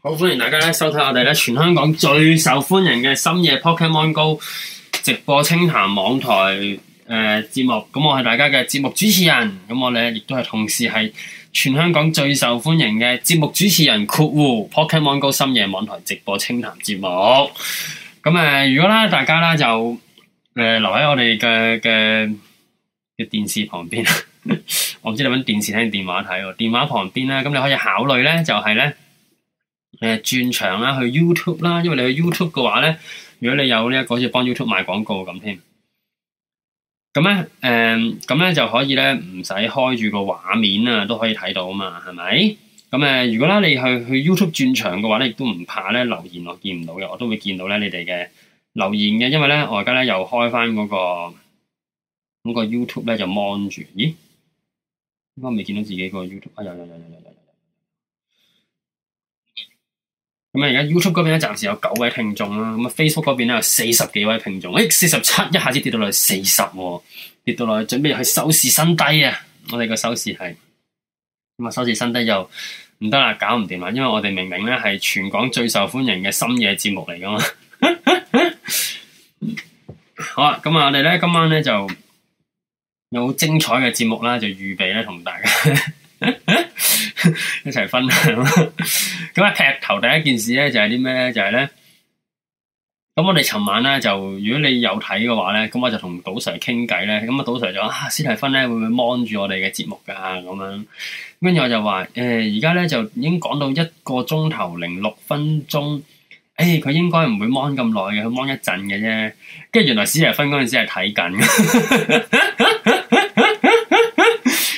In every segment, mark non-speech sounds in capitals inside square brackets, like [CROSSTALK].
好，歡迎大家咧，收睇我哋咧全香港最受歡迎嘅深夜 Pokemon Go 直播清談網台誒、呃、節目。咁我係大家嘅節目主持人，咁我咧亦都係同時係全香港最受歡迎嘅節目主持人括弧 Pokemon Go 深夜網台直播清談節目。咁誒、呃，如果咧大家咧就誒、呃、留喺我哋嘅嘅嘅電視旁邊， [LAUGHS] 我唔知你揾電視睇定電話睇喎。電話旁邊咧，咁你可以考慮咧，就係、是、咧。誒，轉場啦，去 YouTube 啦，因為你去 YouTube 嘅話咧，如果你有呢、這、一個，好似幫 YouTube 賣廣告咁添。咁咧，誒、嗯，咁咧就可以咧，唔使開住個畫面啊，都可以睇到啊嘛，係咪？咁、嗯、誒，如果咧你去去 YouTube 轉場嘅話咧，亦都唔怕咧留言我見唔到嘅，我都會見到咧你哋嘅留言嘅，因為咧我而家咧又開翻、那、嗰個嗰、那個 YouTube 咧就蒙住，咦？我未見到自己個 YouTube，啊、哎、有有有有有。咁啊，而家 YouTube 嗰邊咧暫時有九位聽眾啦，咁啊 Facebook 嗰邊咧有四十幾位聽眾，誒，四十七一下子跌到落去四十，跌到落去準備去收視新低啊！我哋個收視係咁啊，收視新低又唔得啦，搞唔掂啦，因為我哋明明咧係全港最受歡迎嘅深夜節目嚟㗎嘛， [LAUGHS] 好啦，咁啊我哋咧今晚咧就有精彩嘅節目啦，就預備咧同大家。 [LAUGHS] [LAUGHS] 一齊分享。咁 [LAUGHS] 啊劈頭第一件事咧就係啲咩咧就係、是、咧，咁我哋尋晚咧就如果你有睇嘅話咧，咁我就同賭 Sir 傾偈咧，咁啊賭 Sir 就話史蒂芬咧會唔會 mon 住我哋嘅節目噶咁樣，跟住我就話誒而家咧就已經講到一個鐘頭零六分鐘，誒、欸、佢應該唔會 mon 咁耐嘅，佢 mon 一陣嘅啫，跟住原來史蒂芬嗰陣時係睇緊，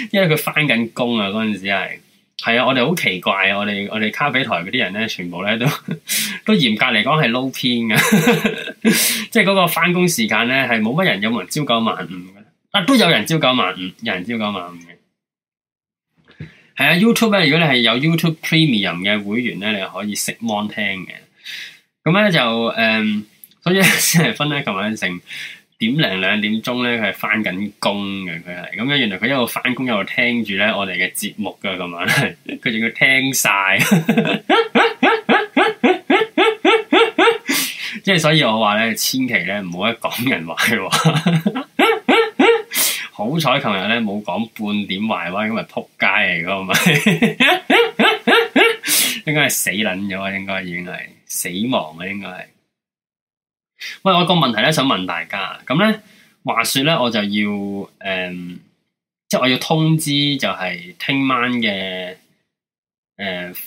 [LAUGHS] 因為佢翻緊工啊嗰陣時係。係啊，我哋好奇怪啊！我哋我哋咖啡台嗰啲人咧，全部咧都都嚴格嚟講係撈偏嘅，即係嗰個翻工時間咧係冇乜人，有冇人朝九晚五嘅，但都有人朝九晚五，有人朝九晚五嘅。係啊，YouTube 咧，如果你係有 YouTube Premium 嘅會員咧，你可以食 mon 聽嘅。咁咧就誒、嗯，所以先係 [LAUGHS] 分咧，琴晚成點零兩點鐘咧，佢係翻緊工嘅，佢係咁樣。原來佢一路翻工，一路聽住咧我哋嘅節目噶咁樣！佢仲要聽晒，即 [LAUGHS] 係所以我話咧，千祈咧唔好一講人壞話。 [LAUGHS] 好彩琴日咧冇講半點壞話，咁咪扑街嚟噶係咪，應該係死撚咗，應該已經係死亡啊！應該係。喂，我有個問題咧想問大家，咁咧話說咧我就要誒、嗯，即係我要通知就，就係聽晚嘅誒，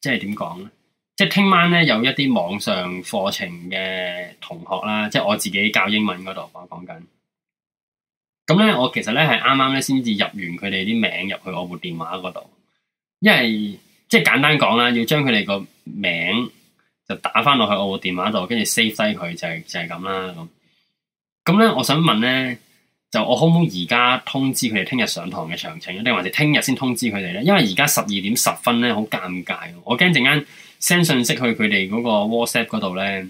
即係點講咧？即係聽晚咧有一啲網上課程嘅同學啦，即係我自己教英文嗰度，我講緊。咁咧我其實咧係啱啱咧先至入完佢哋啲名入去我部電話嗰度，因為即係簡單講啦，要將佢哋個名。就打翻落去我個電話度，跟住 save 低佢就係、是、就係咁啦咁。咁咧，我想問咧，就我可唔可以而家通知佢哋聽日上堂嘅詳情，定還是聽日先通知佢哋咧？因為而家十二點十分咧，好尷尬，我驚陣間 send 信息去佢哋嗰個 WhatsApp 嗰度咧，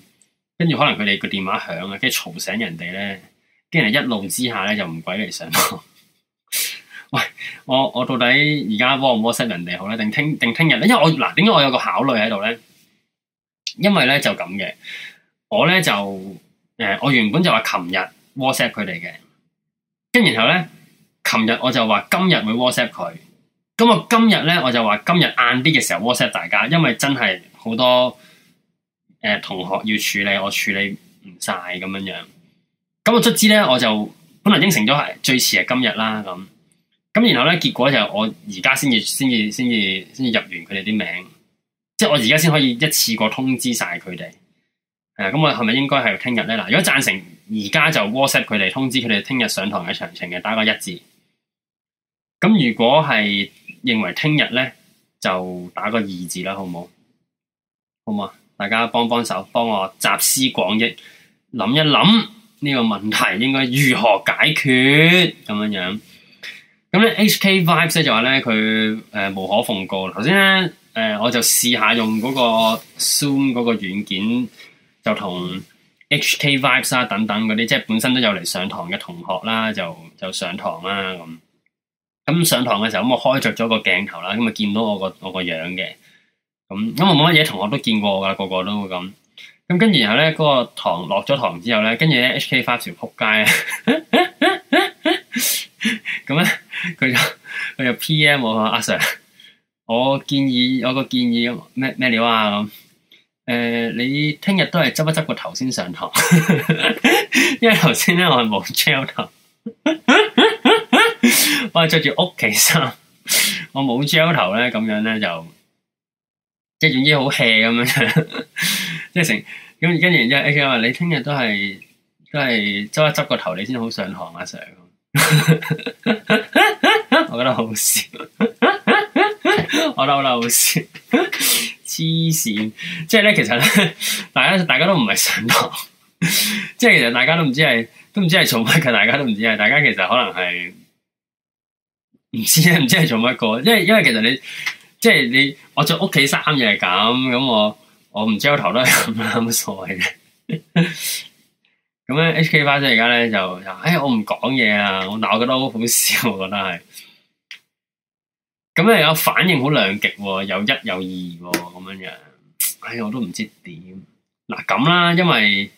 跟住可能佢哋個電話響啊，跟住嘈醒人哋咧，跟住一怒之下咧就唔鬼嚟上堂。 [LAUGHS] 喂，我我到底而家 WhatsApp 唔 WhatsApp 人哋好咧，定聽定聽日咧？因為我嗱，點解我有個考慮喺度咧？因為咧就咁嘅，我咧就誒、呃，我原本就話琴日 WhatsApp 佢哋嘅，跟然後咧，琴日我就話今日會 WhatsApp 佢，咁我今日咧我就話今日晏啲嘅時候 WhatsApp 大家，因為真係好多誒、呃、同學要處理，我處理唔晒咁樣樣，咁我卒之咧我就本來應承咗係最遲係今日啦，咁，咁然後咧結果就我而家先至先至先至先至入完佢哋啲名。即係我而家先可以一次過通知晒佢哋。誒，咁我係咪應該係聽日咧？嗱，如果贊成而家就 WhatsApp 佢哋通知佢哋聽日上堂嘅詳情嘅，打個一字。咁如果係認為聽日咧，就打個二字啦，好唔好？好唔好啊，大家幫幫手，幫我集思廣益，諗一諗呢個問題應該如何解決，咁樣樣。咁咧，HK Vibes 就話咧，佢誒、呃、無可奉告。頭先咧。誒、呃，我就試下用嗰個 Zoom 嗰個軟件，就同 HKVibes 啊等等嗰啲，即係本身都有嚟上堂嘅同學啦，就就上堂啦咁。咁上堂嘅時候，咁我開着咗個鏡頭啦，咁咪見到我個我個樣嘅。咁咁我冇乜嘢，同學都見過㗎，個個都咁。咁跟住然後咧，嗰、那個堂落咗堂之後咧，跟住咧 HKVibes 就仆街啊！咁咧佢就佢就 PM 我阿、啊、Sir。我建議我個建議咩咩料啊，誒、呃，你聽日都係執一執個頭先上堂， [LAUGHS] 因為頭先咧我係冇 gel 頭，我係着住屋企衫，我冇 gel 頭咧，咁樣咧就即係總之好 hea 咁樣，即係 [LAUGHS] 成咁，跟住然之後 A K 話你聽日都係都係執一執個頭，你先好上堂啊 Sir [LAUGHS] 我覺得好笑。 [LAUGHS] 我嬲嬲，笑，黐線，即係咧，其實咧，大家大家都唔係上堂，即係其實大家都唔知係，都唔知係做乜嘅。大家都唔知係，大家其實可能係唔知啊，唔知係做乜個，因為因為其實你即係你我着屋企衫又係咁，咁我我唔知我頭都係咁啦，冇乜所謂嘅。咁 [LAUGHS] 咧，HK 花姐而家咧就就哎呀，我唔講嘢啊，我鬧覺得好好笑，我覺得係、啊。咁又有反應好兩極喎，有一有二喎、哦，咁樣樣，哎呀，我都唔知點嗱咁啦，因為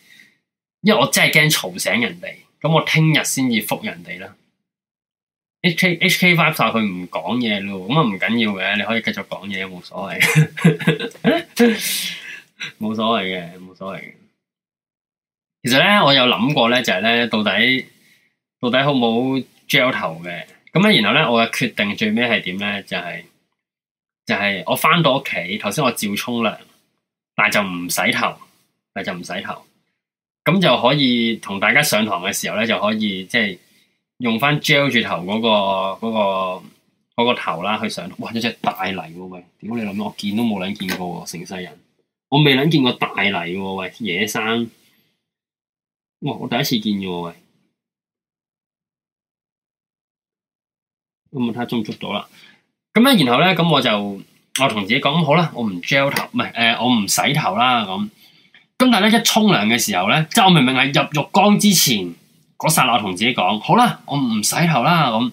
因為我真係驚嘈醒人哋，咁我聽日先至覆人哋啦。H K H K Five 佢唔講嘢咯，咁啊唔緊要嘅，你可以繼續講嘢，冇所謂，冇 [LAUGHS] 所謂嘅，冇所謂嘅。其實咧，我有諗過咧，就係咧，到底到底好唔好 gel 頭嘅？咁咧，然後咧，我嘅決定最尾係點咧？就係、係、就係、係、我翻到屋企，頭先我照沖涼，但係就唔洗頭，但就唔洗頭。咁就可以同大家上堂嘅時候咧，就可以即係用翻 gel 住頭嗰、嗰個嗰、嗰個嗰個頭啦去上。哇！一隻大泥喎、啊，喂！屌你老母，我見都冇諗見過喎，成世人，我未諗見過大泥喎、啊，喂！野生哇！我第一次見喎，喂！咁冇睇捉唔捉到啦，咁咧，然後咧，咁我就我同自己講好啦，我唔 gel 頭，唔係誒，我唔洗頭啦咁。咁但係咧，一沖涼嘅時候咧，即係我明明係入浴缸之前嗰剎那，我同自己講好啦，我唔洗頭啦咁。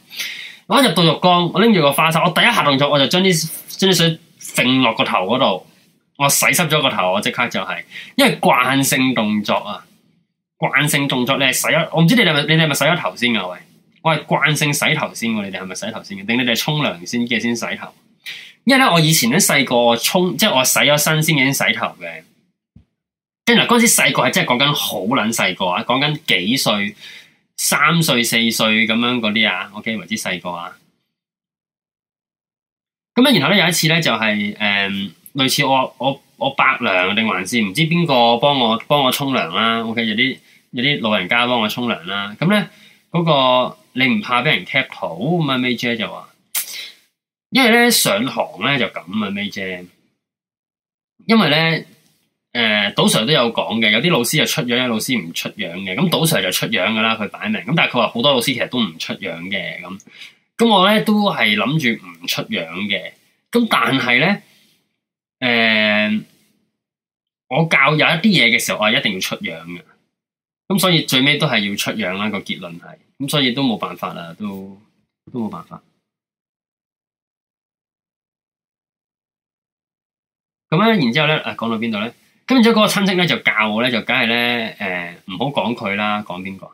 我一入到浴缸，我拎住個花灑，我第一下動作我就將啲將啲水揈落個頭嗰度，我洗濕咗個頭，我即刻就係、是，因為慣性動作啊，慣性動作你係洗咗，我唔知你哋係咪你哋係咪洗咗頭先噶位？我係慣性洗頭先，你哋係咪洗頭先嘅？定你哋沖涼先，嘅？先洗頭？因為咧，我以前咧細個沖，即係我洗咗身先已經洗頭嘅。跟住嗰陣時細個係真係講緊好捻細個啊，講緊幾歲，三歲四歲咁樣嗰啲啊。OK，為之細個啊。咁樣然後咧有一次咧就係、是、誒、嗯、類似我我我伯娘定還是唔知邊個幫我幫我沖涼啦。OK，有啲有啲老人家幫我沖涼啦。咁咧嗰個。你唔怕俾人踢好？咁啊？May 姐就話，因為咧上堂咧就咁啊。May 姐，因為咧誒，杜、呃、Sir 都有講嘅，有啲老師就出樣，有啲老師唔出樣嘅。咁杜 Sir 就出樣噶啦，佢擺明咁。但係佢話好多老師其實都唔出樣嘅。咁咁我咧都係諗住唔出樣嘅。咁但係咧誒，我教有一啲嘢嘅時候，我係一定要出樣嘅。咁所以最尾都係要出樣啦。個結論係。咁所以都冇辦法啦，都都冇辦法。咁咧，然之後咧，啊，講到邊度咧？跟住嗰個親戚咧就教我咧，就梗係咧，誒、呃，唔好講佢啦，講邊個？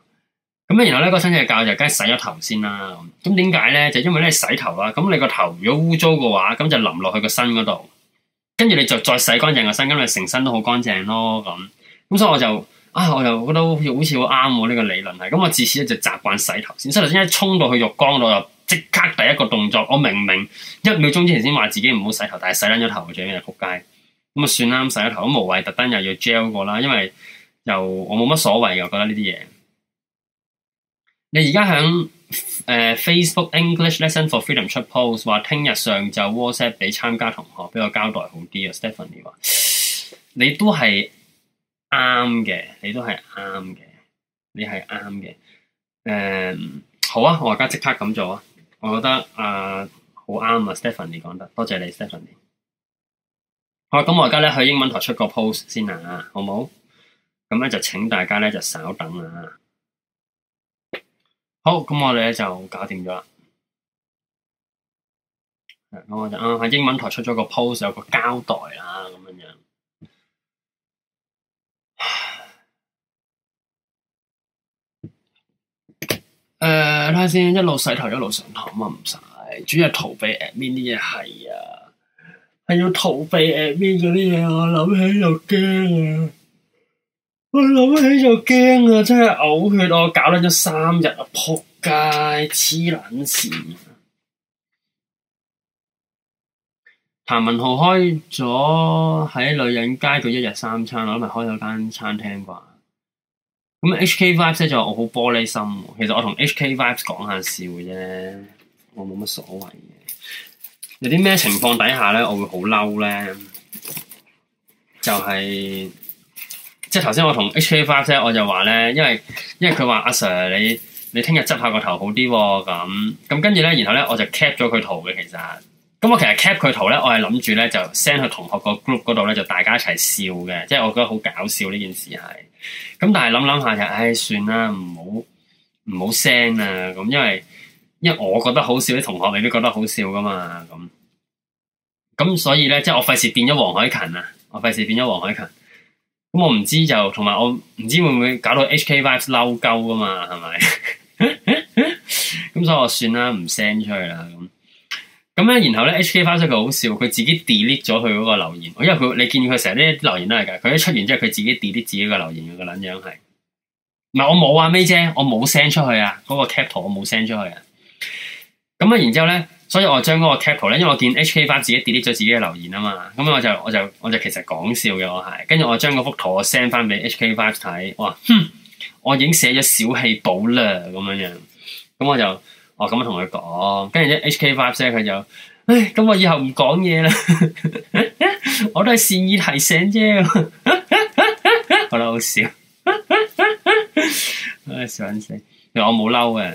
咁然後咧，嗰、嗰個親戚教就梗係洗咗頭先啦。咁點解咧？就因為咧洗頭啦。咁你個頭如果污糟嘅話，咁就淋落去個身嗰度，跟住你就再洗乾淨個身，咁你成身都好乾淨咯。咁，咁所以我就。啊！我又覺得好似好啱喎，呢、這個理論係咁、嗯。我自此一直習慣洗頭先，洗頭先一沖到去浴缸度就即刻第一個動作。我明明一秒鐘之前先話自己唔好洗頭，但係洗甩咗頭最尾又仆街咁啊！算啦，洗咗頭都無謂，特登又要 gel 個啦。因為又我冇乜所謂，我覺得呢啲嘢。你而家喺誒 Facebook English Lesson for Freedom 出 post 話，聽日上晝 WhatsApp 俾參加同學俾我交代好啲啊。Stephanie 話你都係。啱嘅，你都係啱嘅，你係啱嘅。誒、嗯，好啊，我而家即刻咁做啊！我覺得啊，好啱啊，Stephen，你講得，多謝你，Stephen。好咁、啊、我而家咧去英文台出個 post 先啊，好冇？咁、嗯、咧就請大家咧就稍等啊。好，咁我哋咧就搞掂咗啦。咁、嗯、我就啱喺、啊、英文台出咗個 post，有個交代啊。誒，睇下先，一路洗頭，一頭，一路上堂啊，唔使。主要係逃避 admin 啲嘢係啊，係要逃避 admin 嗰啲嘢，我諗起就驚啊！我諗起就驚啊，真係嘔血我，搞緊咗三日啊，仆街，黐撚綫！譚文豪開咗喺女人街佢一日三餐，我諗係開咗間餐廳啩。咁 HK Vibes 咧，就我好玻璃心。其實我同 HK Vibes 講下笑啫，我冇乜所謂嘅。有啲咩情況底下咧我會好嬲？咧，就係即係頭先我同 HK Vibes 咧我就話咧，因為因為佢話阿 Sir 你你聽日執下個頭好啲咁咁，跟住咧然後咧我就 cap 咗佢圖嘅其實。咁我其實 cap 佢圖咧，我係諗住咧就 send 去同學個 group 嗰度咧，就大家一齊笑嘅，即係我覺得好搞笑呢件事係。咁但係諗諗下就，唉，算啦，唔好唔好 send 啊，咁因為因為我覺得好笑，啲同學你都覺得好笑噶嘛，咁咁所以咧，即係我費事變咗黃海芹啊，我費事變咗黃海芹。咁我唔知就同埋我唔知會唔會搞到 HKVibes 嬲鳩啊嘛，係咪？咁 [LAUGHS] 所以我算啦，唔 send 出去啦咁。咁咧，然後咧，HK Five 佢好笑，佢自己 delete 咗佢嗰個留言，因為佢你見佢成日啲留言都係噶，佢一出完之後，佢自己 delete 自己個留言個撚樣係，唔係我冇啊，May 姐，我冇 send 出去啊，嗰個截圖我冇 send 出去啊，咁啊，然之後咧，所以我將嗰個截圖咧，因為我見 HK Five 自己 delete 咗自己嘅留言啊嘛，咁啊，我就我就我就其實講笑嘅，我係，跟住我將嗰幅圖我 send 翻俾 HK Five 睇，哇，我已經寫咗小氣簿啦，咁樣樣，咁我就。我咁、哦、樣同佢講，跟住咧 HK 發聲，佢就唉，咁我以後唔講嘢啦， [LAUGHS] 我都係善意提醒啫，我 [LAUGHS] 覺得好笑， [LAUGHS] 唉想死，其實我冇嬲嘅，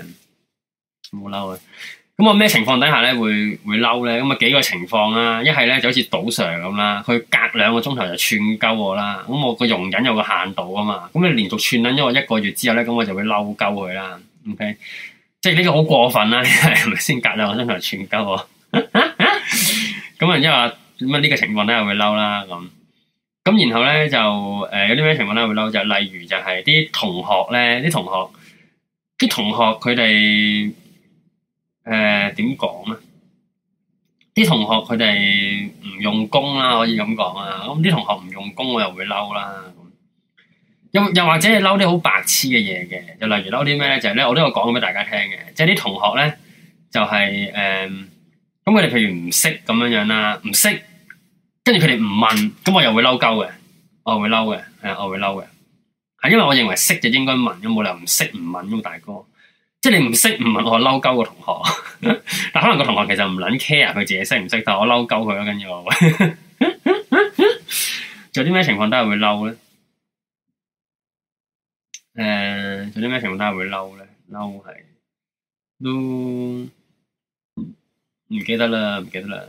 冇嬲嘅，咁我咩情況底下咧會會嬲咧？咁啊幾個情況啦，一係咧就好似賭 Sir 咁啦，佢隔兩個鐘頭就串鳩我啦，咁我個容忍有個限度啊嘛，咁你連續串緊，因為一個月之後咧，咁我就會嬲鳩佢啦，OK。即係呢個好過分啦，係 [LAUGHS] 咪先隔兩個鐘頭串鳩我？咁啊， [LAUGHS] 因為乜呢個情況咧會嬲啦，咁咁然後咧就誒有啲咩情況咧會嬲，就例如就係啲同學咧，啲同學啲同學佢哋誒點講咧？啲同學佢哋唔用功啦，可以咁講啊！咁啲同學唔用功，我又會嬲啦。又或者係嬲啲好白痴嘅嘢嘅，又例如嬲啲咩咧？就係咧，我都有講過俾大家聽嘅，即係啲同學咧就係誒，咁佢哋譬如唔識咁樣樣啦，唔識，跟住佢哋唔問，咁我又會嬲鳩嘅，我又會嬲嘅，誒，我會嬲嘅，係因為我認為識就應該問，有冇理由唔識唔問噶嘛，大哥，即係你唔識唔問，我嬲鳩個同學，但可能個同學其實唔捻 care 佢自己識唔識，但我嬲鳩佢咯，跟住，我做啲咩情況都係會嬲咧。誒，做啲咩情況佢會嬲咧？嬲係都唔記得啦，唔記得啦。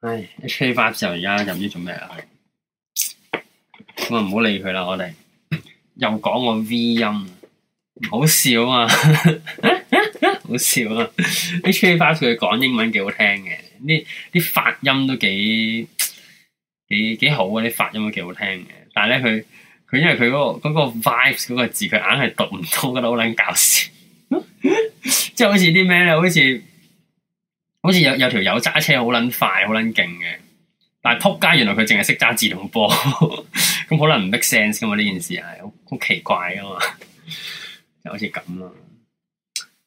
唉，HK Five 時候而家又唔知做咩啊？咁啊，唔好理佢啦，我哋又講個 V 音，好笑啊！好笑啊！HK Five 佢講英文幾好聽嘅，啲啲發音都幾幾幾好啊！啲發音都幾好聽嘅，但係咧佢。因為佢、那、嗰個、那個 vibes 嗰個字，佢硬係讀唔通，覺得好撚搞笑。即 [LAUGHS] 係好似啲咩咧，好似好似有有條友揸車好撚快，好撚勁嘅，但係仆街，原來佢淨係識揸自動波，咁 [LAUGHS] 可能唔 make sense 噶嘛？呢件事係好奇怪噶嘛？就好似咁咯。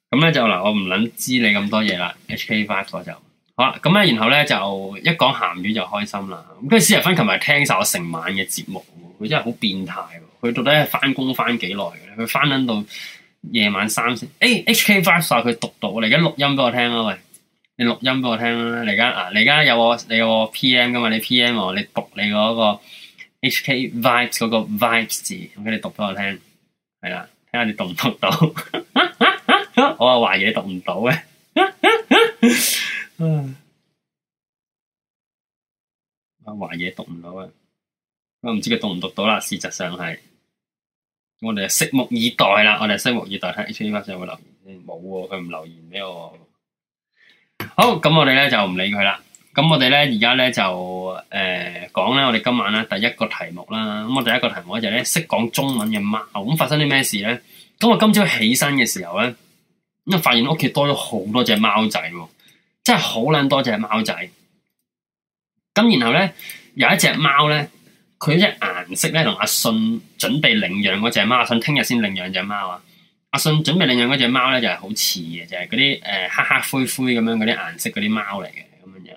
咁咧就嗱，我唔撚知你咁多嘢啦。HK Five，嗰就好啦。咁咧，然後咧就一講鹹魚就開心啦。咁跟住，思怡芬琴日聽晒我成晚嘅節目。佢真係好變態，佢到底係翻工翻幾耐嘅咧？佢翻緊到夜晚三點。A、欸、H K vibes 佢讀到，你而家錄音俾我聽啦，喂！你錄音俾我聽啦，你而家啊，你而家有我，你有我 P M 噶嘛？你 P M 我，你讀你嗰個 H K vibes 嗰個 vibes 字，咁你讀俾我聽，係啦，睇下你讀唔讀到？我話懷疑你讀唔到嘅，懷 [LAUGHS] 疑你讀唔到嘅。 [LAUGHS] 我唔知佢讀唔讀到啦。事實上係，我哋就拭目以待啦。我哋拭目以待睇 H 股上有冇留言。冇喎，佢唔、啊、留言俾我。好，咁我哋咧就唔理佢啦。咁我哋咧而家咧就誒講咧，呃、我哋今晚咧第一個題目啦。咁我第一個題目就係咧識講中文嘅貓。咁發生啲咩事咧？咁我今朝起身嘅時候咧，咁發現屋企多咗好多隻貓仔喎，真係好撚多隻貓仔。咁然後咧有一隻貓咧。佢隻顏色咧，同阿信準備領養嗰隻貓，阿信聽日先領養隻貓啊！阿信準備領養嗰隻貓咧，就係好似嘅，就係嗰啲誒黑黑灰灰咁樣嗰啲顏色嗰啲貓嚟嘅咁樣樣。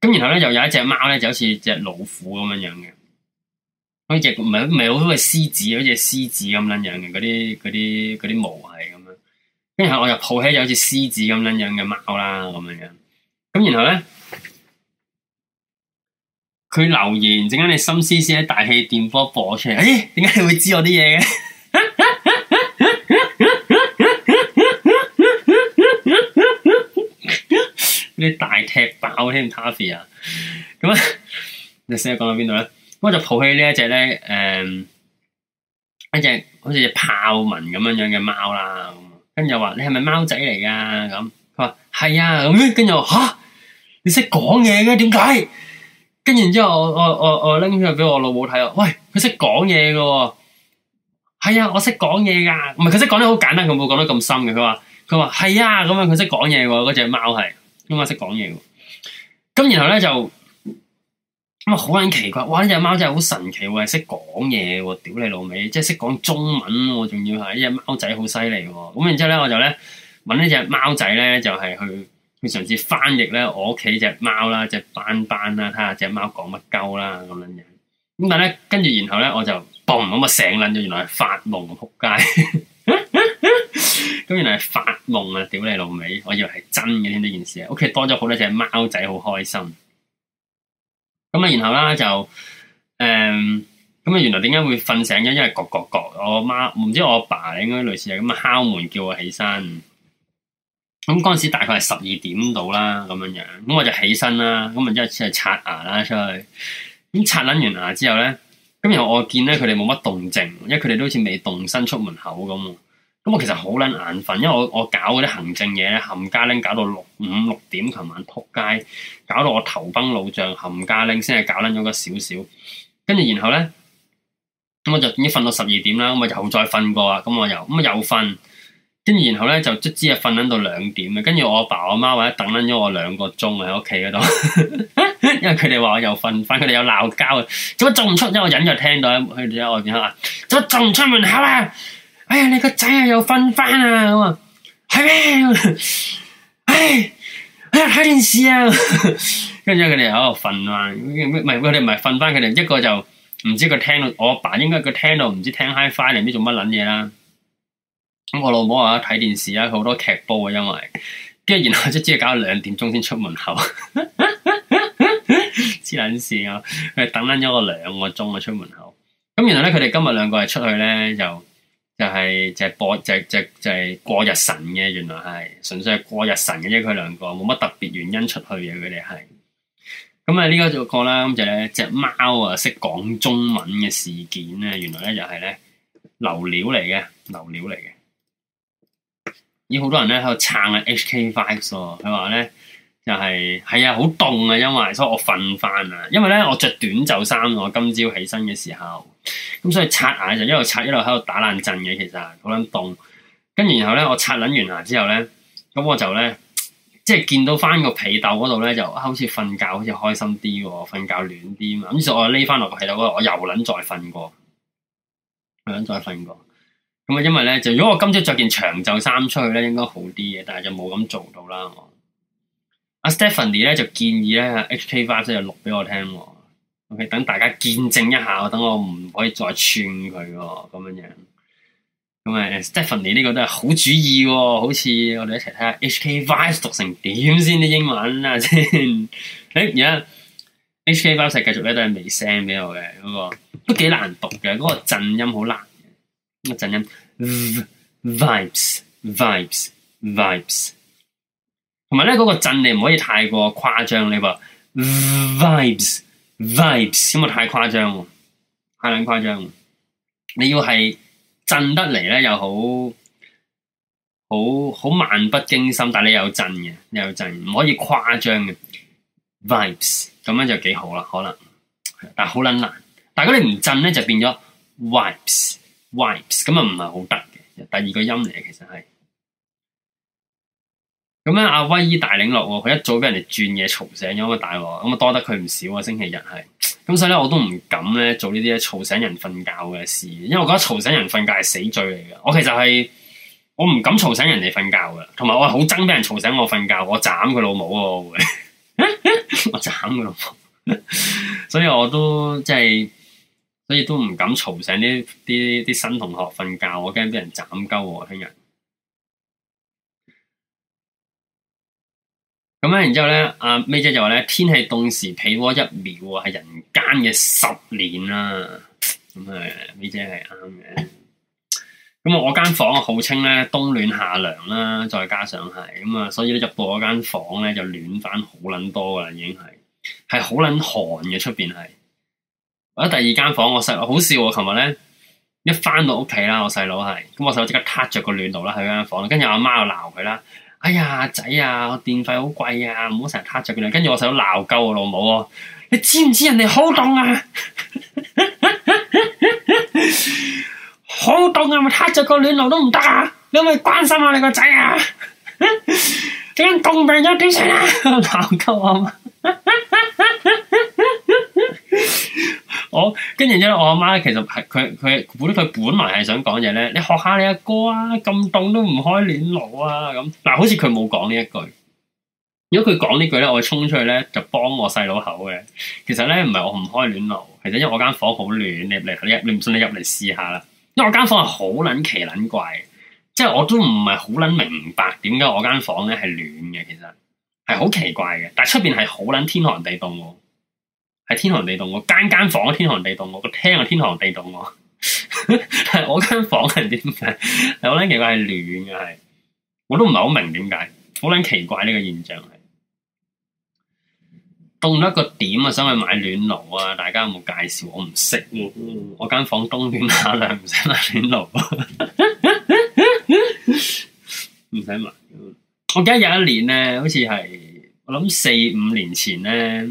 咁然後咧，又有一隻貓咧，就好似隻老虎咁樣樣嘅，嗰隻唔係唔係好似獅子，好似獅子咁樣樣嘅嗰啲啲啲毛係咁樣。然後我又抱起有好似獅子咁樣樣嘅貓啦，咁樣樣。咁然後咧。佢留言，陣間你心思思喺大氣電波播出嚟，哎，點解你會知我啲嘢嘅？呢大踢爆添，Tasia，咁啊，你先講到邊度啦？咁我就抱起呢一隻咧，誒，一隻好似隻豹紋咁樣樣嘅貓啦，跟住話你係咪貓仔嚟噶？咁佢話係啊，咁樣跟住我吓，你識講嘢嘅，點解？跟然之後，我我我我拎出去俾我老母睇哦。喂，佢識講嘢嘅喎。係啊，我識講嘢噶。唔係佢識講得好簡單，佢冇講得咁深嘅。佢話佢話係啊，咁啊佢識講嘢喎。嗰隻貓係咁啊識講嘢喎。咁然後咧就咁啊好撚奇怪，哇！呢隻貓真係好神奇，係識講嘢喎。屌你老味，即係識講中文喎，仲要係呢隻貓仔好犀利喎。咁然之後咧，我就咧揾呢隻貓仔咧，就係去。佢嘗試翻譯咧，我屋企隻貓啦，隻斑斑啦，睇下隻貓講乜鳩啦咁樣樣。咁但係咧，跟住然後咧，我就嘣咁啊醒撚咗，原來係發夢撲街。咁 [LAUGHS] 原來係發夢啊！屌你老味，我以為係真嘅添呢件事啊！屋企多咗好多隻貓仔，好開心。咁啊，然後啦就誒，咁、嗯、啊，原來點解會瞓醒咗？因為覺覺覺，我媽唔知我阿爸應該類似係咁啊，敲門叫我起身。咁嗰陣時大概係十二點到啦，咁樣樣，咁我就起身啦，咁啊之後出去刷牙啦，出去，咁刷捻完牙之後咧，咁然後我見咧佢哋冇乜動靜，因為佢哋都好似未動身出門口咁，咁我其實好捻眼瞓，因為我我搞嗰啲行政嘢，冚家拎搞到六五六點，琴晚扑街，搞到我頭崩腦脹，冚家拎先係搞捻咗個少少，跟住然後咧，咁我就已經瞓到十二點啦，咁啊又再瞓過啊，咁我又咁又瞓。跟住然後咧，就卒之啊瞓緊到兩點嘅，跟住我阿爸阿媽或者等緊咗我兩個鐘喺屋企嗰度，因為佢哋話我又瞓翻，佢哋又鬧交啊！做乜仲唔出？因為我忍又聽到佢哋喺外邊吓，做乜仲唔出門口啊？哎呀，你個仔啊又瞓翻啊！咁啊係咩？哎呀，睇電視啊！跟住佢哋喺度瞓啊，唔係佢哋唔係瞓翻，佢哋一個就唔知佢聽到，我阿爸應該佢聽到，唔知聽 hi-fi 唔知做乜捻嘢啦。Fi, 咁我老母啊，睇電視啊，好多劇煲啊，因為跟住然後即係只係搞到兩點鐘先出門口，黐撚線啊！佢等緊咗我兩個鐘啊，出門口咁。原來咧，佢哋今日兩個係出去咧，就是、就係、是、就播、是、就是、就就是、係過日神嘅。原來係純粹係過日神嘅啫，佢兩個冇乜特別原因出去嘅。佢哋係咁啊，呢個就過啦。咁就咧隻貓啊，識講中文嘅事件咧，原來咧就係、是、咧流料嚟嘅，流料嚟嘅。咦，好多人咧喺度撐啊！HK Five 喎，佢話咧就係係啊，好凍啊，因為所以我瞓翻啊，因為咧我着短袖衫，我今朝起身嘅時候，咁所以刷牙就一路刷一路喺度打冷震嘅，其實好撚凍。跟住然後咧，我刷撚完牙之後咧，咁我就咧即係見到翻個被竇嗰度咧，就好似瞓覺，好似開心啲喎，瞓覺暖啲啊嘛。咁所以我匿翻落個被竇度，我又撚再瞓過，又撚再瞓過。咁啊，因為咧，就如果我今朝着件長袖衫出去咧，應該好啲嘅，但係就冇咁做到啦。我阿、啊、Stephanie 咧就建議咧，HK Vice 就 e 錄俾我聽。OK，等大家見證一下，我等我唔可以再串佢咁、哦、樣。咁啊，Stephanie 呢個都係好主意、哦，好似我哋一齊睇下 HK Vice 讀成點先啲英文啊先。誒 [LAUGHS] 在，而家 HK Vice 繼續咧都係未 send 俾我嘅嗰、那個，都幾難讀嘅，嗰、那個震音好難，那個震音。那個 vibes, vibes, vibes，同埋咧嗰個震，你唔可以太過誇張，你話，vibes, vibes，先唔太誇張，太撚誇張。你要係震得嚟咧又好，好好漫不經心，但係你有震嘅，你有震，唔可以誇張嘅。vibes，咁樣就幾好啦，可能。但係好撚難。但係如果你唔震咧，就變咗 vibes。wipe s 咁啊，唔係好得嘅。第二個音嚟嘅，其實係咁咧。阿、啊、威依帶領落、哦，佢一早俾人哋轉嘢嘈醒咗個大鑊咁啊，多得佢唔少啊。星期日係咁，所以咧我都唔敢咧做呢啲咧嘈醒人瞓覺嘅事，因為我覺得嘈醒人瞓覺係死罪嚟嘅。我其實係我唔敢嘈醒人哋瞓覺噶，同埋我係好憎俾人嘈醒我瞓覺，我斬佢老,、哦、 [LAUGHS] 老母，啊，我斬佢老母，所以我都即係。所以都唔敢嘈醒啲啲啲新同學瞓覺，我驚俾人斬鳩喎。聽日咁啊，然之後咧，阿 May 姐就話咧，天氣凍時被窩一秒係、啊、人間嘅十年啦。咁啊，May 姐係啱嘅。咁啊，嗯嗯、我間房啊，號稱咧冬暖夏涼啦、啊，再加上係咁啊，所以咧入到我間房咧就暖翻好撚多噶啦，已經係係好撚寒嘅出邊係。我喺第二間房，我細佬好笑，哦。我琴日咧一翻到屋企啦，我細佬係咁，我細佬即刻撻着個暖爐啦，喺間房。跟住阿媽就鬧佢啦。哎呀，仔啊，我電費好貴啊，唔好成日撻着佢。跟住我細佬鬧夠我老母哦，你知唔知人哋好凍啊？ [LAUGHS] 好凍啊！咪撻着個暖爐都唔得啊！你可唔可以關心下，啊，你個仔啊！點解凍病咗啲先啊？鬧夠，啊， [LAUGHS] 我。 [LAUGHS] 呢我跟住之我阿媽其實係佢佢，佢本嚟係想講嘢咧。你學下你阿哥，哥啊，咁凍都唔開暖爐啊咁。嗱，好似佢冇講呢一句。如果佢講呢句咧，我衝出去咧就幫我細佬口嘅。其實咧唔係我唔開暖爐，其實因為我間房好暖。你你你唔信，你入嚟試下啦。因為我間房係好撚奇撚怪，即係我都唔係好撚明白點解我間房咧係暖嘅。其實。係好奇怪嘅，但係出邊係好捻天寒地凍喎，係天寒地凍喎，間間房天寒地凍喎，個廳又天寒地凍喎， [LAUGHS] 我間房係點嘅？好 [LAUGHS] 捻奇怪，係暖嘅，係我都唔係好明點解，好捻奇怪呢，這個現象係凍到一個點啊！想去買暖爐啊，大家有冇介紹？我唔識嘅，我間房冬天打涼唔使買暖爐，啊，唔 [LAUGHS] 使買。我記得有一年咧，好似係我諗四五年前咧，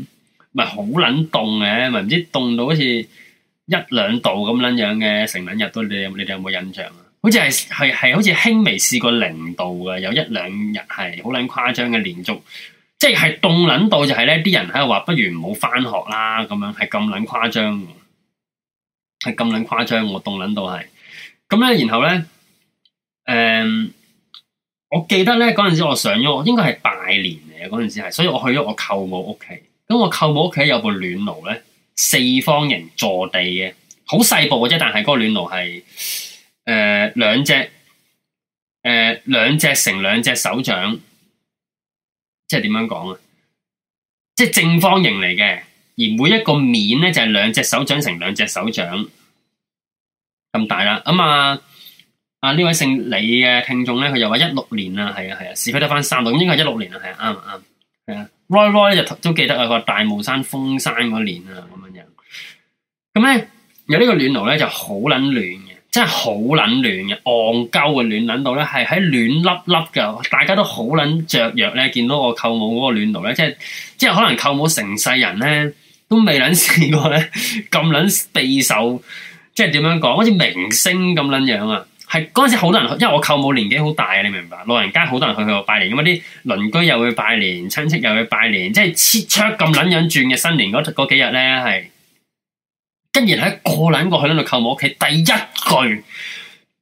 咪好捻凍嘅，咪唔知凍到好似一兩度咁捻樣嘅成捻日都，你你哋有冇印象啊？好似係係係好似輕微試過零度嘅，有一兩日係好捻誇張嘅，連續即係凍捻到就係、是、咧，啲人喺度話不如唔好返學啦，咁樣係咁捻誇張，係咁捻誇張，我凍捻到係咁咧，然後咧，誒、嗯。我記得咧嗰陣時，我上咗我應該係拜年嚟嘅嗰陣時係，所以我去咗我舅母屋企。咁我舅母屋企有部暖爐咧，四方形坐地嘅，好細部嘅啫。但係嗰個暖爐係誒兩隻誒兩隻乘兩隻手掌，即係點樣講啊？即係正方形嚟嘅，而每一個面咧就係兩隻手掌乘兩隻手掌咁大啦。咁、嗯、啊。啊！呢位姓李嘅聽眾咧，佢又話一六年啊，係啊係啊，市區得返三度，咁應該係一六年啊，係啊，啱唔啱？係啊，roy roy 就都記得啊個大帽山封山嗰年啊，咁樣。咁咧有呢個暖爐咧就好、是、卵暖嘅，真係好卵暖嘅，戇鳩嘅暖卵到咧係喺暖笠笠噶，大家都好卵雀躍咧，見到我舅母嗰個暖爐咧，即係即係可能舅母成世人咧都未卵試過咧咁卵備受，即係點樣講，好似明星咁卵樣啊！係嗰陣時好多人，因為我舅母年紀好大啊，你明唔明白？老人家好多人去去我拜年，咁啲鄰居又去拜年，親戚又去拜年，即係切桌咁捻樣轉嘅新年嗰嗰幾日咧，係跟住喺過捻過去喺度舅母屋企，第一句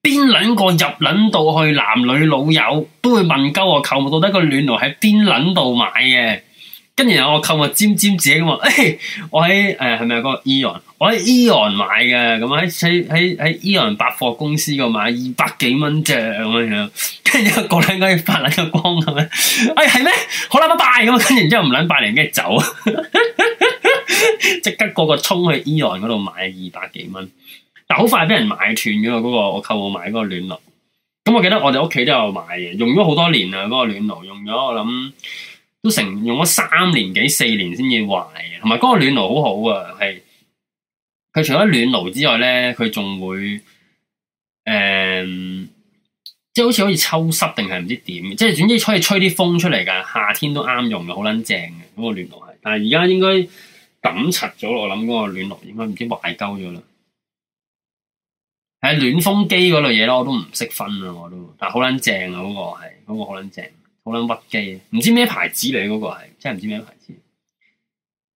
邊捻個入捻到去男女老友都會問鳩我舅母，到底個暖爐喺邊捻度買嘅？跟住我舅母尖尖自己咁話：，誒、哎，我喺誒係咪有個 Eon？我喺依昂買嘅，咁喺喺喺喺依昂百貨公司度買，哎 [LAUGHS] e、買二百幾蚊隻咁樣，跟住一個過兩間發嚟個光咁樣，哎係咩？好啦拜拜咁，跟住然之後唔諗百零幾走，即刻個個衝去依昂嗰度買二百幾蚊，但好快俾人買斷咗。嗰、那個我購物買嗰個暖爐。咁我記得我哋屋企都有買嘅，用咗好多年啦，嗰、那個暖爐用咗我諗都成用咗三年幾四年先至壞，同埋嗰個暖爐好好啊，係。佢除咗暖爐之外咧，佢仲會誒、呃，即係好似可以抽濕定係唔知點，即係總之可以吹啲風出嚟㗎。夏天都啱用嘅，好撚正嘅嗰個暖爐係。但係而家應該抌柒咗咯，我諗嗰個暖爐應該唔知壞鳩咗啦。係暖風機嗰類嘢咯，我都唔識分啊，我都。但係好撚正啊，嗰、嗰個係，嗰、嗰個好撚正，好撚屈機，唔知咩牌子嚟嗰、嗰個係，真係唔知咩牌子。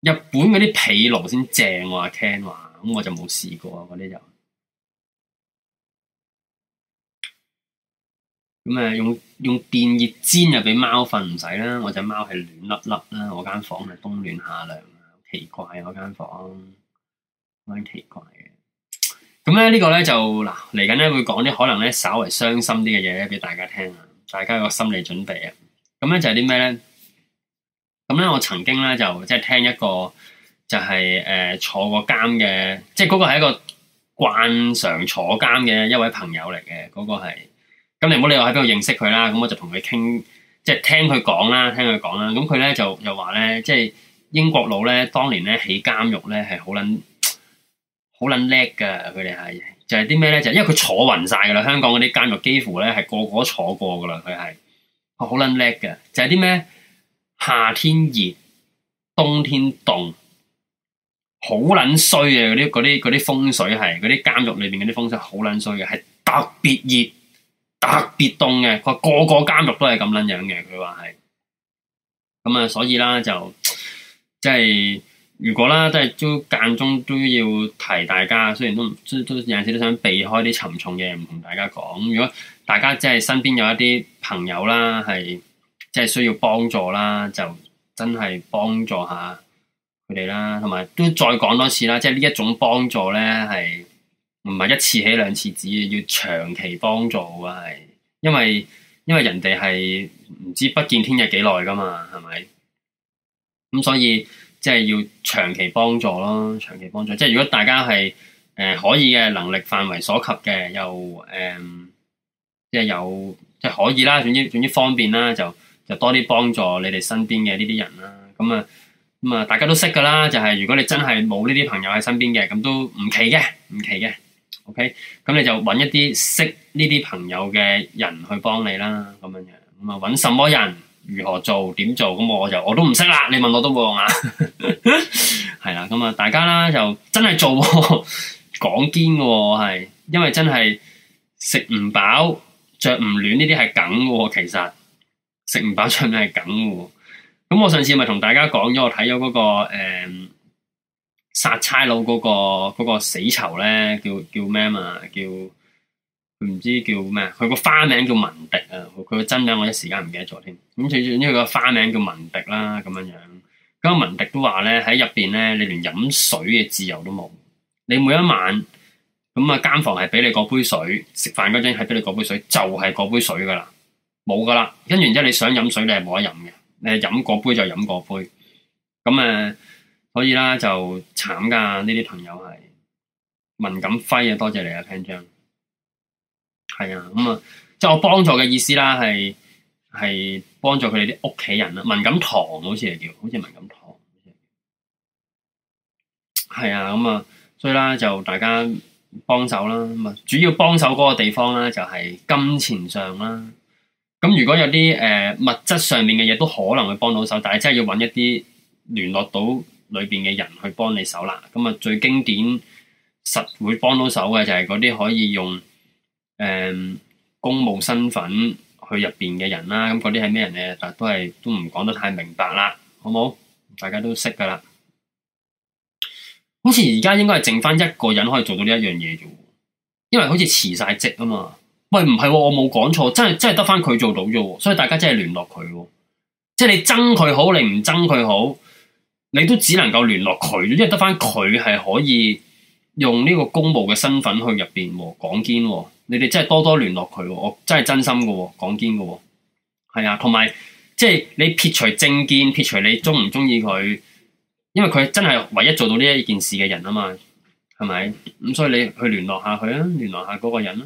日本嗰啲被爐先正喎，阿、啊、Ken 話。咁我就冇試過啊！嗰啲就咁啊，用用電熱氈又俾貓瞓唔使啦。我隻貓係暖笠笠啦。我間房係冬暖夏涼啊，奇怪、啊、我間房好鬼奇怪嘅、啊。咁咧、這個、呢個咧就嗱，嚟緊咧會講啲可能咧稍微傷心啲嘅嘢咧，俾大家聽啊。大家有個心理準備啊。咁咧就係啲咩咧？咁咧我曾經咧就即係聽一個。就係、是、誒、呃、坐過監嘅，即係嗰個係一個慣常坐監嘅一位朋友嚟嘅，嗰、那個係。咁你唔好理我喺邊度認識佢啦，咁我就同佢傾，即係聽佢講啦，聽佢講啦。咁佢咧就就話咧，即係英國佬咧，當年咧起監獄咧係好撚好撚叻㗎，佢哋係就係啲咩咧？就係、呢因為佢坐暈晒噶啦，香港嗰啲監獄幾乎咧係個個都坐過噶啦，佢係，佢好撚叻嘅，就係啲咩，夏天熱，冬天凍。好撚衰啊！嗰啲嗰啲啲風水係，嗰啲監獄裏邊嗰啲風水好撚衰嘅，係特別熱、特別凍嘅。佢話個個監獄都係咁撚樣嘅，佢話係。咁啊，所以啦，就即係、就是、如果啦，即係都間中都要提大家。雖然都都有陣時都想避開啲沉重嘢，唔同大家講。如果大家即係身邊有一啲朋友啦，係即係需要幫助啦，就真係幫助下。佢哋啦，同埋都再講多次啦，即係呢一種幫助咧，係唔係一次起兩次止，要長期幫助啊！係因為因為人哋係唔知不見天日幾耐噶嘛，係咪？咁所以即係要長期幫助咯，長期幫助。即係如果大家係誒、呃、可以嘅能力範圍所及嘅，又誒即係有即係、即係、可以啦，總之總之方便啦，就就多啲幫助你哋身邊嘅呢啲人啦，咁啊～咁啊，大家都識噶啦，就係如果你真係冇呢啲朋友喺身邊嘅，咁都唔奇嘅，唔奇嘅，OK，咁你就搵一啲識呢啲朋友嘅人去幫你啦，咁樣樣，咁啊搵什麼人，如何做，點做，咁我就我都唔識啦，你問我都冇用啊，係啦，咁啊，大家啦就真係做，講堅嘅，我係，因為真係食唔飽，着唔暖呢啲係梗嘅，其實食唔飽着唔暖係梗。咁我上次咪同大家講咗，我睇咗嗰個誒殺差佬嗰個嗰個死囚咧，叫叫咩嘛？叫唔知叫咩？佢個花名叫文迪啊！佢個真名我一時間唔記得咗添。咁最最，呢個花名叫文迪啦，咁樣樣。咁文迪都話咧喺入邊咧，你連飲水嘅自由都冇。你每一晚咁啊，間房係俾你嗰杯水，食飯嗰陣係俾你嗰杯水，就係嗰杯水噶啦，冇噶啦。跟住然之後你想飲水，你係冇得飲嘅。你飲過杯就飲過杯，咁誒所以啦，就慘㗎呢啲朋友係文錦輝啊，多謝你啊，Ken 張係啊，咁啊，即係、嗯、我幫助嘅意思啦，係係幫助佢哋啲屋企人啦，文錦堂好似係叫，好似文錦堂，係啊，咁、嗯、啊，所以啦，就大家幫手啦，咁啊，主要幫手嗰個地方咧，就係金錢上啦。咁如果有啲誒、呃、物質上面嘅嘢都可能會幫到手，但係真係要搵一啲聯絡到裏邊嘅人去幫你手啦。咁啊，最經典實會幫到手嘅就係嗰啲可以用誒、呃、公務身份去入邊嘅人啦。咁嗰啲係咩人咧？但都係都唔講得太明白啦。好冇，大家都識㗎啦。好似而家應該係剩翻一個人可以做到呢一樣嘢啫，因為好似辭晒職啊嘛。喂，唔係，哦，我冇講錯，真係真係得翻佢做到啫，所以大家真係聯絡佢，即係你憎佢好，你唔憎佢好，你都只能夠聯絡佢，因為得翻佢係可以用呢個公務嘅身份去入邊講堅。你哋真係多多聯絡佢，我真係真心嘅講堅嘅，係啊，哦，同埋即係你撇除政見，撇除你中唔中意佢，因為佢真係唯一做到呢一件事嘅人啊嘛，係咪？咁所以你去聯絡下佢啊，聯絡下嗰個人啊。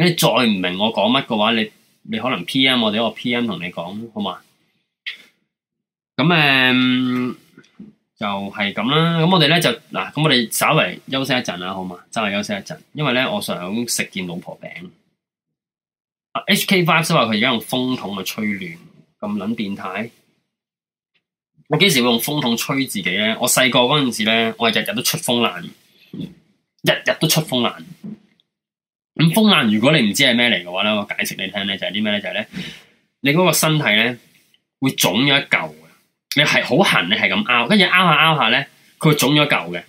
你再唔明我講乜嘅話，你你可能 P.M 我哋一個 P.M 同你講好嘛？咁誒、嗯、就係、是、咁啦。咁我哋咧就嗱，咁我哋稍為休息一陣啦，好嘛？稍為休息一陣，因為咧我想食件老婆餅。HK Vibes 話佢而家用風筒去吹暖，咁撚變態。我幾時會用風筒吹自己咧？我細個嗰陣時咧，我係日日都出風癩，日日都出風癩。咁風爛，如果你唔知係咩嚟嘅話咧，我解釋你聽咧，就係啲咩咧，就係咧，你嗰個身體咧會腫咗一嚿嘅，你係好痕，你係咁拗，跟住拗下拗下咧，佢會腫咗嚿嘅。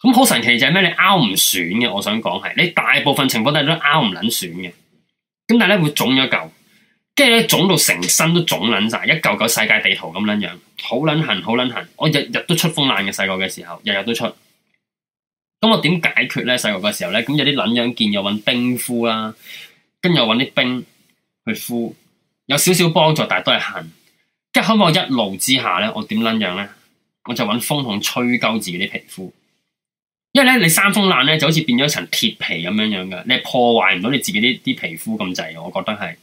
咁好神奇就係咩？你拗唔損嘅，我想講係，你大部分情況都拗唔捻損嘅。咁但係咧會腫咗嚿，跟住咧腫到成身都腫捻晒，一嚿嚿世界地圖咁捻樣，好捻痕，好捻痕。我日日都出風爛嘅，細個嘅時候，日日都出。咁我點解決咧？細個嘅時候咧，咁有啲撚樣，見又搵冰敷啦，跟住又搵啲冰去敷，有少少幫助，但係都係痕。即係可能我一怒之下咧，我點撚樣咧？我就搵風筒吹鳩自己啲皮膚，因為咧你三風爛咧，就好似變咗一層鐵皮咁樣樣㗎，你破壞唔到你自己啲啲皮膚咁滯。我覺得係，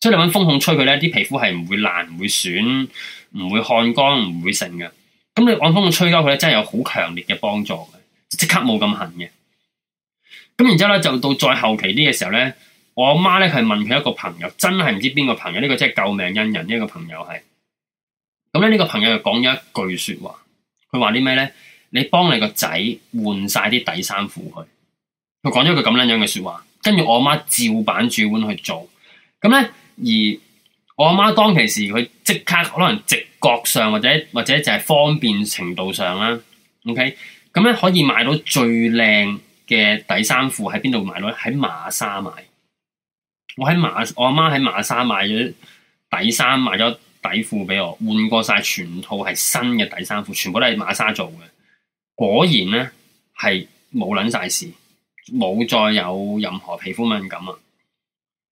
所以你搵風筒吹佢咧，啲皮膚係唔會爛、唔會損、唔會汗乾、唔會成嘅。咁你搵風筒吹鳩佢咧，真係有好強烈嘅幫助。即刻冇咁痕嘅，咁然之後咧就到再後期呢個時候咧，我阿媽咧佢問佢一個朋友，真係唔知邊個朋友，呢個真係救命恩人，呢個朋友係咁咧。呢個朋友就講咗一句說話，佢話啲咩咧？你幫你個仔換晒啲底衫褲去，佢講咗句咁樣樣嘅說話，跟住我阿媽照版煮碗去做咁咧。而我阿媽當其時佢即刻可能直覺上或者，或者就係方便程度上啦，OK。咁咧可以買到最靚嘅底衫褲喺邊度買到咧？喺馬莎買我。我喺馬，我阿媽喺馬莎買咗底衫，買咗底褲俾我，換過晒全套係新嘅底衫褲，全部都係馬莎做嘅。果然咧係冇撚晒事，冇再有任何皮膚敏感啊！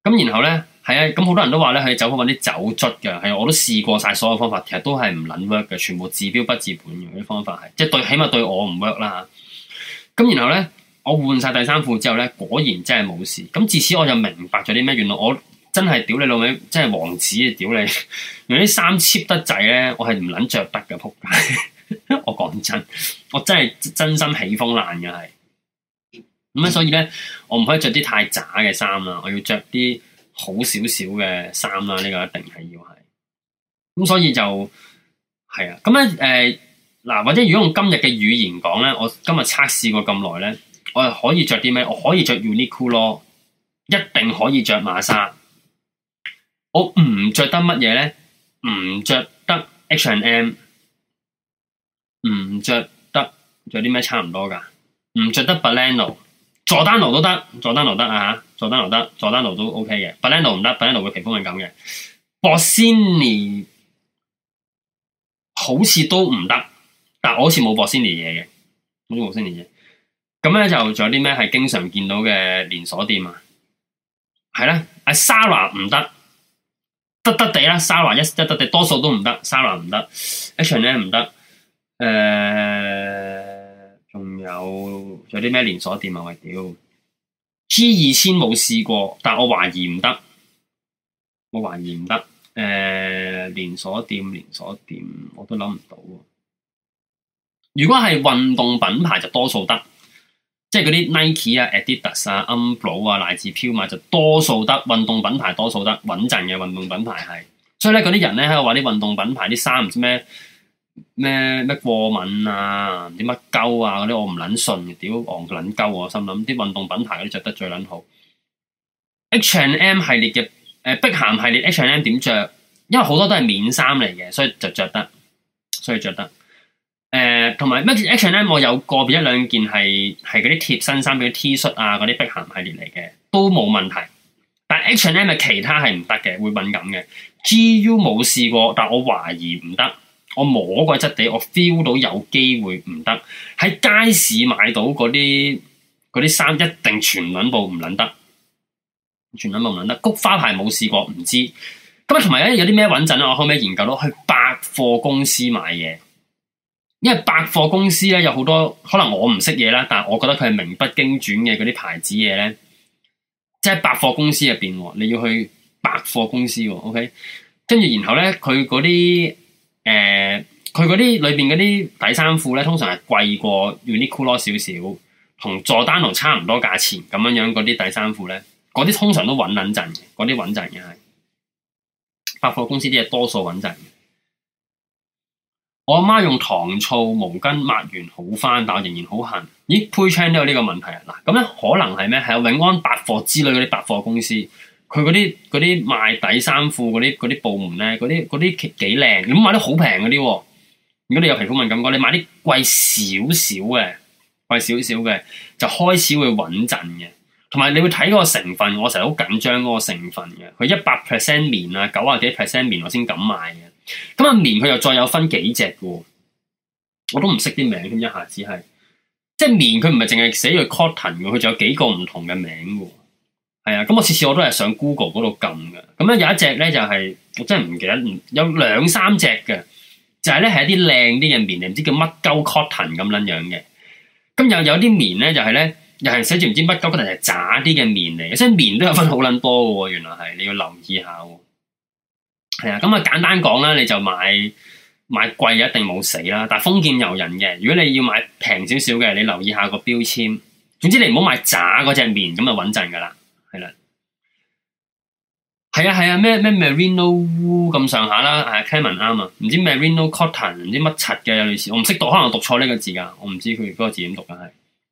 咁然後咧，係啊！咁好多人都話咧，去酒訪揾啲酒卒嘅，係、啊、我都試過晒所有方法，其實都係唔撚 work 嘅，全部治標不治本用啲方法係，即係對起碼對我唔 work 啦。咁然後咧，我換晒第三副之後咧，果然真係冇事。咁自此我就明白咗啲咩，原來我真係屌你老味，真係王子啊！屌你用啲衫 cheap 得滯咧，我係唔撚着得嘅，仆街！我講真，我真係真心起風爛嘅係。咁啊，所以咧。我唔可以着啲太渣嘅衫啦，我要着啲好少少嘅衫啦，呢個一定係要係。咁所以就係啊，咁咧誒，嗱，或者如果用今日嘅語言講咧，我今日測試過咁耐咧，我係可以着啲咩？我可以着 Uniqlo，、cool er, 一定可以着馬莎。我唔着得乜嘢咧？唔着得 H&M，唔着得着啲咩差唔多噶？唔着得 Baleno。佐丹奴都得，佐丹奴得啊吓，佐丹奴得，佐丹奴都 O K 嘅，Baleno 唔得，Baleno 嘅皮膚係咁嘅。博斯尼好似都唔得，但係我好似冇博斯尼嘢嘅，好似冇博斯尼嘢。咁咧就仲有啲咩係經常見到嘅連鎖店啊？係啦，阿沙華唔得，得得地啦，沙華一一得地多數都唔得，沙華唔得，H&M 唔得，誒，仲、呃、有。仲有啲咩連鎖店啊？喂，屌 G 二千冇試過，但我懷疑唔得，我懷疑唔得。誒、呃，連鎖店連鎖店，我都諗唔到。如果係運動品牌就多數得，即係嗰啲 Nike 啊、Adidas 啊、um、Umbro 啊、乃至彪馬就多數得。運動品牌多數得，穩陣嘅運動品牌係。所以咧，嗰啲人咧喺度話啲運動品牌啲衫唔知咩。咩咩過敏啊？點乜鳩啊？嗰啲我唔撚信，屌戇撚鳩。我心諗啲運動品牌嗰啲着得最撚好。H and M 系列嘅誒，呃，碧咸系列 H and M 點着？因為好多都係棉衫嚟嘅，所以就着得，所以着得。誒、呃，同埋咩 H and M，我有個別一兩件係係嗰啲貼身衫，比如啲 T 恤啊，嗰啲碧咸系列嚟嘅都冇問題。但 H and M 嘅其他係唔得嘅，會敏感嘅。G U 冇試過，但我懷疑唔得。我摸過質地，我 feel 到有機會唔得。喺街市買到嗰啲嗰啲衫，一定全捻部唔捻得，全捻部唔捻得。菊花牌冇試過，唔知。咁啊，同埋咧，有啲咩穩陣咧？我後屘研究到，去百貨公司買嘢，因為百貨公司咧有好多可能我唔識嘢啦，但係我覺得佢係名不經傳嘅嗰啲牌子嘢咧，即係百貨公司入邊，你要去百貨公司，OK？跟住然後咧，佢嗰啲。誒，佢嗰啲裏邊嗰啲底衫褲咧，通常係貴過 Uniqlo 少少，同坐單奴差唔多價錢咁樣樣嗰啲底衫褲咧，嗰啲通常都穩穩陣嗰啲穩陣嘅係，百貨公司啲嘢多數穩陣。我阿媽用糖醋毛巾抹完好翻，但我仍然好痕。咦配 e 都有呢個問題啊？嗱，咁咧可能係咩？係永安百貨之類嗰啲百貨公司。佢嗰啲嗰啲賣底衫褲嗰啲啲部門咧，嗰啲嗰啲幾幾靚，你都買得好平嗰啲。如果你有皮膚敏感覺，你買啲貴少少嘅，貴少少嘅就開始會穩陣嘅。同埋你會睇嗰個成分，我成日好緊張嗰個成分嘅。佢一百 percent 棉啊，九啊幾 percent 棉我先敢買嘅。咁啊，棉佢又再有分幾隻嘅，我都唔識啲名添。一下子係即係棉佢唔係淨係寫住 cotton，佢仲有幾個唔同嘅名嘅。係啊，咁我次次我都係上 Google 嗰度撳嘅。咁咧有一隻咧就係、是，我真係唔記得，有兩三隻嘅就係咧係一啲靚啲嘅棉嚟，唔知叫乜鳩 Cotton 咁撚樣嘅。咁、就是、又有啲棉咧就係咧又係寫住唔知乜鳩 Cotton，係渣啲嘅棉嚟嘅，所以棉都有分好撚多嘅。原來係你要留意下。係啊，咁啊簡單講啦，你就買買貴一定冇死啦。但係封建遊人嘅，如果你要買平少少嘅，你留意下個標籤。總之你唔好買渣嗰隻棉，咁啊穩陣噶啦。係啦，係啊係啊，咩咩咩 Merino Wool 咁上下啦，係啊 Kevin 啱啊，唔知咩 Merino Cotton 唔知乜柒嘅有類似，我唔識讀，可能我讀錯呢個字噶，我唔知佢嗰個字點讀噶係，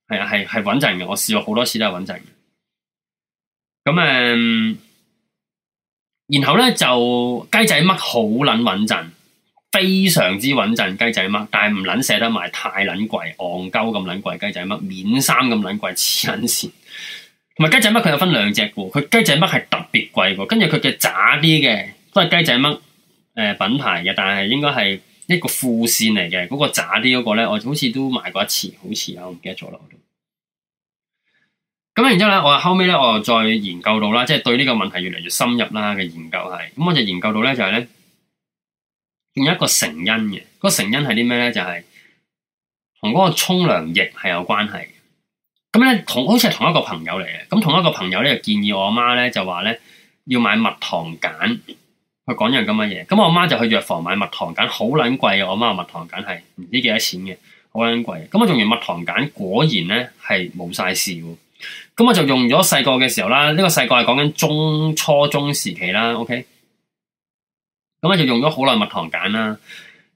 係啊係係穩陣嘅，我試過好多次都係穩陣嘅。咁誒、嗯，然後咧就雞仔乜好捻穩陣，非常之穩陣，雞仔乜，但係唔捻捨得買，太捻貴，戇鳩咁捻貴，雞仔乜免衫咁捻貴，黐撚線。唔係雞仔嘜，佢有分兩隻噶。佢雞仔嘜係特別貴噶，跟住佢嘅渣啲嘅都係雞仔嘜誒品牌嘅，但係應該係一個副線嚟嘅。嗰、那個渣啲嗰個咧，我好似都買過一次，好似啊，我唔記得咗啦。咁然之後咧，我後尾咧，我又再研究到啦，即係對呢個問題越嚟越深入啦嘅研究係。咁、嗯、我就研究到咧，就係、是、咧，仲有一個成因嘅。嗰、那個成因係啲咩咧？就係同嗰個沖涼液係有關係。咁咧，同好似係同一個朋友嚟嘅，咁同一個朋友咧，就建議我媽咧，就話咧，要買蜜糖鹼，佢講樣咁嘅嘢。咁我媽就去藥房買蜜糖鹼，好撚貴啊！我媽蜜糖鹼係唔知幾多錢嘅，好撚貴。咁我用完蜜糖鹼，果然咧係冇晒事。咁我就用咗細個嘅時候啦，呢個細個係講緊中初中時期啦。OK，咁我就用咗好耐蜜糖鹼啦。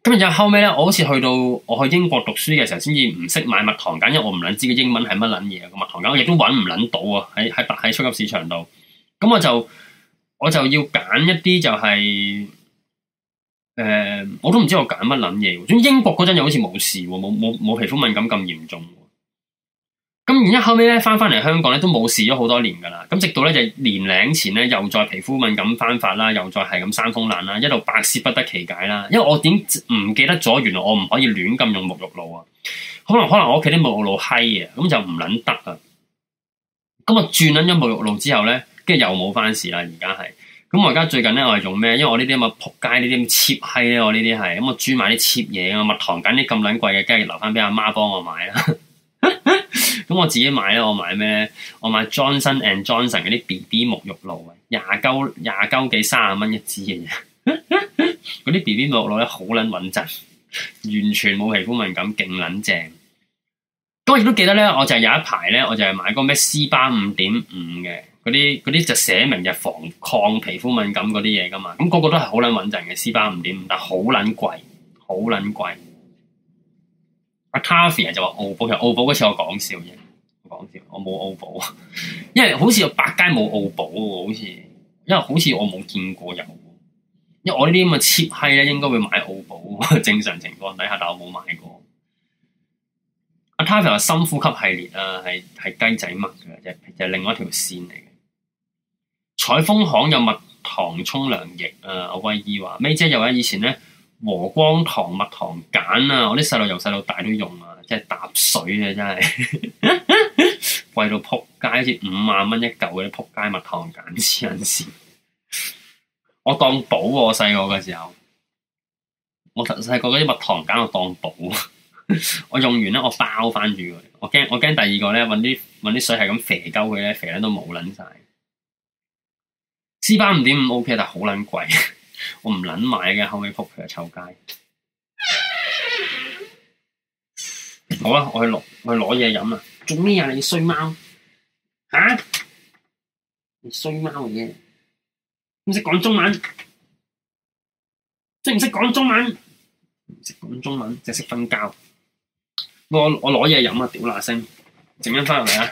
咁然後後尾，咧，我好似去到我去英國讀書嘅時候，先至唔識買蜜糖，揀，因為我唔捻知個英文係乜捻嘢個蜜糖，我亦都搵唔捻到啊！喺喺白喺超級市場度，咁我就我就要揀一啲就係、是、誒、呃，我都唔知我揀乜捻嘢。總之，英國嗰陣又好似冇事，冇冇冇皮膚敏感咁嚴重。咁然之後尾咧，翻翻嚟香港咧都冇事咗好多年噶啦。咁直到咧就年零前咧又再皮膚敏感翻發啦，又再係咁生風爛啦，一路百思不得其解啦。因為我點唔記得咗，原來我唔可以亂咁用沐浴露啊。可能可能我屋企啲沐浴露閪嘅，咁就唔撚得啊。咁我轉撚咗沐浴露之後咧，跟住又冇翻事啦。而家係咁，我而家最近咧我係用咩？因為我呢啲咁嘅仆街呢啲咁切閪咧，我呢啲係咁我煮埋啲切嘢啊，蜜糖揀啲咁撚貴嘅，梗係留翻俾阿媽幫我買啦。咁 [LAUGHS] 我自己買咧，我買咩咧？我買 Johnson and Johnson 嗰啲 BB 沐浴露啊，廿九廿九幾卅廿蚊一支嘅啫。嗰啲 BB 沐浴露咧好卵穩陣，完全冇皮膚敏感，勁卵正。咁 [LAUGHS] 我亦都記得咧，我就係有一排咧，我就係買嗰個咩 C 八五點五嘅嗰啲啲就寫明就防抗皮膚敏感嗰啲嘢噶嘛。咁、那個個都係好卵穩陣嘅 C 八五點五，但好卵貴，好卵貴。阿 Taffy 就話澳寶，其實澳寶嗰次我講笑啫，講笑，我冇澳寶，因為好似有百佳冇澳寶，好似，因為好似我冇見過有，因為我呢啲咁嘅 cheap 批咧，應該會買澳寶，正常情況底下，但我冇買過。阿 Taffy 話深呼吸系列啊，係係雞仔嘜嘅，就係另外一條線嚟嘅。彩豐行有蜜糖沖涼液啊，阿威姨話，May 姐又話以前咧。和光堂蜜糖鹼啊！我啲細路由細到大都用啊，即係搭水嘅真係，貴 [LAUGHS] 到撲街，好似五萬蚊一嚿嗰啲撲街蜜糖鹼先。 [LAUGHS] 我當寶，我細個嘅時候，我細個嗰啲蜜糖鹼我當寶， [LAUGHS] 我用完咧我包翻住佢，我驚我驚第二個咧搵啲啲水係咁肥鳩佢咧，肥捻都冇捻晒。C 巴五點五 OK，但好捻貴。我唔撚買嘅，後尾僕佢又臭街。 [LAUGHS] 好啦，我去攞，我去攞嘢飲啊。做咩啊？你衰貓，嚇？你衰貓嘅嘢？唔識講中文，識唔識講中文？唔識講中文，淨係識瞓覺。我我攞嘢飲啊！屌那聲，點樣翻入嚟啊！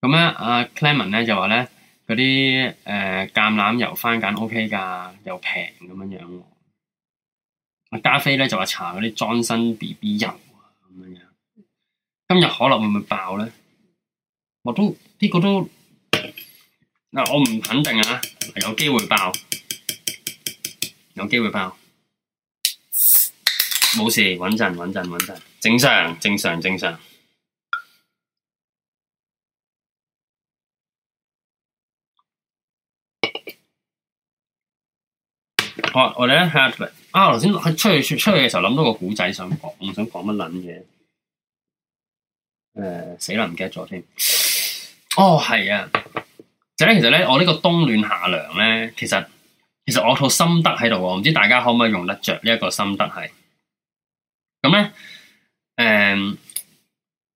咁咧，阿、啊、Clement 咧就話咧嗰啲誒橄欖油,、OK 啊、油、番梘 OK 噶，又平咁樣樣。阿加菲咧就話搽嗰啲莊臣 B B 油咁樣。今日可樂會唔會爆咧？我都呢、這個都嗱、啊，我唔肯定啊，有機會爆，有機會爆，冇事，穩陣穩陣穩陣，正常正常正常。正常哦、我哋咧啊！頭先去出去出去嘅時候諗到個古仔想講，唔想講乜撚嘢。誒、呃、死啦！唔記得咗添。哦，係啊。就咧，其實咧，我呢個冬暖夏涼咧，其實其實我套心得喺度喎。唔知大家可唔可以用得着呢一個心得係？咁咧誒，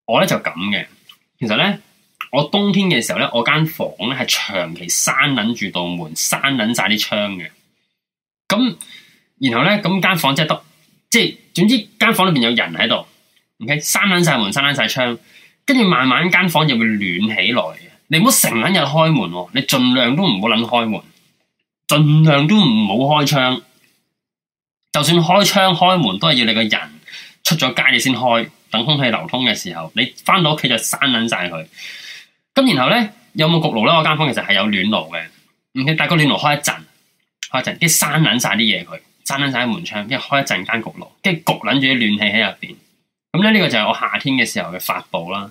我咧就咁嘅。其實咧，我冬天嘅時候咧，我間房咧係長期閂撚住道門，閂撚晒啲窗嘅。咁，然後咧，咁間房即係得，即係總之間房裏邊有人喺度，OK，閂捻晒門，閂捻晒窗，跟住慢慢間房就會暖起來嘅。你唔好成日開門，你盡量都唔好捻開門，盡量都唔好開窗。就算開窗開門，都係要你個人出咗街你先開，等空氣流通嘅時候，你翻到屋企就閂捻晒佢。咁然後咧，有冇焗爐咧？我間房其實係有暖爐嘅，OK，但個暖爐開一陣。開一陣，跟住閂撚曬啲嘢佢，閂撚晒啲門窗，跟住開一陣間焗爐，跟住焗撚住啲暖氣喺入邊。咁咧呢個就係我夏天嘅時候嘅發佈啦。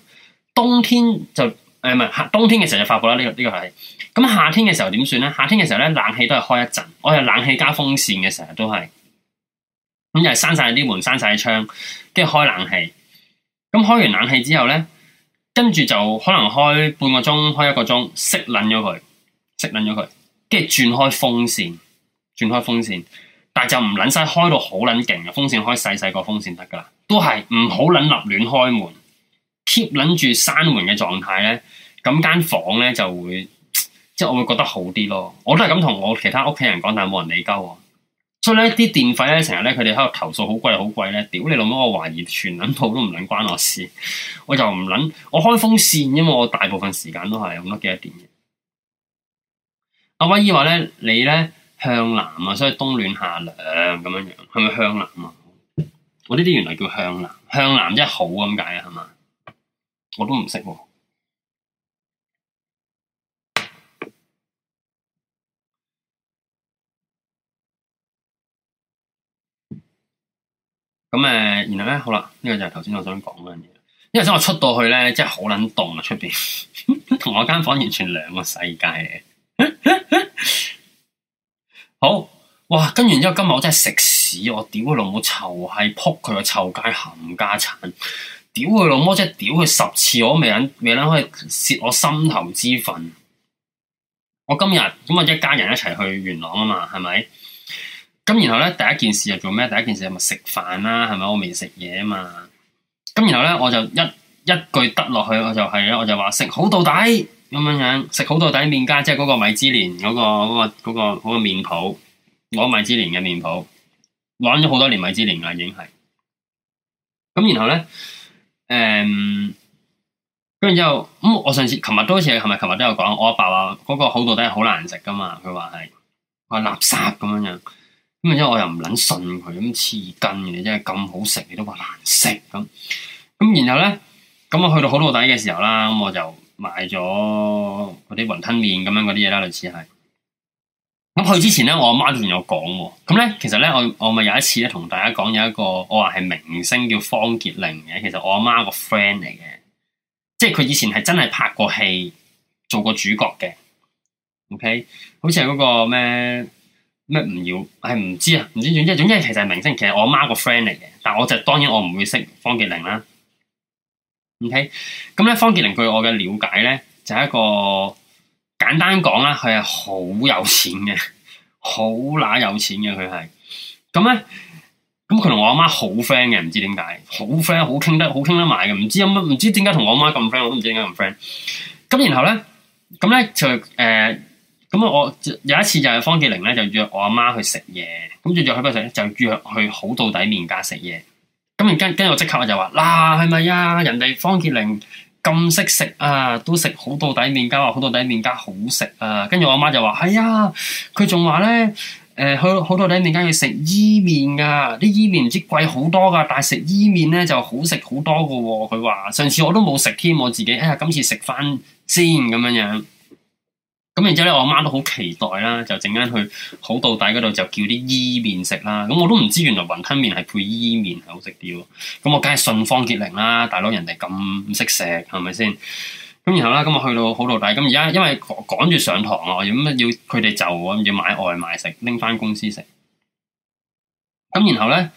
冬天就誒唔係，冬天嘅時候就發佈啦。呢、呢個呢、呢個係。咁夏天嘅時候點算咧？夏天嘅時候咧，冷氣都係開一陣，我係冷氣加風扇嘅時候都係。咁又係閂晒啲門，閂晒窗，跟住開冷氣。咁開完冷氣之後咧，跟住就可能開半個鐘，開一個鐘，熄撚咗佢，熄撚咗佢，跟住轉開風扇。轉開風扇，但係就唔捻晒開到好捻勁嘅，風扇開細細個風扇得噶啦，都係唔好捻立亂開門，keep 捻住閂門嘅狀態咧，咁間房咧就會即係我會覺得好啲咯。我都係咁同我其他屋企人講，但係冇人理鳩我，所以咧啲電費咧成日咧佢哋喺度投訴好貴好貴咧，屌你老母！我懷疑全捻套都唔捻關我事，我就唔捻我開風扇，因為我大部分時間都係用得幾多電嘅。阿威姨話咧，你咧。向南啊，所以冬暖夏涼咁樣樣，係咪向南啊？我呢啲原來叫向南，向南真係好咁解啊，係嘛？我都唔識喎。咁誒、嗯嗯，然後咧，好啦，呢、這個就係頭先我想講嗰樣嘢。因為想我出到去咧，真係好撚凍啊，出邊同我間房完全兩個、啊、世界嘅。 [LAUGHS] 好哇，跟完之後，今日我真係食屎，我屌佢老，老母，臭閪撲佢個臭街冚家鏟，屌佢老母真係屌佢十次我都未諗未諗可以泄我心頭之憤。我今日咁我一家人一齊去元朗啊嘛，係咪？咁然後咧，第一件事係做咩？第一件事係咪食飯啦？係咪？我未食嘢啊嘛。咁然後咧，我就一一句得落去，我就係、是、咧，我就話食好到底。咁樣樣食好到底麵家，即係嗰個米芝蓮嗰、嗰個嗰、嗰個、嗰個、嗰個麵鋪，攞米芝蓮嘅麵鋪，玩咗好多年米芝蓮啦已經係。咁然後咧，誒、嗯，咁然後之後咁，我上次琴日都好似係咪琴日都有講，我阿爸話嗰個好到底係好難食噶嘛，佢話係話垃圾咁樣樣。咁然後之後我又唔捻信佢咁刺根，嘅，你真係咁好食你都話難食咁。咁然後咧，咁我去到好到底嘅時候啦，咁我就。買咗嗰啲雲吞麵咁樣嗰啲嘢啦，類似係。咁去之前咧，我阿媽仲有講喎。咁咧，其實咧，我我咪有一次咧同大家講，有一個我話係明星叫方杰玲嘅。其實我阿媽個 friend 嚟嘅，即係佢以前係真係拍過戲，做過主角嘅。OK，好似係嗰個咩咩唔要？係唔知啊，唔知總之總之其實係明星，其實我阿媽個 friend 嚟嘅。但我就是、當然我唔會識方杰玲啦。OK，咁咧方杰玲，據我嘅了解咧，就係、一個簡單講啦，佢係好有錢嘅，好乸有錢嘅佢係。咁咧，咁佢同我阿媽好 friend 嘅，唔知點解，好 friend，好傾得好傾得埋嘅，唔知有乜，唔知點解同我阿媽咁 friend，我都唔知點解咁 friend。咁然後咧，咁咧就誒，咁、呃、我有一次就係方杰玲咧就約我阿媽去食嘢，咁就約去邊食咧，就約去好到底麵家食嘢。咁然跟跟住我即刻就話嗱係咪啊？人哋方潔玲咁識食啊，都食好到底麵家，好到底麵家好食啊！跟住我媽就話係啊，佢仲話咧誒，去、呃、好到底麵家要食伊麵㗎，啲伊麵唔知貴好多㗎，但係食伊麵咧就好食好多㗎喎、啊。佢話上次我都冇食添，我自己哎呀，今次食翻先咁樣樣。咁然之後咧，我阿媽都好期待啦，就陣間去好到底嗰度就叫啲伊麵食啦。咁我都唔知原來雲吞麵係配伊麵好食啲喎。咁我梗係順風結靈啦，大佬人哋咁識食係咪先？咁然後咧，咁我去到好到底，咁而家因為趕住上堂啊，咁要佢哋就咁要買外賣食，拎翻公司食。咁然後咧，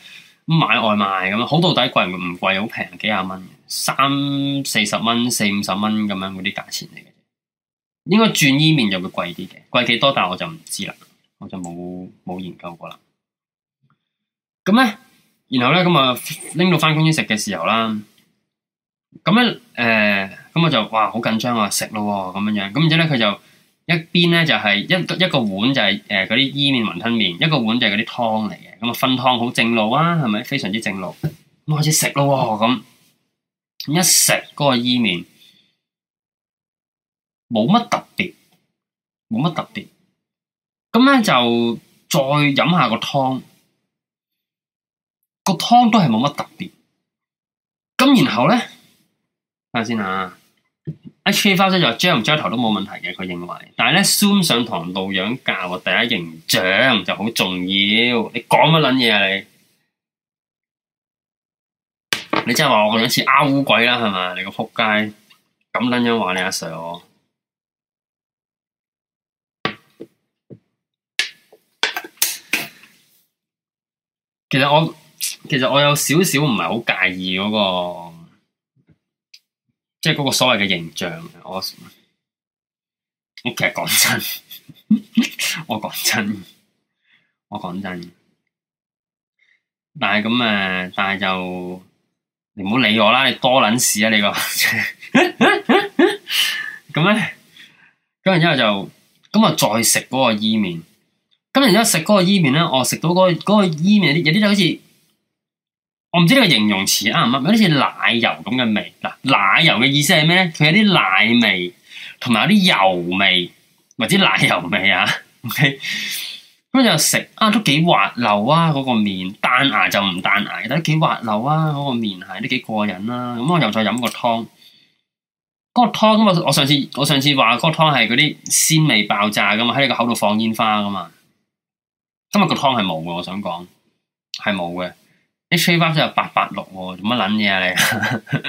買外賣咁好到底貴唔貴？好平，幾廿蚊，三四十蚊，四五十蚊咁樣嗰啲價錢嚟嘅。應該轉伊麵就會貴啲嘅，貴幾多？但係我就唔知啦，我就冇冇研究過啦。咁咧，然後咧，咁啊拎到翻公司食嘅時候啦，咁咧誒，咁、呃、我就哇好緊張啊，食咯咁樣樣。咁然之後咧，佢就一邊咧就係、是、一一個碗就係誒嗰啲伊麵雲吞麵，一個碗就係嗰啲湯嚟嘅。咁啊，分湯好正路啊，係咪非常之正路？我開始食咯，咁一食嗰個伊麵，冇乜特別，冇乜特別。咁咧就再飲下個湯，個湯都係冇乜特別。咁然後咧，睇下先嚇。HK 花姐就嚼唔嚼頭都冇問題嘅，佢認為。但係咧，Zoom 上堂度樣教，第一形象就好重要。你講乜撚嘢啊你？你即係話我兩次拗鬼啦係嘛？你個撲街咁撚樣話你阿 Sir 我？其實我其實我有少少唔係好介意嗰個，即係嗰個所謂嘅形象。我，我其實講真，我講真，我講真。但係咁啊，但係就你唔好理我啦，你多捻事啊！你個咁咧，咁然之後就咁啊，再食嗰個伊麵。咁然之後食嗰個伊麵咧，我食到嗰個嗰個伊麵、嗰個、有啲有啲就好似我唔知呢個形容詞啱唔啱，有啲似奶油咁嘅味嗱、啊，奶油嘅意思係咩咧？佢有啲奶味同埋有啲油味或者奶油味啊 OK。咁就食啊，都幾滑溜啊嗰個麵，彈牙就唔彈牙，但係都幾滑溜啊嗰個麵係都幾過癮啦、啊。咁我又再飲個湯，嗰個湯咁啊！我上次我上次話嗰個湯係嗰啲鮮味爆炸噶嘛，喺你個口度放煙花噶嘛。今日個湯係冇嘅，我想講係冇嘅。h 吹花水又八八六，做乜撚嘢啊你？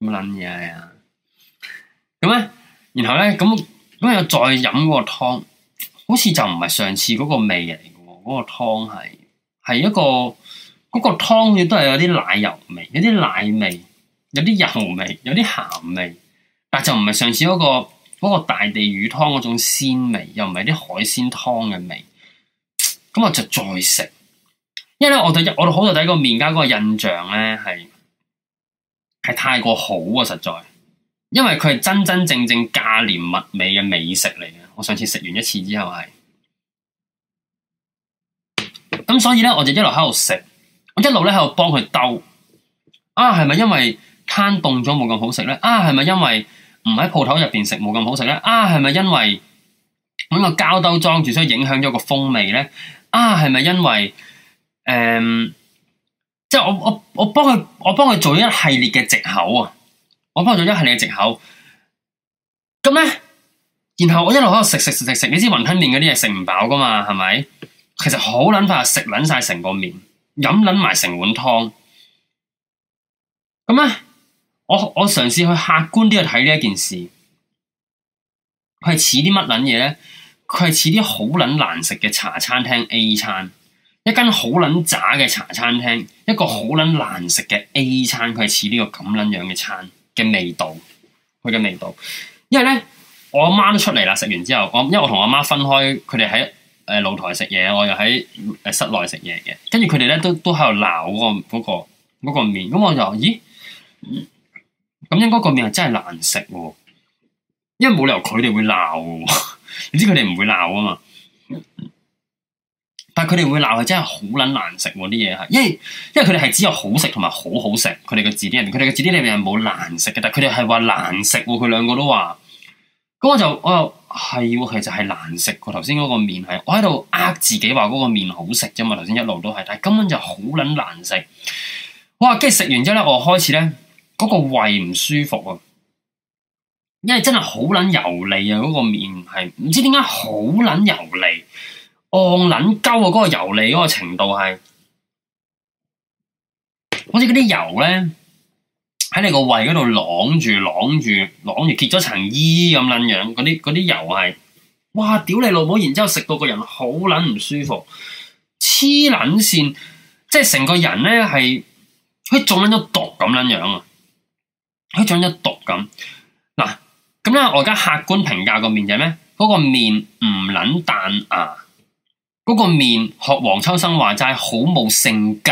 做乜撚嘢啊？咁 [LAUGHS] 咧、啊，然後咧，咁咁又再飲嗰個湯，好似就唔係上次嗰個味嚟嘅。嗰、那個湯係係一個嗰、那個湯，亦都係有啲奶油味，有啲奶味，有啲油味，有啲鹹味，但就唔係上次嗰、那個、那個大地魚湯嗰種鮮味，又唔係啲海鮮湯嘅味。咁我就再食，因為咧我對我對好到底嗰個麵家嗰個印象咧係係太過好啊！實在，因為佢係真真正正價廉物美嘅美食嚟嘅。我上次食完一次之後係，咁所以咧我就一路喺度食，我一路咧喺度幫佢兜。啊，係咪因為攤凍咗冇咁好食咧？啊，係咪因為唔喺鋪頭入邊食冇咁好食咧？啊，係咪因為喺個膠兜裝住所以影響咗個風味咧？啊，係咪因為誒、嗯，即係我我我幫佢，我幫佢做一系列嘅借口啊，我幫佢做一系列嘅借口，咁咧，然後我一路喺度食食食食食，你知雲吞麵嗰啲嘢，食唔飽噶嘛，係咪？其實好撚快，食撚晒成個麵，飲撚埋成碗湯，咁咧，我我嘗試去客觀啲去睇呢一件事，佢似啲乜撚嘢咧？佢係似啲好捻難食嘅茶餐廳 A 餐，一間好捻渣嘅茶餐廳，一個好捻難食嘅 A 餐，佢係似呢個咁捻樣嘅餐嘅味道，佢嘅味道。因為咧，我阿媽都出嚟啦，食完之後，我因為我同阿媽分開，佢哋喺誒露台食嘢，我又喺誒室內食嘢嘅。跟住佢哋咧都都喺度鬧嗰個個、嗰個麵，咁我就咦，咁、嗯、應該個麵係真係難食，因為冇理由佢哋會鬧。你知佢哋唔會鬧啊嘛，但係佢哋會鬧係真係好撚難食啲嘢係，因為因為佢哋係只有好食同埋好好食，佢哋嘅字典入面，佢哋嘅字典入面係冇難食嘅，但係佢哋係話難食，佢兩個都話，咁我就我又係喎，其實係難食。頭先嗰個麵係，我喺度呃自己話嗰個麵好食啫嘛，頭先一路都係，但係根本就好撚難食。哇！跟住食完之後咧，我開始咧嗰個胃唔舒服啊。因為真係好卵油膩啊！嗰、嗰個麵係唔知點解好卵油膩、戇卵鳩啊！嗰個油膩嗰個程度係，好似嗰啲油咧喺你個胃嗰度晾住、晾住、晾住，結咗層衣咁卵樣。嗰啲啲油係，哇！屌你老母！然之後食到個人好卵唔舒服，黐卵線，即係成個人咧係，佢中咗毒咁卵樣啊！佢中咗毒咁嗱。咁咧，我而家客觀評價個麵就係咩？嗰個麵唔撚彈牙，嗰個麵學黃秋生話齋好冇性格，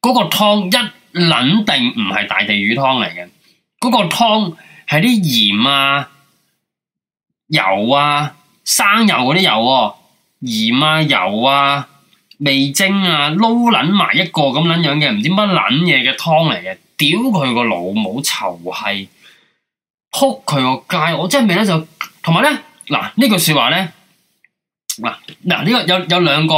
嗰個湯一撚定唔係大地魚湯嚟嘅，嗰個湯係啲鹽啊、油啊、生油嗰啲油喎、啊，鹽啊、油啊、味精啊撈撚埋一個咁撚樣嘅，唔知乜撚嘢嘅湯嚟嘅，屌佢個老母臭閪！哭佢個街，我真係未咧，就同埋咧嗱，呢句說話咧嗱嗱呢、這個有有兩個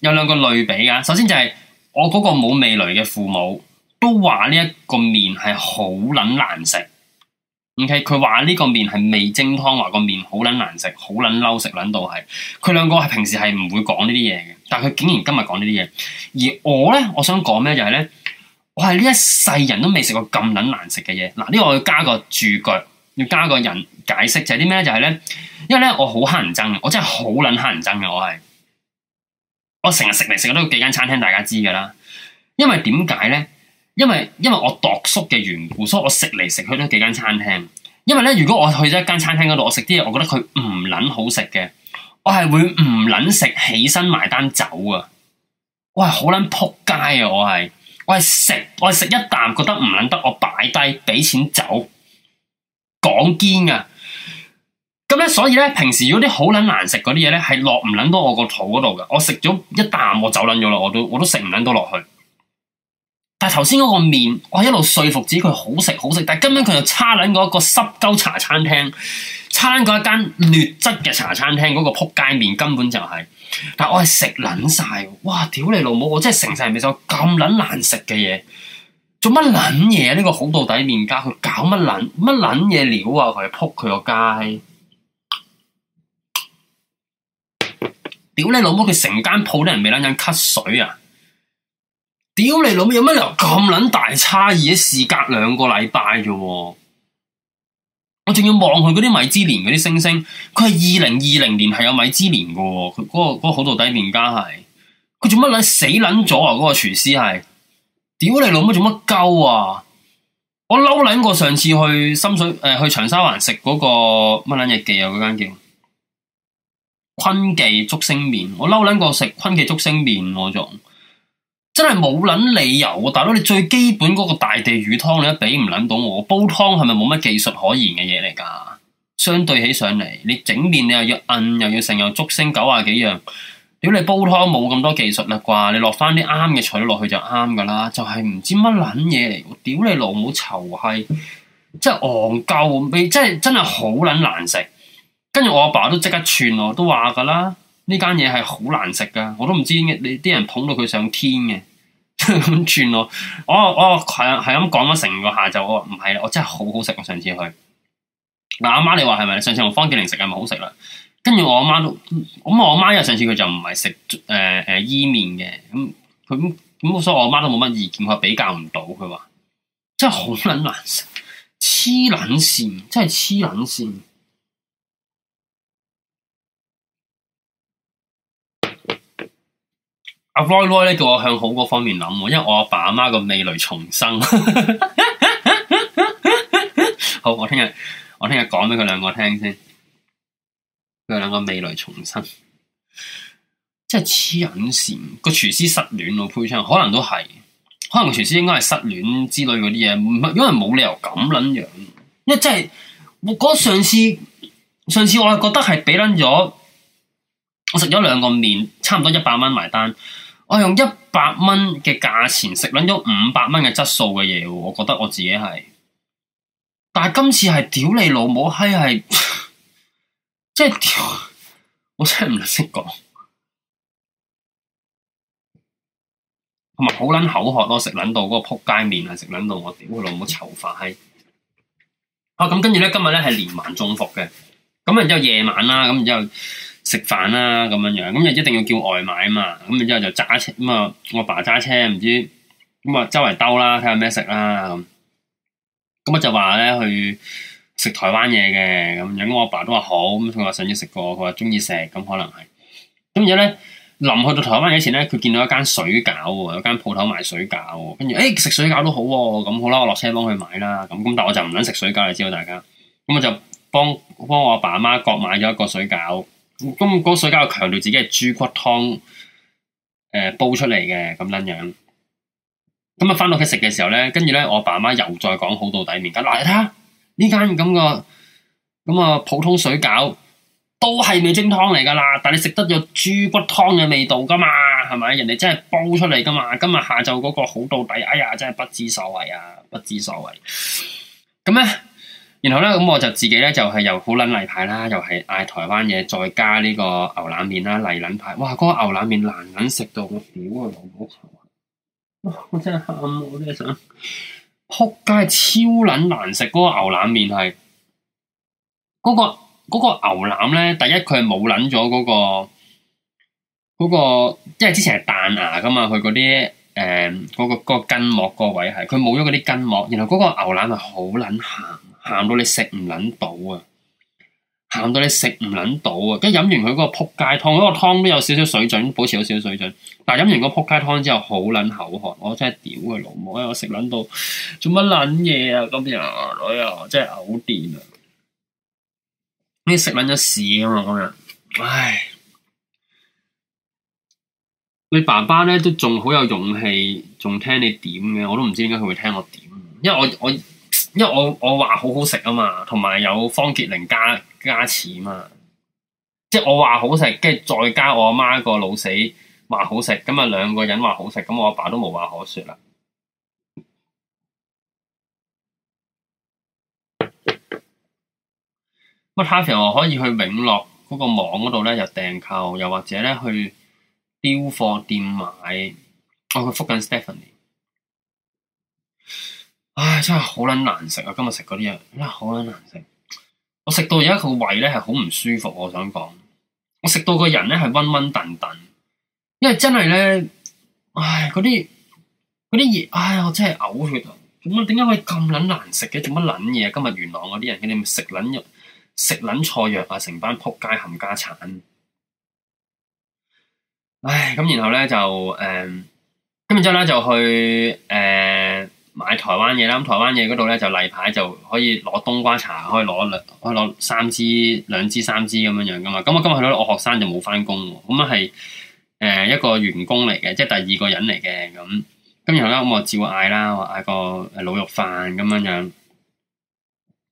有兩個類比㗎，首先就係、是、我嗰個冇味蕾嘅父母都話呢一個麵係好捻難食，OK 佢話呢個麵係味精湯，話個麵好捻難食，好捻嬲，食捻到係，佢兩個係平時係唔會講呢啲嘢嘅，但係佢竟然今日講呢啲嘢，而我咧，我想講咩就係咧，我係呢一世人都未食過咁捻難食嘅嘢，嗱呢、這個我要加個注腳。要加個人解釋就係啲咩？就係咧，因為咧我好乞人憎嘅，我真係好撚乞人憎嘅。我係我成日食嚟食去都幾間餐廳，大家知噶啦。因為點解咧？因為因為我度宿嘅緣故，所以我食嚟食去都幾間餐廳。因為咧，如果我去咗一間餐廳嗰度，我食啲嘢，我覺得佢唔撚好食嘅，我係會唔撚食起身埋單走啊！我係好撚仆街啊！我係我係食我係食一啖覺得唔撚得，我擺低俾錢走。講堅啊！咁咧，所以咧，平時如果啲好捻難食嗰啲嘢咧，係落唔捻到我個肚嗰度嘅。我食咗一啖，我走捻咗啦，我都我都食唔捻到落去。但係頭先嗰個麵，我一路說服自己佢好食好食，但係根本佢就差捻過一個濕鳩茶餐廳，差捻過一間劣質嘅茶餐廳嗰個撲街麵，根本就係。但係我係食捻晒，哇！屌你老母，我真係成世未有咁捻難食嘅嘢。做乜撚嘢？呢個好到底麵家佢搞乜撚乜撚嘢料啊！佢撲佢個街，屌你老母！佢成間鋪啲人未撚陣咳水啊！屌你老母！有乜理由咁撚大差異？事隔兩個禮拜啫，我仲要望佢嗰啲米芝蓮嗰啲星星，佢係二零二零年係有米芝蓮噶，佢嗰個嗰個好到底麵家係，佢做乜撚死撚咗啊？嗰個廚師係。屌你老母做乜鳩啊！我嬲捻過上次去深水誒、呃、去長沙灣食嗰個乜捻日記啊，嗰間叫坤記竹升麵，我嬲捻過食坤記竹升麵，我仲真係冇捻理由啊！大佬，你最基本嗰個大地魚湯你都俾唔捻到我，我煲湯係咪冇乜技術可言嘅嘢嚟噶？相對起上嚟，你整麵你又要按又要成又竹升九啊幾樣。屌你煲湯冇咁多技術啦啩，你落翻啲啱嘅材料落去就啱噶啦，就係、是、唔知乜撚嘢嚟，屌你老母臭閪，即係戇鳩，未即係真係好撚難食。跟住我阿爸都即刻串我，都話噶啦，呢間嘢係好難食噶，我都唔知你啲人捧到佢上天嘅，咁 [LAUGHS] 串我，哦哦係係咁講咗成個下晝，我話唔係，我真係好好食，我上次去。嗱，阿媽你話係咪？上次同方健玲食係咪好食啦？跟住我阿媽都，咁我阿媽因為上次佢就唔係食誒誒伊麵嘅，咁佢咁所以我阿媽都冇乜意見，佢比較唔到，佢話真係好撚難食，黐撚線，真係黐撚線。阿、啊、Roy Roy 咧，叫我向好嗰方面諗，因為我阿爸阿媽個味蕾重生。 [LAUGHS] 好，我聽日我聽日講俾佢兩個聽先。佢兩個未來重生，即係黐緊線。個廚師失戀咯，配唱，可能都係，可能個廚師應該係失戀之類嗰啲嘢，唔係，因為冇理由咁捻樣。因為真係，我、那個、上次，上次我係覺得係俾捻咗，我食咗兩個麵，差唔多一百蚊埋單，我用一百蚊嘅價錢食捻咗五百蚊嘅質素嘅嘢，我覺得我自己係，但係今次係屌你老母閪係。真我真係唔識講，同埋好捻口渴咯，食捻到嗰個撲街麵啊，食捻到我屌，老母臭化閪！啊咁，跟住咧今日咧係連環中伏嘅，咁然之後夜晚啦，咁然之後食飯啦，咁樣樣，咁就一定要叫外賣啊嘛，咁然之後就揸車，咁啊我爸揸車，唔知咁啊周圍兜啦，睇下咩食啦咁，咁我就話咧去。食台灣嘢嘅咁，咁我阿爸都話好咁。佢話上次食過，佢話中意食咁，可能係咁。然後咧，臨去到台灣以前咧，佢見到一間水餃喎，有間鋪頭賣水餃。跟住誒食水餃都好喎、啊，咁好啦，我落車幫佢買啦。咁咁，但我就唔撚食水餃，你知道大家，咁我就幫幫我阿爸阿媽各買咗一個水餃。咁嗰水餃強調自己係豬骨湯誒煲出嚟嘅咁樣樣。咁啊，翻到屋企食嘅時候咧，跟住咧我阿爸阿媽又再講好到底麵，嗱睇、呃呢間咁個咁啊普通水餃都係味精湯嚟噶啦，但係你食得有豬骨湯嘅味道噶嘛，係咪？人哋真係煲出嚟噶嘛？今日下晝嗰個好到底，哎呀，真係不知所謂啊，不知所謂。咁咧，然後咧，咁我就自己咧就係、是、又好捻例牌啦，又係嗌台灣嘢，再加呢個牛腩麵啦，例捻牌。哇，嗰、那個牛腩麵難捻、啊，食到我屌啊！我真係喊，我真係想。撲街超捻難食，嗰個牛腩麵係，嗰個嗰個牛腩咧，第一佢係冇捻咗嗰個嗰個，因為之前係彈牙噶嘛，佢嗰啲誒嗰個嗰個筋膜個位係，佢冇咗嗰啲筋膜，然後嗰個牛腩係好捻鹹，鹹到你食唔捻到啊！咸到你食唔捻到啊！一飲完佢嗰個撲街湯，嗰、嗰個湯都有少少水準，保持有少少水準。但係飲完個撲街湯之後，好捻口渴，我真係屌佢老母因啊，啊，啊，啊！因為我食捻到做乜捻嘢啊？今日女啊，真係嘔電啊！你食捻咗屎啊嘛！今日唉，你爸爸咧都仲好有勇氣，仲聽你點嘅，我都唔知點解佢會聽我點，因為我我因為我我話好好食啊嘛，同埋有方杰玲家。加錢嘛，即係我話好食，跟住再加我阿媽個老死話好食，咁啊兩個人話好食，咁我阿爸都冇話可說啦。 [LAUGHS] 不過有時候可以去永樂嗰個網嗰度咧，又訂購，又或者咧去標貨店買。我、哦、去覆緊 Stephanie。唉，真係好撚難食啊！今日食嗰啲嘢，好撚難食。我食到而家個胃咧係好唔舒服，我想講，我食到個人咧係溫溫頓頓，因為真係咧，唉，嗰啲嗰啲熱，唉，我真係嘔血啊！做乜？點解可以咁撚難食嘅？做乜撚嘢？今日元朗嗰啲人，佢哋咪食撚藥、食撚菜藥啊，成班仆街冚家鏟。唉，咁然後咧就誒，咁然之後咧就去誒。嗯買台灣嘢啦，咁台灣嘢嗰度咧就例牌就可以攞冬瓜茶，可以攞兩，可以攞三支、兩支、三支咁樣樣㗎嘛。咁我今日去到我學生就冇返工喎，咁啊係誒一個員工嚟嘅，即係第二個人嚟嘅咁。咁然後咧，我照嗌啦，我嗌個滷肉飯咁樣樣。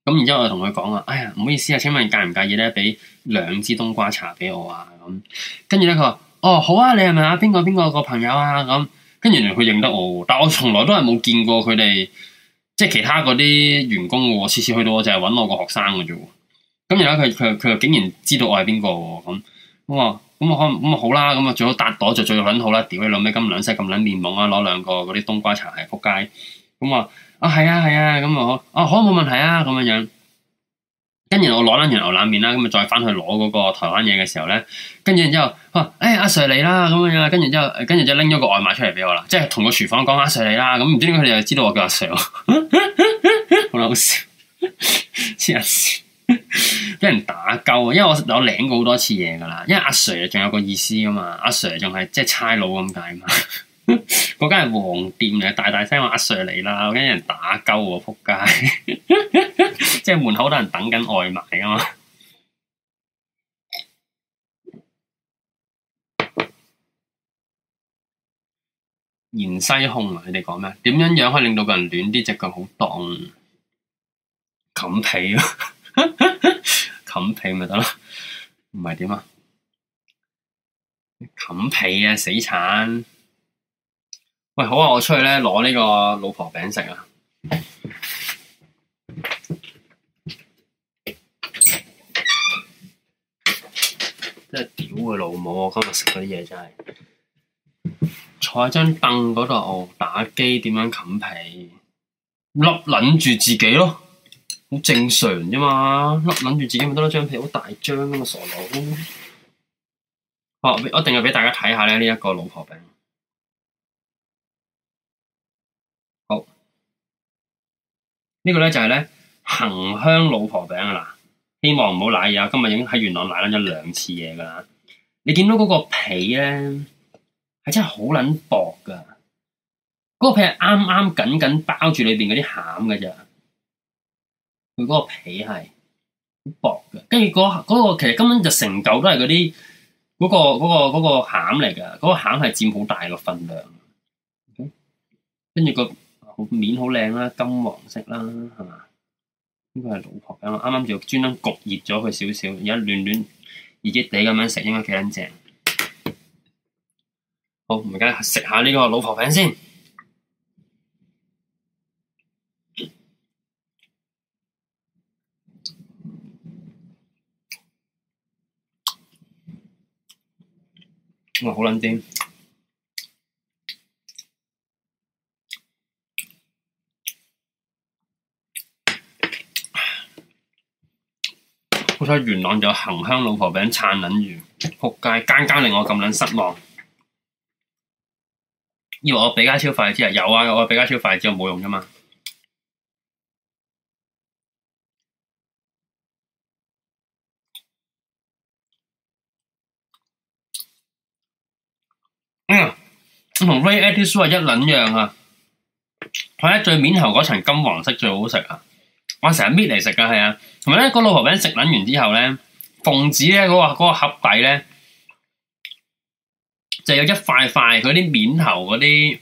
咁然之後我同佢講話，哎呀唔好意思啊，請問介唔介意咧俾兩支冬瓜茶俾我啊？咁跟住咧佢話：哦好啊，你係咪啊邊個邊個個朋友啊咁？跟住佢認得我，但係我從來都係冇見過佢哋，即係其他嗰啲員工喎，次次去到我就係揾我個學生嘅啫喎。咁然後佢佢佢竟然知道我係邊個喎咁，我話咁啊咁啊好啦，咁啊最好搭檔就最揾好啦，屌你老味咁兩世咁撚面懵啊，攞兩個嗰啲冬瓜茶嚟撲街，咁話啊係啊係啊，咁啊好、啊啊嗯，啊好冇問題啊，咁樣樣。跟住我攞翻完牛腩麵啦，咁咪再翻去攞嗰個台灣嘢嘅時候咧，跟住之後，哇，誒，阿 Sir 嚟啦，咁樣，跟住之後，跟住就拎咗個外賣出嚟俾我啦，即係同個廚房講阿 Sir 嚟啦，咁唔知點解佢哋又知道我叫阿 Sir， [LAUGHS] 好搞笑，黐 [LAUGHS] 線經病，俾 [LAUGHS] 人打交，因為我我領過好多次嘢噶啦，因為阿 Sir 仲有個意思噶嘛，阿 Sir 仲係即係差佬咁解嘛。嗰間係黃店嚟，大大聲話阿 Sir 嚟啦，我驚人打鳩喎，仆街！ [LAUGHS] 即係門口好多人等緊外賣啊嘛。芫茜控啊！你哋講咩？點樣樣可以令到個人暖啲？隻腳好凍，冚被咯，冚被咪得咯？唔係點啊？冚 [LAUGHS] 被啊，死慘！喂，好啊，我出去咧攞呢個老婆餅食啊！真係屌佢老母，我今日食嗰啲嘢真係。坐喺張凳嗰度打機，點樣冚被？笠捻住自己咯，好正常啫嘛。笠捻住自己咪得咯，張被好大張嘅嘛，傻佬、啊。我一定要俾大家睇下咧呢一個老婆餅。呢個咧就係咧，恆香老婆餅噶啦，希望唔好瀨嘢啊！今日已經喺元朗瀨撚咗兩次嘢噶啦。你見到嗰個皮咧，係真係好撚薄噶。嗰、那個皮係啱啱緊緊包住裏邊嗰啲餡嘅啫。佢、嗰、嗰個皮係好薄嘅，跟住嗰個、嗰個、其實根本就成嚿都係嗰啲嗰個嗰、嗰個餡嚟嘅。嗰、嗰個餡係、嗰個、佔好大嘅份量。跟住、嗰個。面好靚啦，金黃色啦，係嘛？呢個係老婆餅，啱啱就專登焗熱咗佢少少，而家暖暖熱熱地咁樣食，應該幾撚正。好，唔該食下呢個老婆餅先。哇，好撚癲！好彩元朗仲有恒香老婆餅撐撚住，仆街間間令我咁撚失望。以為我俾加超費先啊？有啊，我俾加超費之後冇用啫嘛。嗯，我同 Ray Atis 話一撚樣啊。睇下最面頭嗰層金黃色最好食啊！我成日搣嚟食噶，係啊，同埋咧個老婆餅食捻完之後咧，奉子咧嗰個、嗰個盒底咧就有一塊塊佢啲面頭嗰啲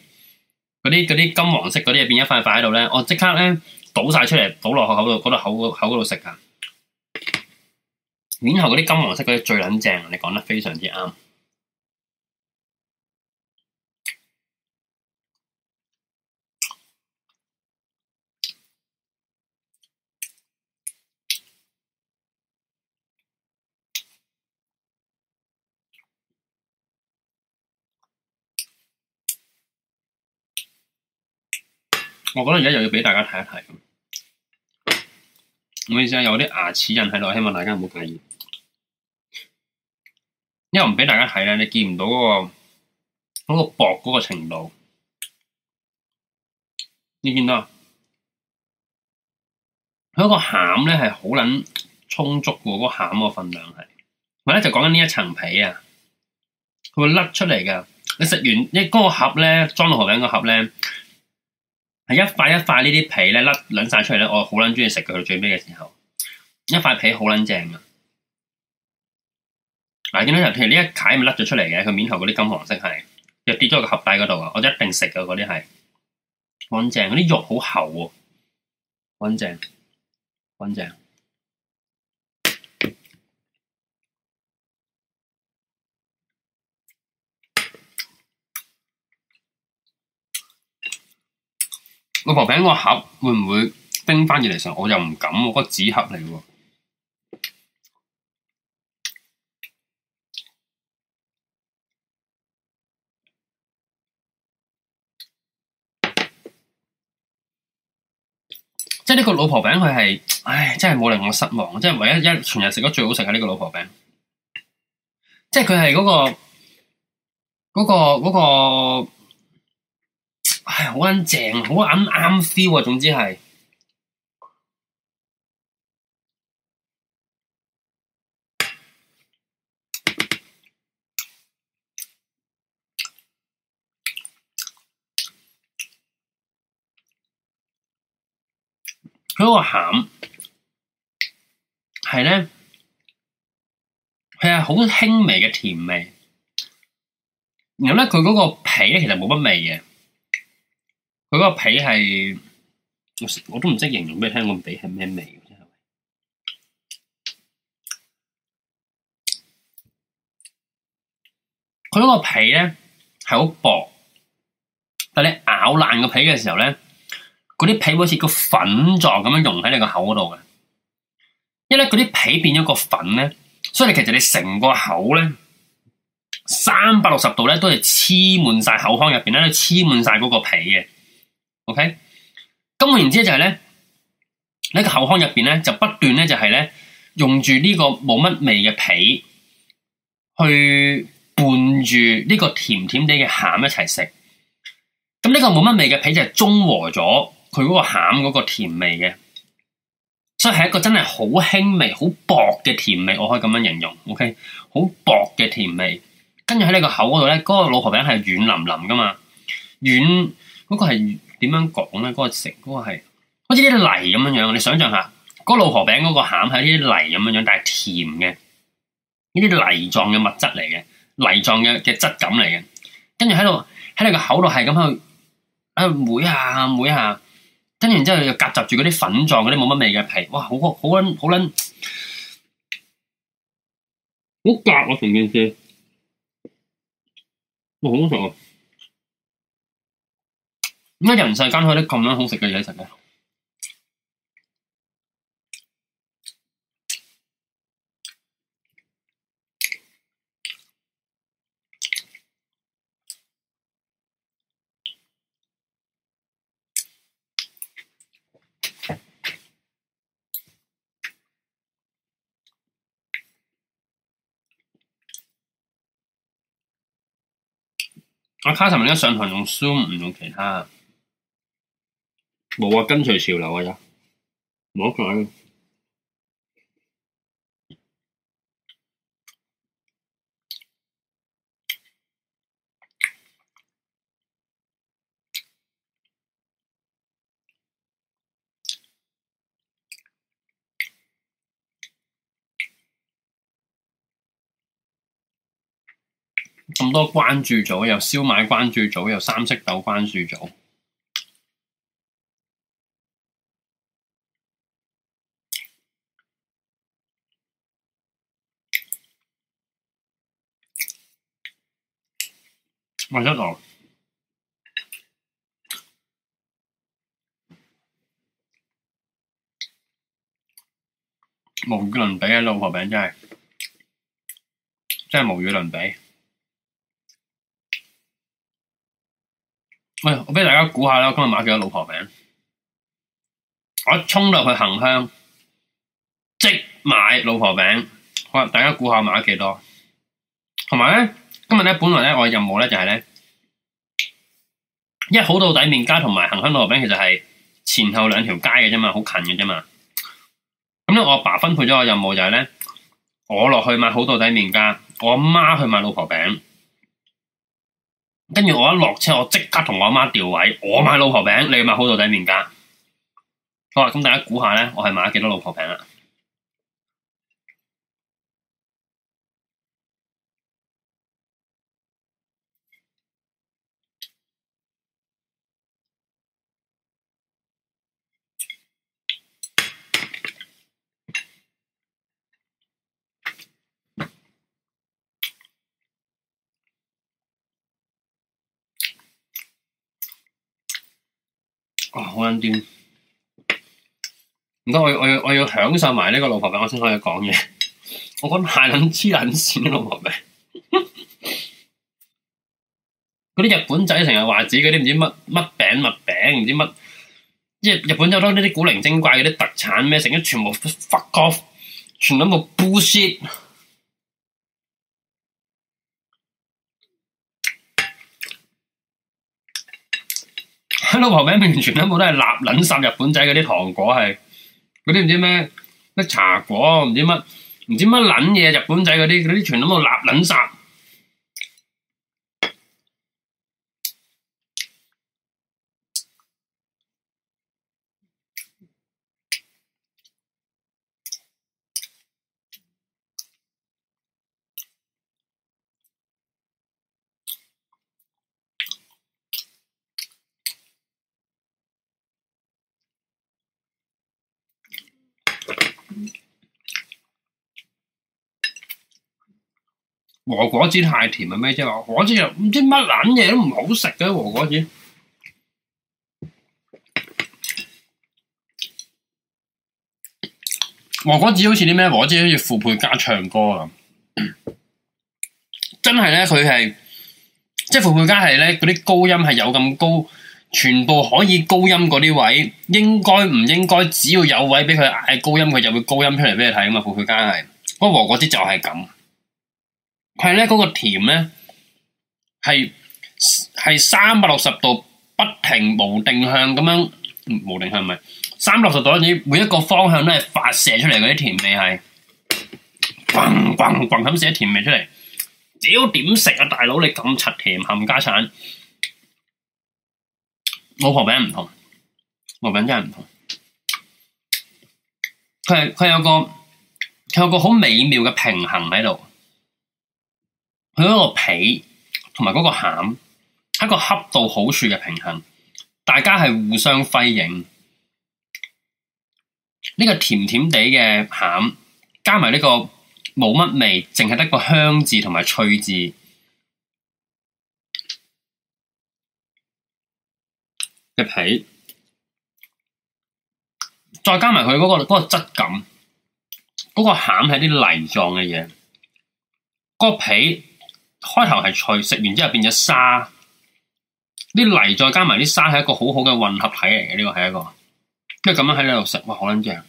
嗰啲嗰啲金黃色嗰啲，變一塊塊喺度咧，我即刻咧倒晒出嚟，倒落口、嗰個、口度，嗰度口口度食啊！面頭嗰啲金黃色嗰啲最捻正，你講得非常之啱。我覺得而家又要俾大家睇一睇，唔好意思，有啲牙齒印喺度，希望大家唔好介意。因為唔俾大家睇咧，你見唔到嗰、嗰個嗰個薄嗰個程度。你見到佢嗰、嗰個餡咧係好撚充足喎，嗰、嗰個、餡個分量係。咪埋咧就講緊呢一層皮啊，佢會甩出嚟嘅。你食完，你、那、嗰個盒咧裝落河餅個盒咧。係一塊一塊呢啲皮咧甩捻晒出嚟咧，我好捻鍾意食佢。去最尾嘅時候，一塊皮好捻正嘅。嗱、啊，見到有呢一塊咪甩咗出嚟嘅，佢面頭嗰啲金黃色係，又跌咗個盒底嗰度啊！我一定食嘅嗰啲係，好撚正，嗰啲肉好厚喎，好撚正，好撚正。老婆餅個盒會唔會叮翻熱嚟上？我又唔敢喎，個紙盒嚟喎。即係呢個老婆餅，佢係，唉，真係冇令我失望。即係唯一一全日食得最好食嘅呢個老婆餅。即係佢係嗰個，嗰、嗰、嗰個。嗰個係好啱正，好啱啱 feel 啊！總之係佢嗰個餡係咧，係啊，好輕微嘅甜味，然後咧，佢嗰個皮咧，其實冇乜味嘅。佢嗰個皮係，我都唔識形容俾你聽。個皮係咩味？真係。佢嗰個皮咧係好薄，但你咬爛個皮嘅時候咧，嗰啲皮好似個粉狀咁樣溶喺你個口嗰度嘅。因為咧啲皮變咗個粉咧，所以你其實你成個口咧三百六十度咧都係黐滿晒口腔入邊咧，黐滿晒嗰個皮嘅。O K，咁然之就係、是、咧，喺個口腔入邊咧就不斷咧就係咧用住呢個冇乜味嘅皮去拌住呢個甜甜地嘅餡一齊食。咁呢個冇乜味嘅皮就係中和咗佢嗰個餡嗰個甜味嘅，所以係一個真係好輕微、好薄嘅甜味。我可以咁樣形容，O K，好薄嘅甜味。跟住喺呢個口嗰度咧，嗰、那個老婆餅係軟腍腍㗎嘛，軟嗰、那個係。點樣講咧？嗰個食嗰個係，好似啲泥咁樣樣。你想象下，嗰個老婆餅嗰個餡係啲泥咁樣樣，但係甜嘅，呢啲泥狀嘅物質嚟嘅，泥狀嘅嘅質感嚟嘅。跟住喺度喺你個口度係咁去，喺度抹下抹下，跟住然之後又夾雜住嗰啲粉狀嗰啲冇乜味嘅皮，哇，好好捻好捻，好夾啊！成件事，我好想。哦好點解人世間有啲咁樣好食嘅嘢食呢？我卡上面嘅上堂用書唔用其他。冇啊，跟隨潮流啊，咋，冇得解？咁多關注組，又燒賣關注組，又三色豆關注組。無與倫比嘅老婆餅真係，真係無與倫比。喂，我俾大家估下啦，今日買幾多老婆餅？我衝入去行香，即買老婆餅，可能大家估下買幾多？同埋咧。今日咧，本來咧，我嘅任務咧就係咧，因為好到底麵家同埋恒香老婆餅其實係前後兩條街嘅啫嘛，好近嘅啫嘛。咁咧，我阿爸分配咗我任務就係咧，我落去買好到底麵家，我阿媽去買老婆餅。跟住我一落車，我即刻同我阿媽調位，我買老婆餅，你買好到底麵家。好啊，咁大家估下咧，我係買幾多老婆餅啊？好撚掂，唔該、哦，我我要我要享受埋呢個老婆餅，我先可以講嘢。我覺得太癲，黐撚線老婆餅。嗰啲 [LAUGHS] 日本仔成日話自己嗰啲唔知乜乜餅乜餅，唔知乜，即係日本有好多呢啲古靈精怪嗰啲特產咩，成日全部 fuck off 全，全部 bullshit。老婆餅完全全部都係垃撚圾。日本仔嗰啲糖果係嗰啲唔知咩咩茶果，唔知乜唔知乜撚嘢，日本仔嗰啲，嗰啲全都冇垃撚圾。和果子太甜係咩啫？和果子又唔知乜撚嘢都唔好食嘅和果子。和果子,和果子好似啲咩和果子，好似傅佩嘉唱歌啊、嗯！真係咧，佢係即係傅佩嘉係咧，嗰啲高音係有咁高。全部可以高音嗰啲位，應該唔應該？只要有位俾佢嗌高音，佢就會高音出嚟俾你睇噶嘛，富佢家係。不過和菓子就係咁，佢係咧嗰個甜咧，係係三百六十度不停無定向咁樣，無定向唔係三百六十度，你每一個方向都係發射出嚟嗰啲甜味係，嘣嘣嘣咁射甜味出嚟。屌點食啊，大佬，你咁柒甜冚家鏟。老婆餅唔同，老婆餅真係唔同。佢係佢有個佢有個好美妙嘅平衡喺度，佢嗰個皮同埋嗰個餡，一個恰到好處嘅平衡，大家係互相輝映。呢個甜甜地嘅餡，加埋呢個冇乜味，淨係得個香字同埋脆字。嘅皮，再加埋佢嗰個嗰、嗰個質感，嗰、嗰個餡係啲泥狀嘅嘢，個皮開頭係脆，食完之後變咗沙，啲泥再加埋啲沙係一個好好嘅混合體嚟嘅，呢、呢個係一個，跟住咁樣喺你度食，哇，好撚正！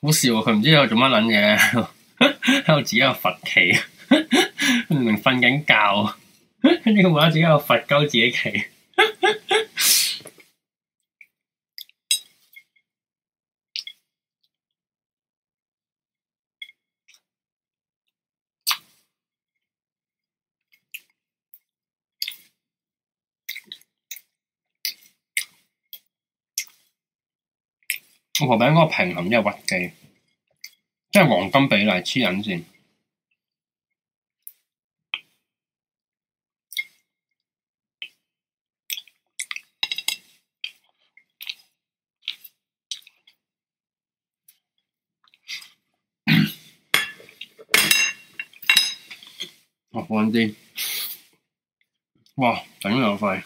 好笑佢、啊、唔知喺度做乜捻嘢，喺度自己喺度罰企，明明瞓緊覺、啊，跟住玩自己喺度罰鳩自己企。我頭頂嗰個平衡即係屈機，即係黃金比例黐緊線。我放啲，哇整到肥，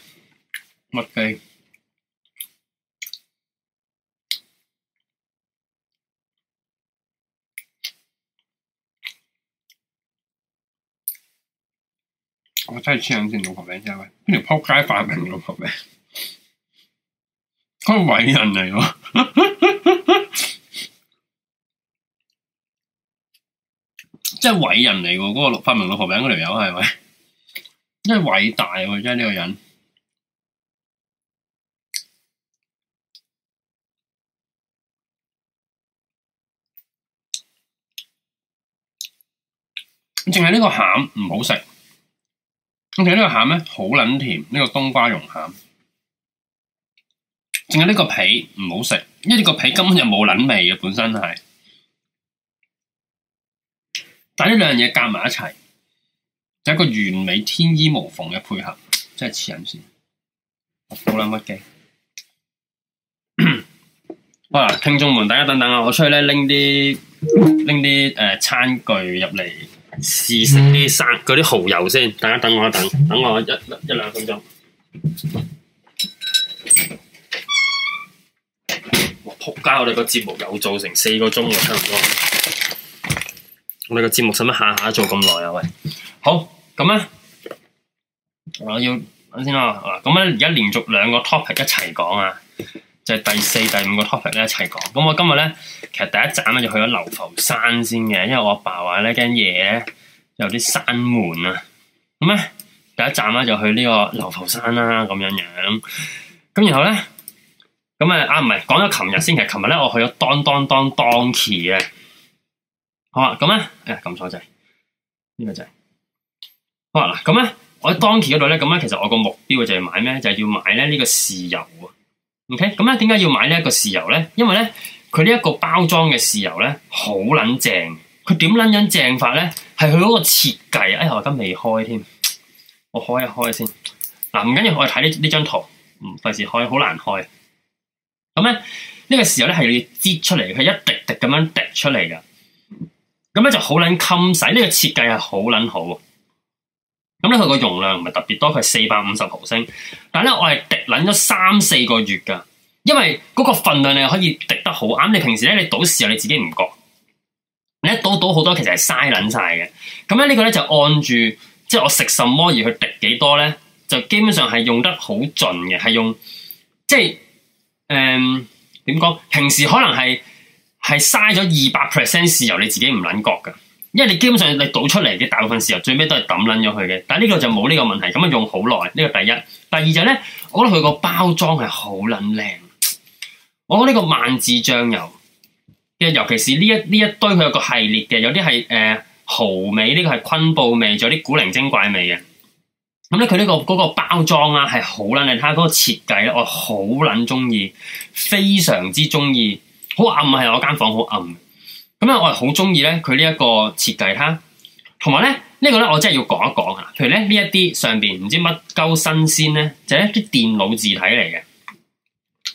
屈機。我 [NOISE] [LAUGHS] 真係黐撚線，老婆餅，係咪？不如撲街，發明老婆餅，個偉人嚟咯，即係偉人嚟噶嗰個發明老婆餅嗰條友係咪？真係偉大喎，真係呢個人。淨係呢個餡唔好食。咁睇呢個餡咧，好撚甜，呢、這個冬瓜蓉餡，淨係呢個皮唔好食，因為呢個皮根本就冇撚味嘅本身係，但呢兩樣嘢，夾埋一齊，就一個完美天衣無縫嘅配合，真係黐撚線，好撚乜嘅。哇！聽眾們，大家等等啊，我出去咧拎啲拎啲誒餐具入嚟。試食啲生嗰啲蠔油先，大家等我一等，等我一一，一兩分鐘。哇！仆街，我哋個節目又做成四個鐘，就差唔多。我哋個節目使乜下下做咁耐啊？喂，好咁啊！我要等先啦。咁咧，而家連續兩個 topic 一齊講啊！就係第四、第五個 topic 咧，一齊講。咁我今日咧，其實第一站咧就去咗流浮山先嘅，因為我爸話呢驚夜咧有啲山門啊。咁咧第一站咧就去呢個流浮山啦，咁樣樣。咁然後咧，咁啊啊唔係講咗琴日先。其實琴日咧我去咗當當當當期啊。好啊，咁咧誒撳錯掣，呢個掣。好啊，嗱，咁咧我喺當期嗰度咧，咁咧其實我個目標就係買咩就係、是、要買咧呢個豉油啊！OK，咁咧點解要買呢一個豉油咧？因為咧，佢呢一個包裝嘅豉油咧，好撚正。佢點撚樣正法咧？係佢嗰個設計啊！哎呀，我家未開添，我開一開先。嗱、啊，唔緊要，我哋睇呢呢張圖，唔費事開，好難開。咁咧，呢、呢個豉油咧係要擠出嚟，佢一滴滴咁樣滴出嚟噶。咁咧就好撚襟使，呢個設計係好撚好。咁咧佢個容量唔係特別多，佢係四百五十毫升。但係咧我係滴捻咗三四個月噶，因為嗰個份量你可以滴得好啱。你平時咧你倒豉油你自己唔覺，你一倒倒好多其實係嘥捻晒嘅。咁咧呢、呢個咧就按住即係我食什麼而去滴幾多咧，就基本上係用得好盡嘅，係用即係誒點講？平時可能係係嘥咗二百 percent 豉油，你自己唔捻覺噶。因為你基本上你倒出嚟嘅大部分豉油最尾都係抌撚咗佢嘅，但係呢個就冇呢個問題，咁樣用好耐，呢個第一。第二就咧，我覺得佢個包裝係好撚靚，我覺得呢個萬字醬油嘅，尤其是呢一呢一堆佢有個系列嘅，有啲係誒蚝味，呢個係昆布味，仲有啲古靈精怪味嘅。咁咧佢呢個嗰個包裝啊係好撚靚，睇下嗰個設計咧，我好撚中意，非常之中意，好暗係我間房好暗。咁啊，我係好中意咧佢呢一個設計啦，同埋咧呢、這個咧我真係要講一講嚇。譬如咧呢一啲上邊唔知乜鳩新鮮咧，就係、是、一啲電腦字體嚟嘅。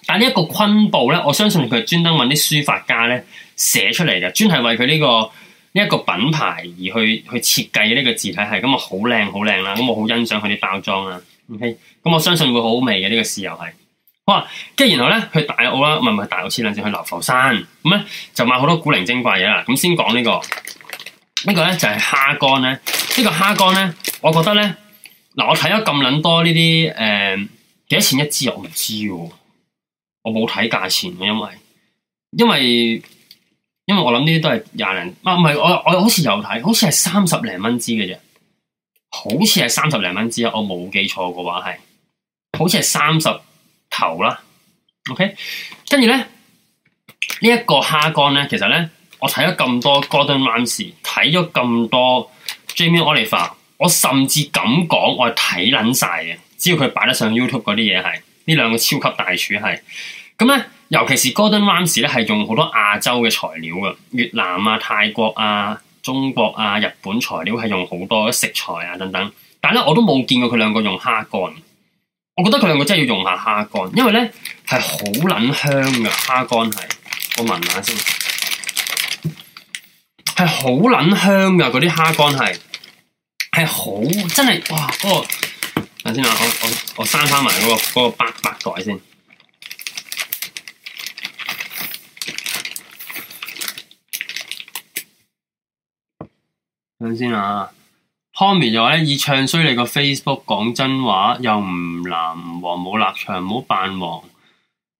但呢一個昆布咧，我相信佢係專登揾啲書法家咧寫出嚟嘅，專係為佢呢、這個呢一、這個品牌而去去設計呢個字體，係咁啊好靚好靚啦，咁我好欣賞佢啲包裝啊。OK，、嗯、咁我相信會好好味嘅呢、這個豉油係。哇！跟住然後咧去大澳啦，唔係唔係大澳先啦，就去流浮山咁咧，就買好多古靈精怪嘢啦。咁先講呢、這個，這個、呢個咧就係、是、蝦乾咧。呢、這個蝦乾咧，我覺得咧嗱，我睇咗咁捻多呢啲誒，幾、呃、多錢一支我唔知喎，我冇睇價錢，因為因為因為我諗呢啲都係廿零，唔、啊、係我我好似有睇，好似係三十零蚊支嘅啫，好似係三十零蚊支啊！我冇記錯嘅話係，好似係三十。頭啦，OK，跟住咧呢一個蝦乾咧，其實咧我睇咗咁多 Gordon Ramsay，睇咗咁多 Jamie Oliver，我甚至敢講我係睇捻晒嘅，只要佢擺得上 YouTube 嗰啲嘢係，呢兩個超級大廚係，咁咧尤其是 Gordon Ramsay 咧係用好多亞洲嘅材料噶越南啊、泰國啊、中國啊、日本材料係用好多食材啊等等，但係咧我都冇見過佢兩個用蝦乾。我覺得佢兩個真係要用下蝦乾，因為咧係好撚香噶，蝦乾係，我聞下先，係好撚香噶，嗰啲蝦乾係，係好真係哇嗰、嗰個，等先啊，我我我閂翻埋嗰個嗰、嗰個白白袋先，等先啊。等等 Tommy 就話以唱衰你個 Facebook，講真話又唔藍唔黃，冇立場，唔好扮黃。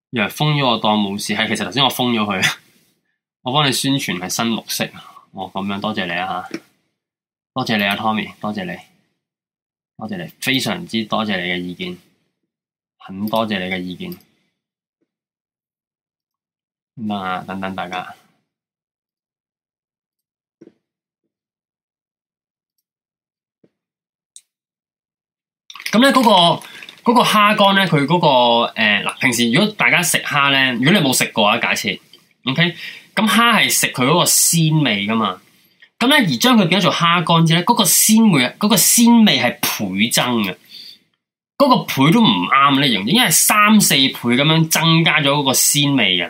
若封咗我當冇事，係其實頭先我封咗佢。我幫你宣傳係新綠色，我、哦、咁樣多謝你啊吓，多謝你啊，多謝你啊 Tommy，多謝你，多謝你，非常之多謝你嘅意見，很多謝你嘅意見。等等等大家。咁咧嗰個嗰個蝦乾咧，佢嗰個嗱、呃、平時如果大家食蝦咧，如果你冇食過啊，假設 OK，咁蝦係食佢嗰個鮮味噶嘛，咁咧而將佢變咗做蝦乾之後咧，嗰個鮮味嗰個鮮味係倍增嘅，嗰個倍都唔啱咧型，應該係三四倍咁樣增加咗嗰個鮮味嘅，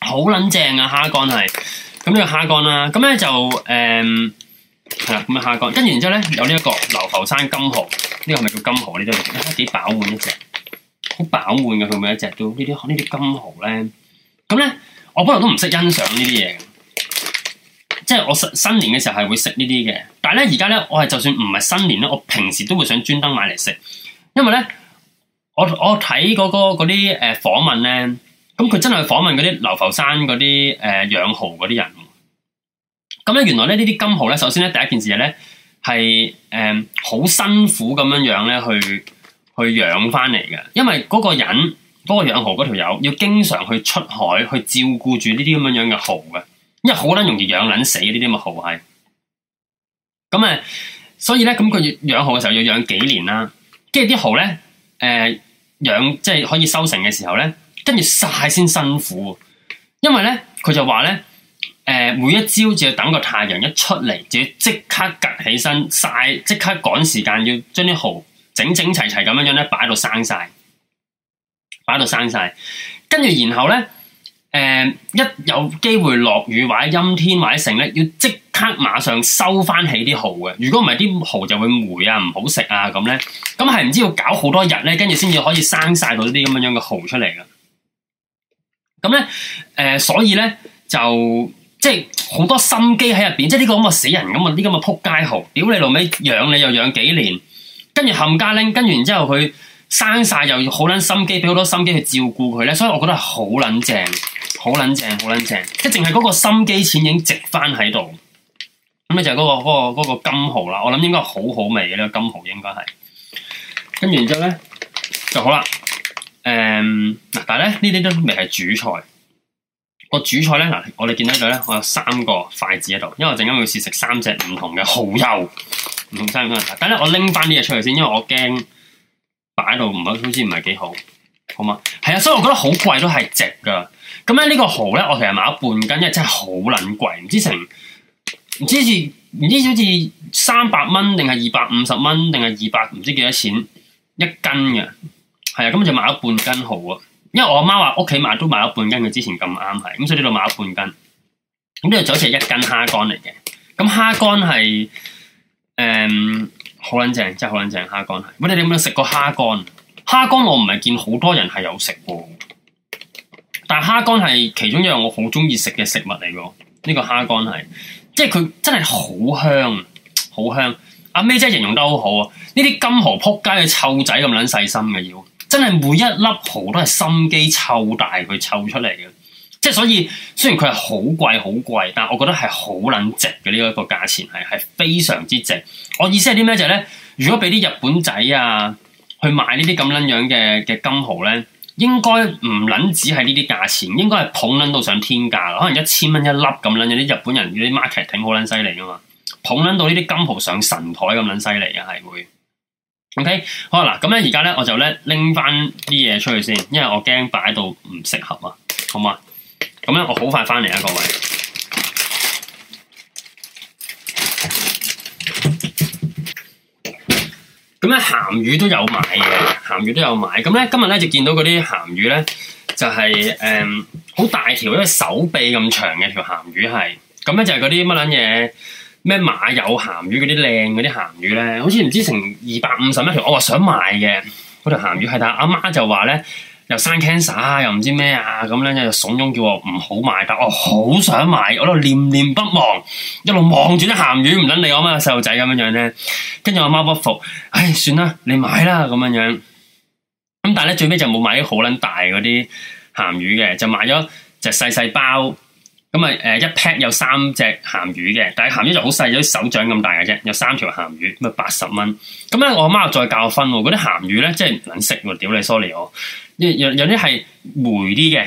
好撚正啊蝦乾係，咁呢個蝦乾啦、啊，咁咧就誒。呃係啦，咁啊下降，跟住然之後咧有呢、這、一個流浮山金蠔，呢、這個係咪叫金蠔呢？都幾飽滿一隻，好飽滿嘅，佢每一隻叫呢啲呢啲金蠔咧，咁咧我本來都唔識欣賞呢啲嘢，即係我新年我新年嘅時候係會食呢啲嘅，但係咧而家咧我係就算唔係新年咧，我平時都會想專登買嚟食，因為咧我我睇嗰、那個嗰啲誒訪問咧，咁佢真係訪問嗰啲流浮山嗰啲誒養蠔嗰啲人。咁咧，原來咧呢啲金蚝咧，首先咧第一件事咧係誒好辛苦咁樣樣咧去去養翻嚟嘅，因為嗰個人嗰、嗰個養蚝嗰條友要經常去出海去照顧住呢啲咁樣樣嘅蚝嘅，因為好卵容易養卵死呢啲咁嘅蚝係。咁啊，所以咧咁佢養蚝嘅時候要養幾年啦，跟住啲蚝咧誒養即係可以收成嘅時候咧，跟住晒先辛苦，因為咧佢就話咧。誒，每一朝就要等個太陽一出嚟，就要即刻趷起身晒，即刻趕時間要將啲蚝整整齊齊咁樣樣咧，擺到生晒，擺到生晒，跟住然後咧，誒、呃，一有機會落雨或者陰天或者成咧，要即刻馬上收翻起啲蚝嘅。如果唔係啲蚝就會霉啊，唔好食啊咁咧，咁係唔知要搞好多日咧，跟住先至可以生晒到啲咁樣樣嘅蚝出嚟嘅。咁咧，誒，所以咧就。即係好多心機喺入邊，即係呢個咁嘅死人咁啊！啲咁嘅仆街蠔，屌你老尾，養你又養幾年，跟住冚家拎，跟住然之後佢生晒又要好撚心機，俾好多心機去照顧佢咧，所以我覺得好撚正，好撚正，好撚正，即係淨係嗰個心機錢已經值翻喺度。咁咧就係嗰個嗰個嗰個金蠔啦，我諗應該好好味嘅呢咧，金蠔應該係。跟住然之後咧就好啦。誒、嗯，但係咧呢啲都未係主菜。個主菜咧，嗱，我哋見到呢度咧，我有三個筷子喺度，因為我陣間會試食三隻唔同嘅蠔油，唔同三樣，但係我拎翻啲嘢出嚟先，因為我驚擺到唔係好似唔係幾好，好嗎？係啊，所以我覺得好貴都係值㗎。咁咧呢個蠔咧，我其實買咗半斤，因為真係好撚貴，唔知成唔知好似唔知好似三百蚊定係二百五十蚊定係二百唔知幾多錢一斤嘅，係啊，咁就買咗半斤蠔啊。因為我阿媽話屋企買都買咗半斤，佢之前咁啱係，咁、嗯、所以呢度買咗半斤。咁呢度就好似係一斤蝦乾嚟嘅，咁蝦乾係誒好撚正，真係好撚正。蝦乾係，餵、嗯、你哋有冇食過蝦乾？蝦乾我唔係見好多人係有食喎，但係蝦乾係其中一樣我好中意食嘅食物嚟㗎。呢、這個蝦乾係，即係佢真係好香，好香。阿 May 真係形容得好好啊，呢啲金河撲街嘅臭仔咁撚細心嘅要。真係每一粒蠔都係心機湊大佢湊出嚟嘅，即係所以雖然佢係好貴好貴，但係我覺得係好撚值嘅，呢一個價錢係係非常之值。我意思係啲咩就係、是、咧？如果俾啲日本仔啊去買這這樣呢啲咁撚樣嘅嘅金蠔咧，應該唔撚只係呢啲價錢，應該係捧撚到上天價，可能一千蚊一粒咁撚，有啲日本人嗰啲 market 挺好撚犀利噶嘛，捧撚到呢啲金蠔上神台咁撚犀利嘅係會。OK，好啦，咁樣而家咧，我就咧拎翻啲嘢出去先，因為我驚擺到唔適合啊，好嘛？咁樣我好快翻嚟啊，各位。咁樣鹹魚都有買嘅，鹹魚都有買。咁咧今日咧就見到嗰啲鹹魚咧，就係誒好大條，因為手臂咁長嘅條鹹魚係。咁咧就係嗰啲乜撚嘢？咩馬有鹹魚嗰啲靚嗰啲鹹魚咧，好似唔知成二百五十蚊條，我話想買嘅嗰條鹹魚係，但阿媽就話咧又生 cancer 又唔知咩啊，咁咧就慫恿叫我唔好買，但我好想買，我度念念不忘，一路望住啲鹹魚唔捻理我嘛，細路仔咁樣樣咧，跟住我媽不服，唉、哎、算啦，你買啦咁樣樣，咁但係咧最尾就冇買啲好捻大嗰啲鹹魚嘅，就買咗隻細細包。咁咪誒一 pack 有三隻鹹魚嘅，但係鹹魚就好細，有啲手掌咁大嘅啫，有三條鹹魚咪八十蚊。咁咧我阿媽又再教訓我，嗰啲鹹魚咧即係唔撚食喎，屌你 sorry 我，有有啲係霉啲嘅，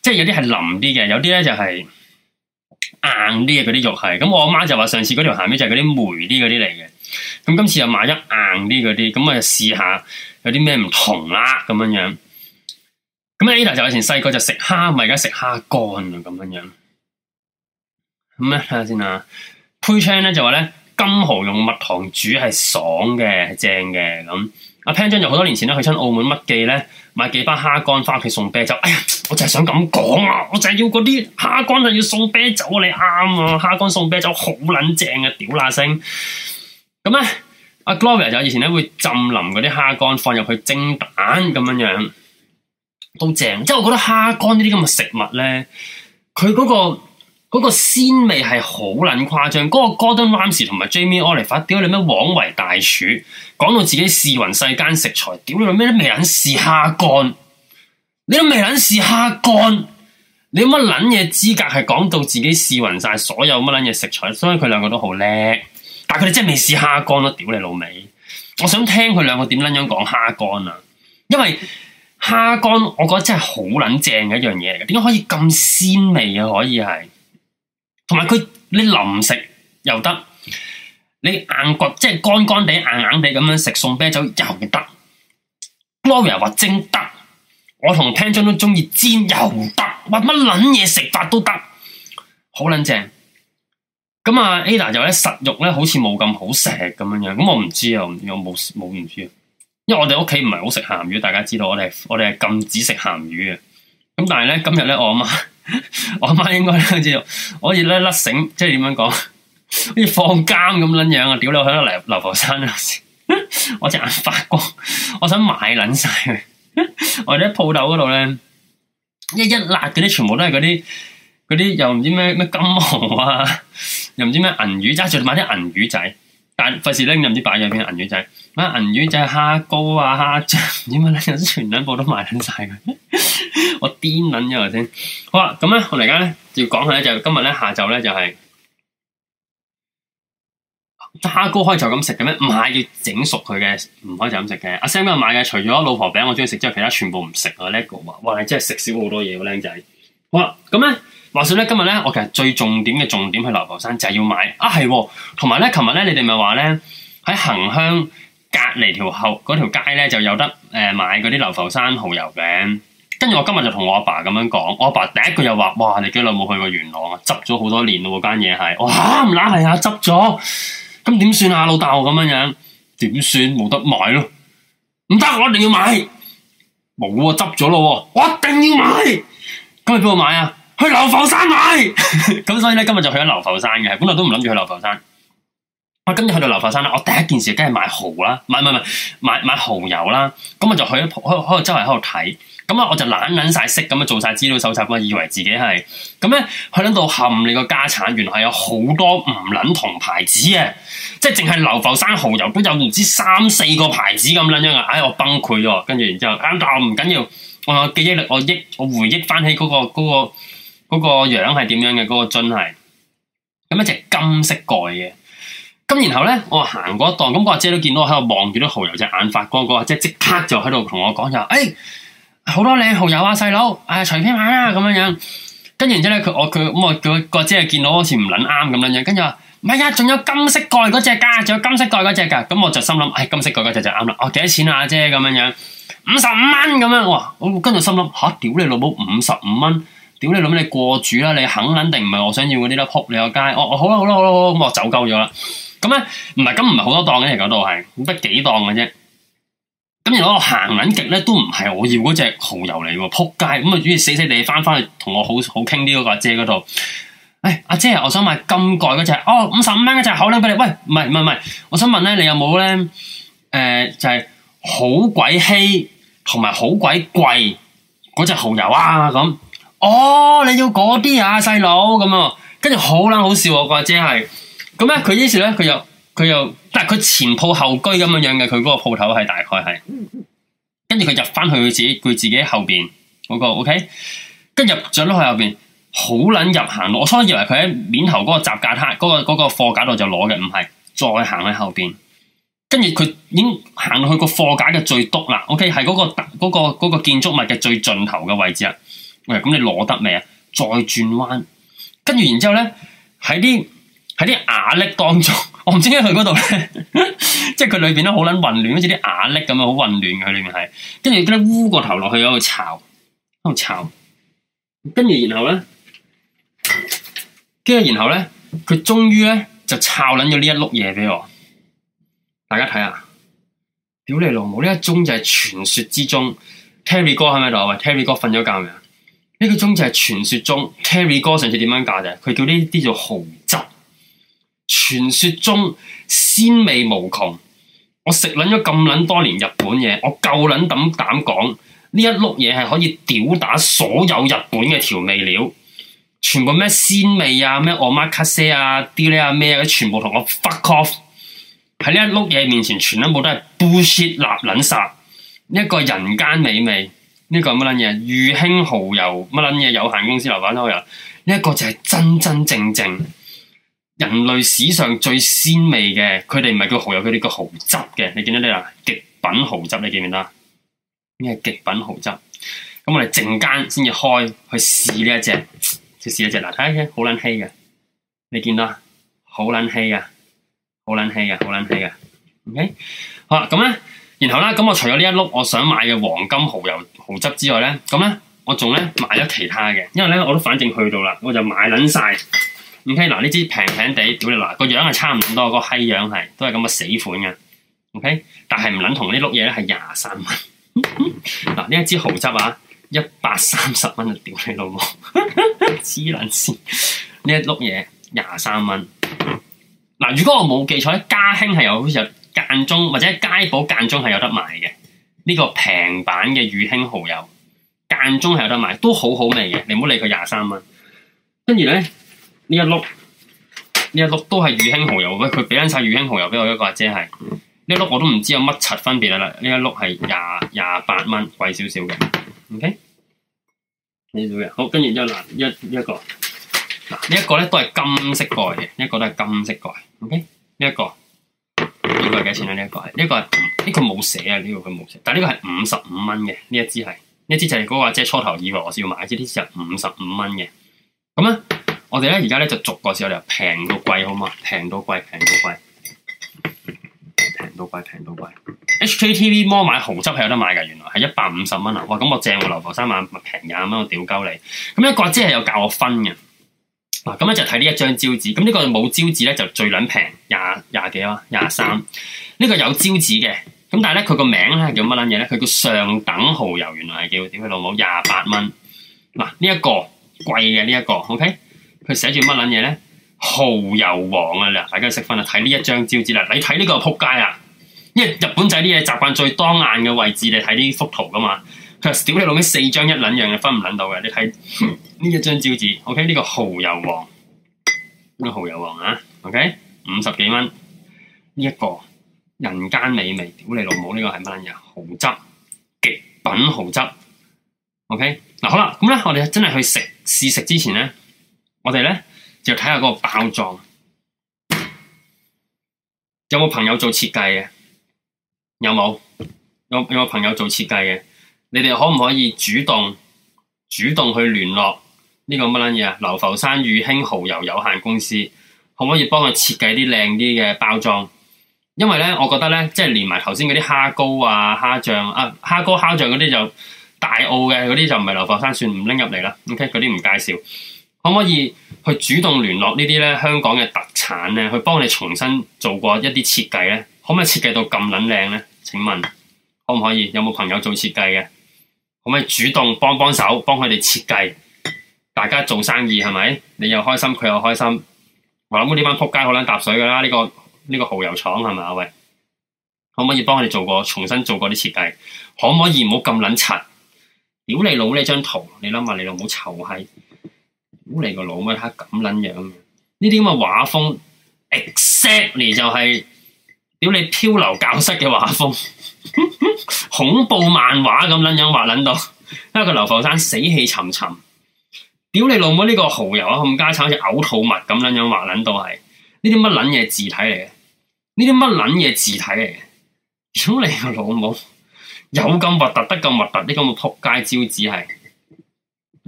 即係有啲係腍啲嘅，有啲咧就係、是、硬啲嘅嗰啲肉係。咁我阿媽就話上次嗰條鹹魚就係嗰啲霉啲嗰啲嚟嘅。咁今次又買硬一硬啲嗰啲，咁咪試下有啲咩唔同啦咁樣樣。咁啊 Ada 就以前細個就食蝦，咪而家食蝦乾咁樣樣。咁咧睇下先啊 Pushan 咧就話咧金蠔用蜜糖煮係爽嘅，正嘅咁。阿 Pan 張就好多年前咧去親澳門乜記咧買幾包蝦乾，翻屋企送啤酒。哎呀，我就係想咁講啊，我就係要嗰啲蝦乾就要送啤酒啊，你啱啊，蝦乾送啤酒好撚正啊，屌乸聲。咁咧阿、啊、Gloria 就以前咧會浸腍嗰啲蝦乾放入去蒸蛋咁樣樣，都正。即係我覺得蝦乾呢啲咁嘅食物咧，佢嗰、那個。嗰個鮮味係好撚誇張，嗰、那個 Gordon Ramsay 同埋 Jamie Oliver，屌你咩枉為大廚，講到自己試勻世間食材，屌你有咩都未撚試蝦乾，你都未撚試蝦乾，你有乜撚嘢資格係講到自己試勻晒所有乜撚嘢食材？所以佢兩個都好叻，但係佢哋真係未試蝦乾咯，屌你老味！我想聽佢兩個點撚樣講蝦乾啊，因為蝦乾我覺得真係好撚正嘅一樣嘢嚟嘅，點解可以咁鮮味嘅、啊、可以係？同埋佢你淋食又得，你硬骨即係乾乾地硬硬地咁樣食送啤酒又得，Laura 話蒸得，我同聽張都中意煎又得，話乜捻嘢食法都得，好捻正。咁啊 Ada 就咧實肉咧好似冇咁好食咁樣樣，咁我唔知啊，我冇冇唔知啊，因為我哋屋企唔係好食鹹魚，大家知道我哋我哋係禁止食鹹魚嘅。咁但係咧今日咧我阿媽。 [LAUGHS] 我阿媽應該都知，可以咧甩繩，即係點樣講？好 [LAUGHS] 似放監咁捻樣啊！屌你，我喺個嚟流浮山啊！ [LAUGHS] 我隻眼發光，我想買捻晒佢。 [LAUGHS] 我喺鋪頭嗰度咧，一一辣嗰啲全部都係嗰啲嗰啲又唔知咩咩金蚝啊，又唔知咩銀魚，揸住買啲銀魚仔。費事拎你唔知擺咗邊銀魚仔，乜銀魚仔蝦膏啊蝦醬，點解咧？全兩部都賣緊晒佢。 [LAUGHS] 我癲捻咗頭先。好啦，咁咧我哋而家咧要講嘅咧就係、今日咧下晝咧就係蝦膏可以就咁食嘅咩？唔係要整熟佢嘅，唔可以就咁食嘅。阿、啊、Sam 今日買嘅，除咗老婆餅我中意食之外，其他全部唔食啊！叻哥話：，哇，你真係食少好多嘢喎、啊，僆仔。好啦，咁咧。話說咧，今日咧，我其實最重點嘅重點去流浮山就係要買。啊係，同埋咧，琴日咧，你哋咪話咧喺恒香隔籬條後嗰條街咧就有得誒、呃、買嗰啲流浮山蠔油餅。跟住我今日就同我阿爸咁樣講，我阿爸，爸第一句又話，哇，你幾耐冇去過元朗啊？執咗好多年咯，啊，間嘢係。哇，唔乸係啊，執咗，咁點算啊，老豆咁樣樣？點算？冇得買咯，唔得，我一定要買。冇啊，執咗咯，我一定要買。咁你邊度買啊？去流浮山買，咁 [LAUGHS] 所以咧，今日就去咗流浮山嘅，係本來都唔諗住去流浮山，我今日去到流浮山咧，我第一件事梗係買蠔啦，買買買買買蠔油啦，咁、啊嗯嗯、我就去開開開周圍喺度睇，咁啊我就懶捻晒識咁啊做晒資料搜集啊，我以為自己係，咁、嗯、咧去到度冚你個家產，原來係有好多唔捻同牌子嘅，即係淨係流浮山蠔油都有唔知三四個牌子咁捻樣嘅，唉、哎、我崩潰哦，跟住然之後啱就唔緊、啊、要，要，我記憶力我憶，我，憶，我，憶我回憶翻起嗰、那個個。嗰個樣係點樣嘅？嗰、那個樽係咁一隻金色蓋嘅。咁然後咧，我行過一檔，咁、那、阿、個、姐都見到我喺度望住啲蠔油隻眼發光。那個姐即刻就喺度同我講就：，誒、哎、好多靚蠔油啊，細佬，誒、哎、隨便買啦，咁樣樣。跟住然之後咧，佢我佢咁我,我、那個個姐見到好似唔撚啱咁樣樣，跟住話：唔係啊，仲有金色蓋嗰隻㗎，仲有金色蓋嗰隻㗎。咁我就心諗：，誒、哎、金色蓋嗰隻就啱啦。哦、啊、幾多錢啊？姐咁樣樣，五十五蚊咁樣。我我跟住心諗嚇、啊，屌你老母五十五蚊！屌你，諗你過主啦，你肯肯定唔係我想要嗰啲啦。扑你個街哦哦，好啦好啦好啦，咁我走鳩咗啦。咁咧唔係咁唔係好多檔嘅、啊啊，而家都係唔得幾檔嘅啫。咁而我行捻極咧，都唔係我要嗰隻蚝油嚟喎，扑街咁啊！主死死地翻翻去同我好好傾啲嗰個阿姐嗰度。哎，阿姐，我想買咁貴嗰隻哦，五十五蚊嗰隻口靚俾你。喂，唔係唔係唔係，我想問咧，你有冇咧？誒、呃，就係好鬼稀同埋好鬼貴嗰隻蚝油啊？咁。哦，你要嗰啲啊，細佬咁啊，跟住好撚好笑喎啊，個阿姐係咁咧。佢於是咧，佢又佢又，但係佢前鋪後居咁樣樣嘅，佢嗰個鋪頭係大概係，跟住佢入翻去佢自己佢自己後邊嗰個，OK，跟住入咗去後邊，好撚入行路。我初以為佢喺面頭嗰個雜架攤嗰個嗰個貨架度就攞嘅，唔係再行喺後邊，跟住佢已經行去個貨架嘅最篤啦，OK，係嗰個嗰個嗰個嗰個建築物嘅最盡頭嘅位置啊。喂，咁你攞得未啊？再轉彎，跟住然之後咧，喺啲喺啲瓦礫當中，我唔知點解佢嗰度咧， [LAUGHS] 即係佢裏邊咧好捻混亂，好似啲瓦礫咁樣，好混亂嘅佢裏面係，跟住咧烏個頭落去喺度炒，喺度炒，跟住然後咧，跟住然後咧，佢終於咧就炒捻咗呢一碌嘢俾我，大家睇下，屌你老母，呢一宗就係傳說之中，Terry 哥喺咪度？喂，Terry 哥瞓咗覺未？呢個宗就係傳說中 carry 哥上次點樣架嘅？佢叫呢啲做豪汁。傳說中鮮味無窮。我食捻咗咁捻多年日本嘢，我夠捻膽膽講呢一碌嘢係可以屌打所有日本嘅調味料。全部咩鮮味啊、咩我媽卡西啊、啲咧啊咩，佢、啊啊、全部同我 fuck off。喺呢一碌嘢面前，全部都係 bullshit 辣捻殺，一個人間美味。呢個乜撚嘢？御興蠔油乜撚嘢有限公司樓板都有。呢一個就係真真正正人類史上最鮮味嘅。佢哋唔係叫蠔油，佢哋叫蠔汁嘅。你見到啲啦，極品蠔汁，你見唔見啦？咩極品蠔汁？咁我哋陣間先至開去試呢一隻，試一隻嗱，哎好撚稀嘅。你見到啊，好撚稀啊，好撚稀啊，好撚稀啊。OK，好啦，咁咧，然後咧，咁我除咗呢一碌，我想買嘅黃金蠔油。豪汁之外咧，咁咧我仲咧買咗其他嘅，因為咧我都反正去到啦，我就買撚晒。唔 k 嗱，呢支平平地，屌你嗱，個樣係差唔多，個閪樣係都係咁嘅死款嘅。OK，但係唔撚同，呢碌嘢咧係廿三蚊。嗱 [LAUGHS] 呢一支豪汁啊， [LAUGHS] [LAUGHS] 一百三十蚊啊，屌你老母，只撚先，呢一碌嘢廿三蚊。嗱，如果我冇記錯咧，家興係有好似有間中或者街鋪間中係有得賣嘅。呢個平板嘅乳興蠔油間中係有得賣，都好好味嘅，你唔好理佢廿三蚊。跟住咧，呢一碌呢一碌都係乳興蠔油，喂，佢俾翻曬乳興蠔油俾我一個，即係呢一碌我都唔知有乜柒分別啦。呢一碌係廿廿八蚊，貴少少嘅。OK 呢好，跟住一藍一一個，嗱，呢一個咧都係金色蓋嘅，呢一個都係金色蓋。OK 呢一個。呢個係幾錢咧、啊？呢、這、一個係呢、這個係呢個冇寫啊！呢、這個佢冇寫，但呢個係五十五蚊嘅呢一支係，呢支就係嗰個阿姐初頭以為我先要買，呢支就五十五蚊嘅。咁咧、啊，我哋咧而家咧就逐個試由平到貴好嘛，平到貴，平到貴，平到貴，平到貴。 [LAUGHS] HKTV 摩買蠔汁係有得買噶，原來係一百五十蚊啊！哇，咁我正喎，流浮山買平廿蚊，我屌鳩你。咁一個阿姐係有教我分嘅。嗱，咁咧就睇呢一張招紙，咁呢個冇招紙咧就最撚平，廿廿幾咯，廿三。呢個有招紙嘅，咁但係咧佢個名咧叫乜撚嘢咧？佢叫上等蠔油，原來係叫點啊老母，廿八蚊。嗱，這個 okay? 呢一個貴嘅呢一個，OK，佢寫住乜撚嘢咧？蠔油王啊，嗱，大家識分啦、啊，睇呢一張招紙啦，你睇呢個撲街啊，因為日本仔啲嘢習慣最當眼嘅位置，你睇呢幅圖噶嘛。其實屌你老味四張一捻樣嘅分唔捻到嘅，你睇呢一張招紙，OK 呢個蚝油王，呢個蚝油王啊，OK 五十幾蚊呢一個人間美味，屌你老母呢個係乜嘢？蚝汁，極品蚝汁，OK 嗱好啦，咁咧我哋真係去食試食之前咧，我哋咧就睇下嗰個包裝，有冇朋友做設計嘅？有冇有有冇朋友做設計嘅？你哋可唔可以主動主動去聯絡呢個乜嘢啊？流浮山裕興蚝油有限公司可唔可以幫佢設計啲靚啲嘅包裝？因為咧，我覺得咧，即係連埋頭先嗰啲蝦膏啊、蝦醬啊、蝦膏蝦醬嗰啲就大澳嘅嗰啲就唔係流浮山算唔拎入嚟啦。OK，嗰啲唔介紹。可唔可以去主動聯絡呢啲咧香港嘅特產咧，去幫你重新做過一啲設計咧？可唔可以設計到咁撚靚咧？請問可唔可以有冇朋友做設計嘅？可唔可以主動幫幫手，幫佢哋設計？大家做生意係咪？你又開心，佢又開心。我諗呢班仆街好捻搭水噶啦，呢個呢個蠔油廠係咪啊？喂，可唔可以幫佢哋做過重新做過啲設計？可唔可以唔好咁捻柒？屌你老呢張圖！你諗下你老母臭閪！屌你個老咩閪咁捻樣，樣？呢啲咁嘅畫風，exactly 就係屌你漂流教室嘅畫風。 [NOISE] 恐怖漫畫咁樣樣畫，捻到，因為個流浮山死氣沉沉，屌你老母呢個蚝油啊，冚家鏟似嘔吐物咁樣樣畫，捻到係，呢啲乜捻嘢字體嚟嘅？呢啲乜捻嘢字體嚟嘅？屌你個老母有咁核突，得咁核突，啲咁嘅扑街招紙係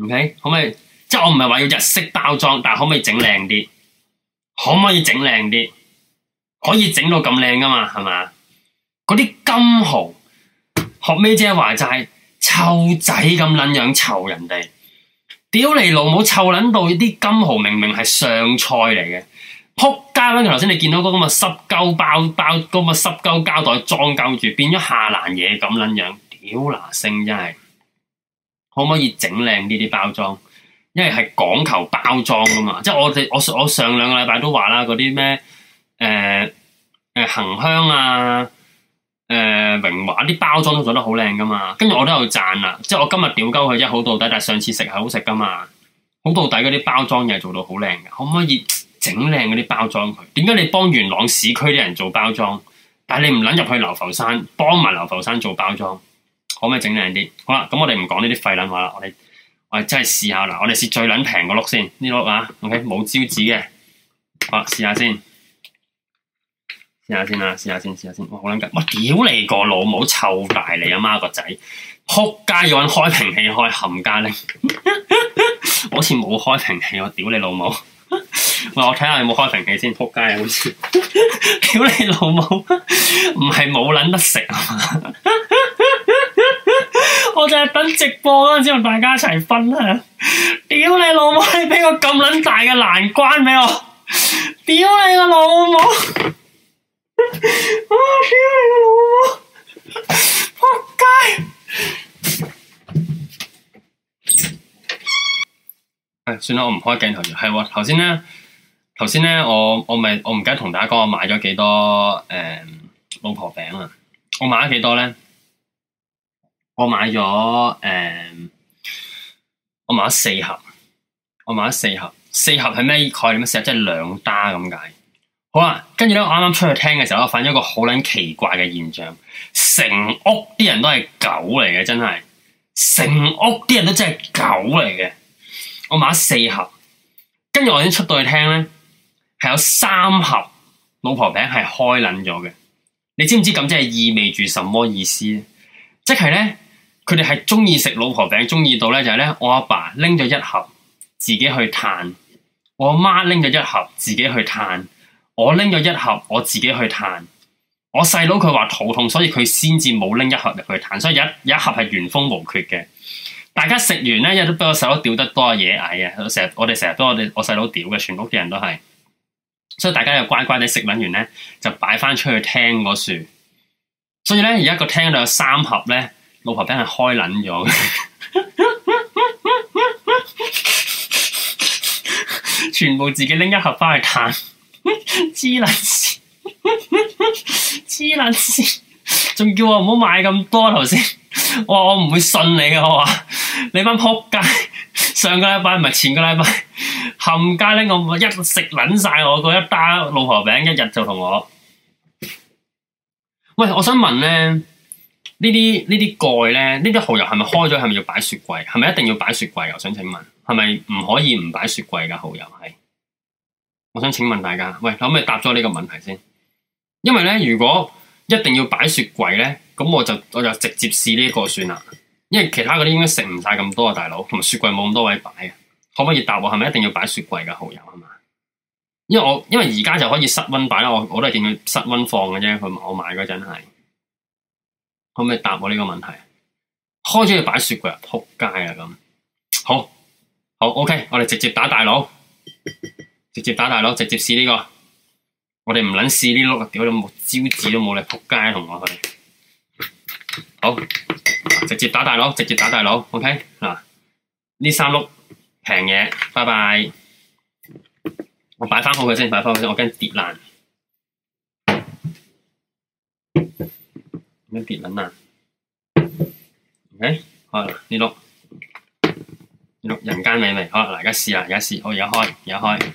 ，OK？可唔可以？即係我唔係話要日式包裝，但係可唔可以整靚啲？可唔可以整靚啲？可以整到咁靚噶嘛？係嘛？嗰啲金蠔學咩啫？話就係、是、臭仔咁捻樣臭人哋，屌你老母臭捻到啲金蠔明明係上菜嚟嘅，仆街啦！頭先你見到嗰咁嘅濕膠包包，嗰咁嘅濕膠膠袋裝夠住，變咗下欄嘢咁捻樣，屌嗱聲真係，可唔可以整靚呢啲包裝？因為係講求包裝噶嘛，即係我哋我我上兩個禮拜都話啦，嗰啲咩誒誒恒香啊。誒，榮華啲包裝都做得好靚噶嘛，跟住我都有讚啦，即係我今日屌鳩佢一好到底，但係上次食係好食噶嘛，好到底嗰啲包裝又做到好靚嘅，可唔可以整靚嗰啲包裝佢？點解你幫元朗市區啲人做包裝，但係你唔捻入去流浮山幫埋流浮山做包裝？可唔可以整靚啲？好啦，咁我哋唔講呢啲廢撚話，啦我哋我哋真係試下啦，我哋試最撚平個碌先，呢碌啊，OK，冇招紙嘅，我試下先。試下先啦，試下先，試下先。我好撚緊！我屌你個老母，臭大你阿媽個仔，撲街要搵開瓶器開冚家拎。 [LAUGHS] 好似冇開瓶器。我屌你老母！喂， [LAUGHS] 我睇下你冇開瓶器先，撲街好似 [LAUGHS] 屌你老母，唔係冇捻得食啊！ [LAUGHS] [LAUGHS] 我就係等直播嗰陣時，同大家一齊分享。屌你老母！你俾個咁撚大嘅難關俾我，屌你個老母！啊！燒你個老母！扑街！算啦，我唔開鏡頭住。係喎。頭先咧，頭先咧，我我咪我唔記得同大家講，我買咗幾多誒、嗯、老婆餅啊？我買咗幾多咧？我買咗誒、嗯，我買咗四盒。我買咗四盒，四盒係咩概念咧？四盒即係兩打咁解。好啦，跟住咧，我啱啱出去聽嘅時候，我發現一個好捻奇怪嘅現象，成屋啲人都係狗嚟嘅，真係成屋啲人都真係狗嚟嘅。我買咗四盒，跟住我已經出到去聽咧，係有三盒老婆餅係開捻咗嘅。你知唔知咁即係意味住什麼意思呢？即係咧，佢哋係中意食老婆餅，中意到咧就係咧，我阿爸拎咗一盒自己去嘆，我阿媽拎咗一盒自己去嘆。我拎咗一盒，我自己去嘆。我細佬佢話肚痛，所以佢先至冇拎一盒入去嘆。所以有一一盒係原封無缺嘅。大家食完咧，一都俾我細佬屌得多嘢蟻啊！成日我哋成日都我哋我細佬屌嘅，全屋啲人都係。所以大家又乖乖哋食撚完咧，就擺翻出去廳嗰樹。所以咧，而家個廳度有三盒咧，老婆餅係開捻咗嘅， [LAUGHS] 全部自己拎一盒翻去嘆。黐卵線，黐卵線，仲 [LAUGHS] 叫我唔好買咁多頭先，我話我唔會信你嘅，我話你班扑街，上個禮拜唔係前個禮拜冚街咧，一我一食捻晒我嗰一打老婆餅，一日就同我，喂，我想問咧，呢啲呢啲蓋咧，呢啲蠔油係咪開咗，係咪要擺雪櫃，係咪一定要擺雪櫃？我想請問，係咪唔可以唔擺雪櫃嘅蠔油係？我想請問大家，喂，可唔可以答咗呢個問題先？因為咧，如果一定要擺雪櫃咧，咁我就我就直接試呢一個算啦。因為其他嗰啲應該食唔晒咁多啊，大佬，同埋雪櫃冇咁多位擺啊，可唔可以答我係咪一定要擺雪櫃嘅蠔油啊嘛？因為我因為而家就可以室温擺啦，我我都係見佢室温放嘅啫。佢我買嗰陣係，可唔可以答我呢個問題？開咗要擺雪櫃扑街啊咁，好，好，OK，我哋直接打大佬。直接打大佬，直接試呢個。我哋唔捻試呢碌啊！屌你木招字都冇你仆街同我去。好，直接打大佬，直接打大佬。OK 啊？呢三碌平嘢，拜拜。我擺翻好佢先，擺翻好佢先。我驚跌爛。咩跌撚爛啊？OK，好啦，呢碌呢碌人間美味。好啦，大家試下，而家試，我而家開，而家開。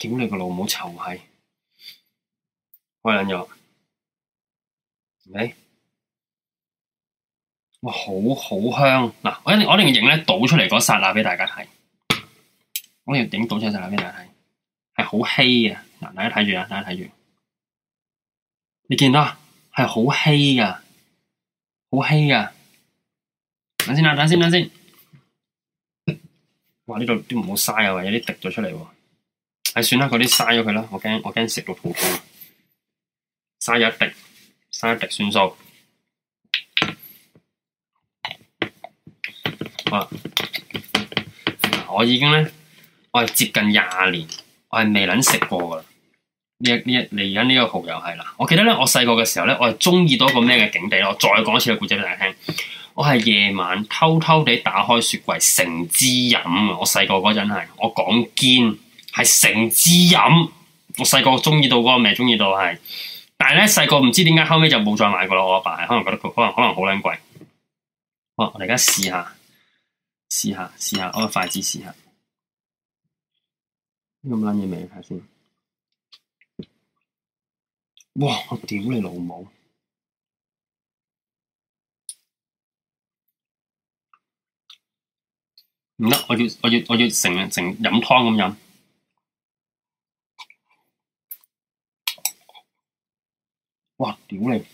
點你個老母臭閪！開冷藥，唔係？哇，好好香！嗱，我我一定要影咧倒出嚟嗰剎那俾大家睇，我一定要影倒出嚟剎那俾大家睇，係好稀啊！嗱，大家睇住啊，大家睇住，你見到啊？係好稀啊，好稀啊！等先啊，等先，等先。哇！呢度都唔好嘥啊，有啲滴咗出嚟喎。唉，算啦，嗰啲嘥咗佢啦。我驚我驚食到肚痛，嘥咗一滴，嘥一滴算數。好，我已經咧，我係接近廿年，我係未諗食過噶啦。呢一呢一嚟緊呢個蠔油係啦。我記得咧，我細個嘅時候咧，我係中意到一個咩嘅境地咯。我再講一次個故仔俾大家聽，我係夜晚偷偷地打開雪櫃成支飲。我細個嗰陣係我講堅。係成支飲，我細個中意到嗰個味，中意到係，但係咧細個唔知點解，後尾就冇再買過啦。我阿爸係，可能覺得佢可能可能好撚貴。好，我哋而家試下，試下試下，攞筷子試下，啲咁撚嘢味，睇先。哇！我屌你老母，唔得！我要我要我要成日成飲湯咁飲。哇！屌你，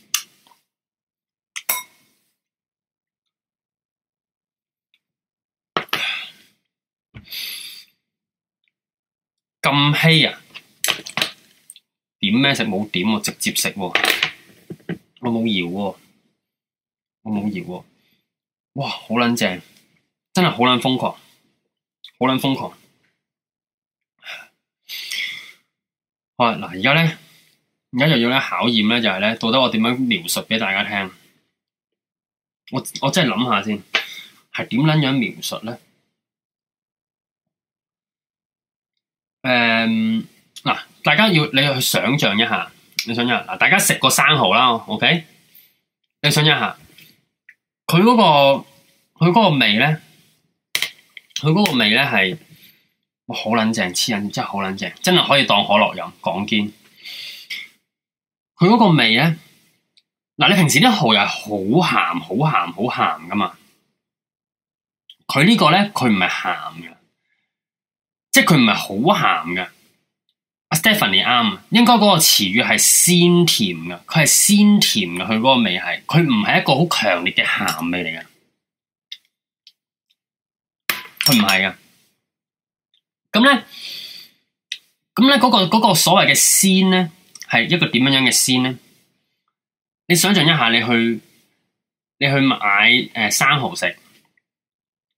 咁稀啊？點咩食？冇點喎、啊，直接食喎、啊，我冇搖喎、啊，我冇搖喎、啊。哇！好撚正，真係好撚瘋狂，好撚瘋狂。好喇，嗱，而家咧～而家又要咧考驗咧，就係咧，到底我點樣描述俾大家聽？我我真係諗下先，係點撚樣描述咧？誒，嗱，大家要你去想像一下，你想像，嗱，大家食過生蠔啦，OK？你想像一下，佢嗰個佢嗰個味咧，佢嗰個味咧係好撚正，黐人真係好撚正，真係可以當可樂飲，講堅。佢嗰個味咧，嗱，你平時啲蠔又係好鹹、好鹹、好鹹噶嘛？佢呢個咧，佢唔係鹹嘅，即係佢唔係好鹹嘅。Stephanie 啱，應該嗰個詞語係鮮甜噶，佢係鮮甜噶，佢嗰個味係，佢唔係一個好強烈嘅鹹味嚟噶，佢唔係噶。咁咧，咁咧嗰個、嗰個所謂嘅鮮咧。係一個點樣樣嘅鮮咧？你想象一下你，你去你去買誒、呃、生蠔食，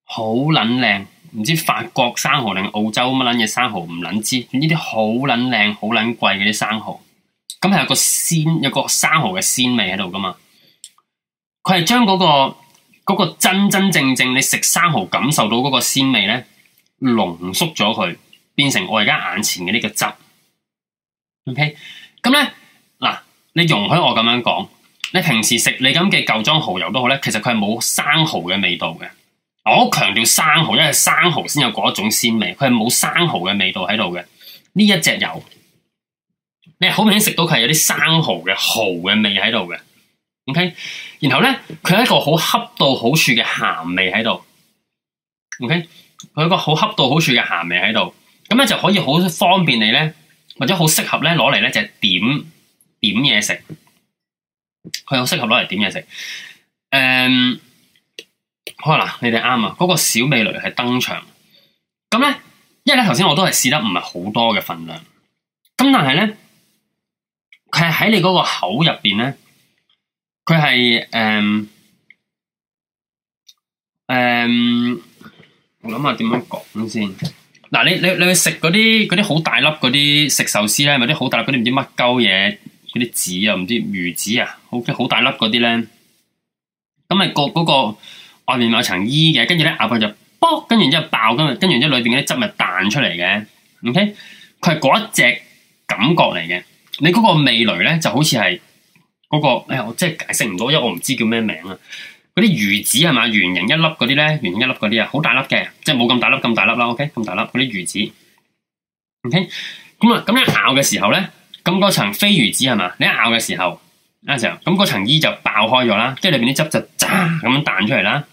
好撚靚，唔知法國生蠔定澳洲乜撚嘢生蠔，唔撚知，呢啲好撚靚、好撚貴嗰啲生蠔，咁係有個鮮，有個鮮，有個生蠔嘅鮮味喺度㗎嘛？佢係將嗰、嗰個嗰個真真正正你食生蠔感受到嗰個鮮味咧，濃縮咗佢，變成我而家眼前嘅呢個汁。OK。咁咧，嗱，你容許我咁樣講，你平時食你咁嘅舊裝蠔油都好咧，其實佢係冇生蠔嘅味道嘅。我好強調生蠔，因為生蠔先有嗰一種鮮味，佢係冇生蠔嘅味道喺度嘅。呢一隻油，你好明顯食到佢係有啲生蠔嘅蠔嘅味喺度嘅。OK，然後咧，佢係一個好恰到好處嘅鹹味喺度。OK，佢有個好恰到好處嘅鹹味喺度，咁咧就可以好方便你咧。或者好適合咧攞嚟咧就係點點嘢食，佢好適合攞嚟點嘢食。誒、嗯，好啦，你哋啱啊，嗰、嗰個小味蕾係登場。咁咧，因為咧頭先我都係試得唔係好多嘅份量。咁但係咧，佢係喺你嗰個口入邊咧，佢係誒誒，我諗下點樣講先。嗱你你你去食嗰啲啲好大粒嗰啲食壽司咧，咪啲好大粒嗰啲唔知乜鳩嘢嗰啲子啊，唔知魚子啊，好好大粒嗰啲咧，咁咪割嗰個外面有層衣嘅，跟住咧咬佢就噃，跟住然之後爆，跟住跟住然之後裏邊嗰啲汁咪彈出嚟嘅，O K，佢係嗰一隻感覺嚟嘅，你嗰個味蕾咧就好似係嗰個，誒、哎、我真係解釋唔到，因為我唔知叫咩名啊。啲魚子係嘛，圓形一粒嗰啲咧，圓形一粒嗰啲啊，好大粒嘅，即係冇咁大粒咁大粒啦，OK，咁大粒嗰啲魚子，OK，咁啊，咁一咬嘅時候咧，咁嗰層飛魚子係嘛，你一咬嘅時候，嗰時候，咁層衣就爆開咗啦，即係裏邊啲汁就炸咁樣彈出嚟啦。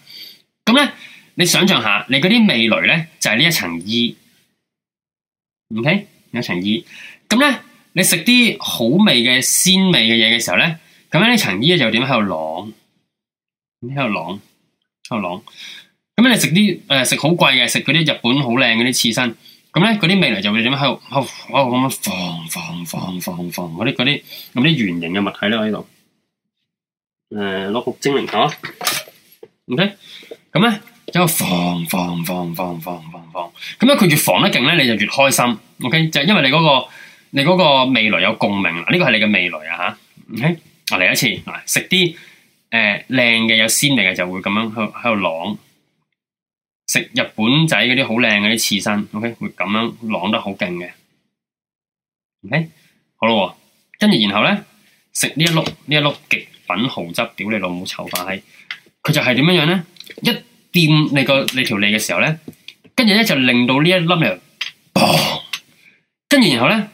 咁咧，你想象下，你嗰啲味蕾咧就係、是、呢一層衣，OK，有層衣。咁、OK? 咧，你食啲好味嘅鮮味嘅嘢嘅時候咧，咁呢層衣就點喺度攞？喺度晾，喺度晾。咁咧，你食啲誒食好貴嘅，食嗰啲日本好靚嗰啲刺身。咁咧，嗰啲味蕾就會點咧？喺度，哦哦咁樣放，放放放放嗰啲嗰啲咁啲圓形嘅物體咧喺度。誒，攞個精靈球。O K。咁咧，就放、放、放、放、放、放，咁咧，佢越放得勁咧，你就越開心。O K。就係因為你嗰個你嗰個味蕾有共鳴啦。呢個係你嘅味蕾啊吓。O K。嚟一次，食啲。誒，靚嘅、嗯、有鮮味嘅就會咁樣喺喺度攞，食、呃呃、日本仔嗰啲好靚嗰啲刺身，OK 會咁樣攞得、嗯、好勁嘅，OK 好啦，跟住然後咧食呢一粒呢一粒極品蠔汁，屌你老母臭化閪，佢就係點樣樣咧？一掂你個你條脷嘅時候咧，跟住咧就令到呢一粒嚟，跟住然後咧，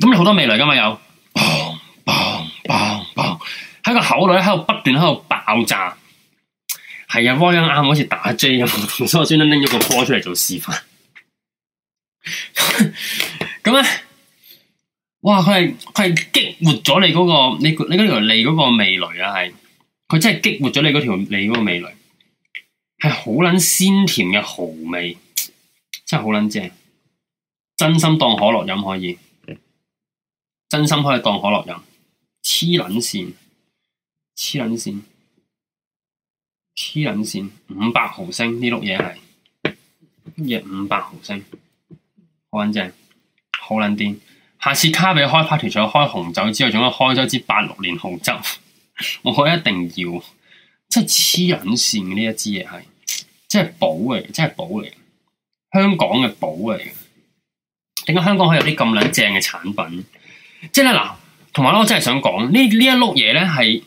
咁你好多味蕾噶嘛有。一個口裏喺度不斷喺度爆炸，係啊，汪音啱好似打 J 咁，所以我先拎咗個波出嚟做示範。咁 [LAUGHS] 咧，哇！佢係佢係激活咗你嗰、嗰個你你條脷個味蕾啊，係佢真係激活咗你嗰條脷個味蕾，係好撚鮮甜嘅蠔味，真係好撚正，真心當可樂飲可以，真心可以當可樂飲，黐撚線。黐撚線，黐撚線，五百毫升呢碌嘢係亦五百毫升，好撚正，好撚癲。下次卡比開派對，除咗開紅酒之外，仲要開咗支八六年紅酒，我覺得一定要，真係黐撚線呢一支嘢係，真係寶嚟，真係寶嚟，香港嘅寶嚟。點解香港可以有啲咁撚正嘅產品？即係咧嗱，同埋咧，我真係想講呢呢一碌嘢咧係。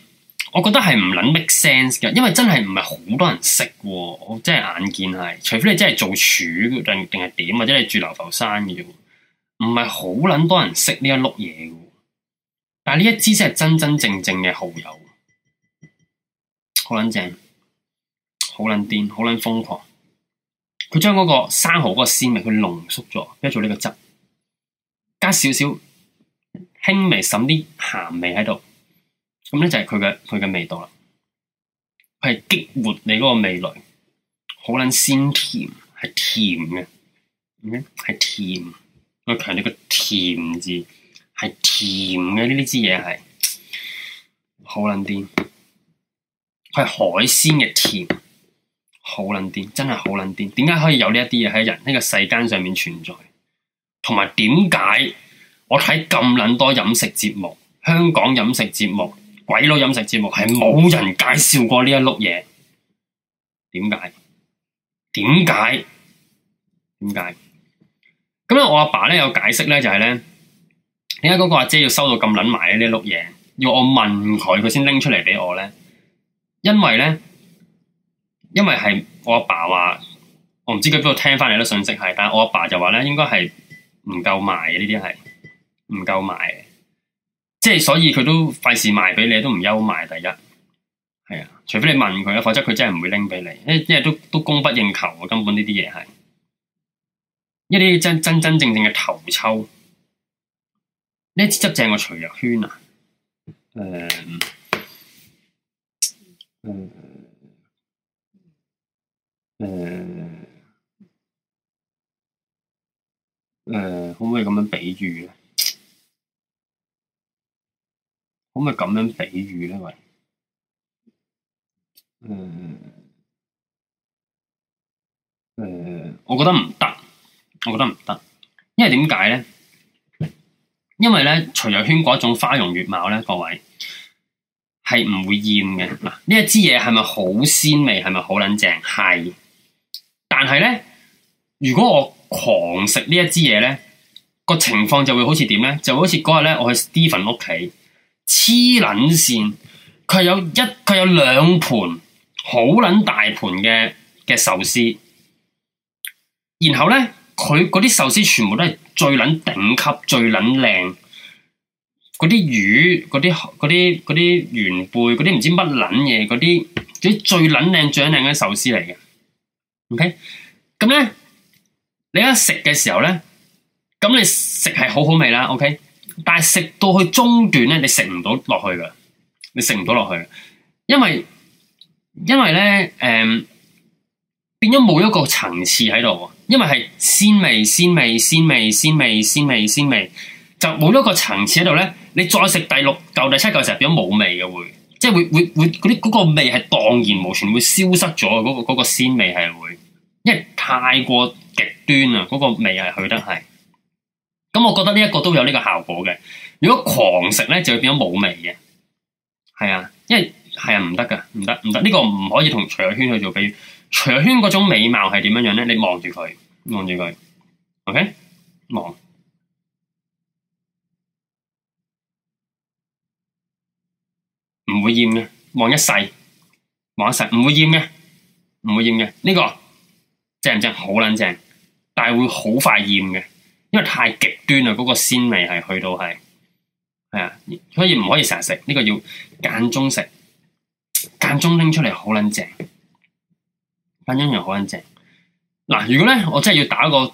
我覺得係唔捻 make sense 嘅，因為真係唔係好多人識喎，我真係眼見係，除非你真係做廚定定係點或者你住流浮山嘅，唔係好捻多人識呢一碌嘢嘅。但係呢一支先係真真正正嘅蠔油，好捻正，好捻癲，好捻瘋狂。佢將嗰個生蚝嗰個鮮味佢濃縮咗，跟住做呢個汁，加少少輕微滲啲鹹味喺度。咁咧就係佢嘅佢嘅味道啦，係激活你嗰個味蕾，好撚鮮甜，係甜嘅，點解係甜？我強烈嘅甜字，係甜嘅呢？呢支嘢係好撚癲，係海鮮嘅甜，好撚癲，真係好撚癲。點解可以有呢一啲嘢喺人呢個世間上面存在？同埋點解我睇咁撚多飲食節目，香港飲食節目？鬼佬飲食節目係冇人介紹過呢一碌嘢，點解？點解？點解？咁咧，我阿爸咧有解釋咧，就係咧，點解嗰個阿姐，姐要收到咁撚埋呢一碌嘢，要我問佢，佢先拎出嚟俾我咧，因為咧，因為係我阿爸話，我唔知佢邊度聽翻嚟啲信息係，但係我阿爸，爸就話咧，應該係唔夠賣嘅呢啲係，唔夠賣。即係所以佢都費事賣俾你，都唔憂賣第一，係啊，除非你問佢啊，否則佢真係唔會拎俾你，因因為都都供不應求啊，根本呢啲嘢係一啲真真真正正嘅頭抽。呢次執正個除藥圈啊，誒、嗯，誒、嗯，誒、嗯，誒、嗯嗯嗯，可唔可以咁樣比喻？可唔可以咁樣比喻咧？喂、呃，誒、呃、誒，我覺得唔得，我覺得唔得，因為點解咧？因為咧，娛樂圈嗰一種花容月貌咧，各位係唔會厭嘅嗱。呢一支嘢係咪好鮮味？係咪好撚正？係，但係咧，如果我狂食呢一支嘢咧，個情況就會好似點咧？就好似嗰日咧，我去 Steven 屋企。黐撚線，佢有一佢有兩盤好撚大盤嘅嘅壽司，然後咧佢嗰啲壽司全部都係最撚頂級、最撚靚，嗰啲魚、嗰啲啲啲原貝、嗰啲唔知乜撚嘢、嗰啲啲最撚靚、最撚靚嘅壽司嚟嘅，OK，咁咧你一食嘅時候咧，咁你食係好好味啦，OK。但係食到去中段咧，你食唔到落去㗎，你食唔到落去，因為因為咧，誒、呃，變咗冇一個層次喺度，因為係鮮，鮮味、鮮味、鮮味、鮮味、鮮味、鮮味，就冇一個層次喺度咧。你再食第六、嚿第七嚿嘅時候，變咗冇味嘅會，即係會會會嗰啲嗰個味係蕩然無存，會消失咗嗰、嗰個嗰、嗰個鮮味係會，因為太過極端啊，嗰、嗰個味係去得係。咁我覺得呢一個都有呢個效果嘅。如果狂食咧，就會變咗冇味嘅，係啊，因為係啊，唔得噶，唔得唔得，呢個唔可以同徐若瑄去做比喻，徐若瑄嗰種美貌係點樣樣咧？你望住佢，望住佢，OK，望唔會厭嘅，望一世，望一世唔會厭嘅，唔會厭嘅。呢個正唔正？好撚正，但係會好快厭嘅。因為太極端啦，嗰、那個鮮味係去到係係啊，所以唔可以成日食呢個，要間，要間中食，間中拎出嚟好卵正，品飲又好卵正。嗱，如果咧我真係要打一個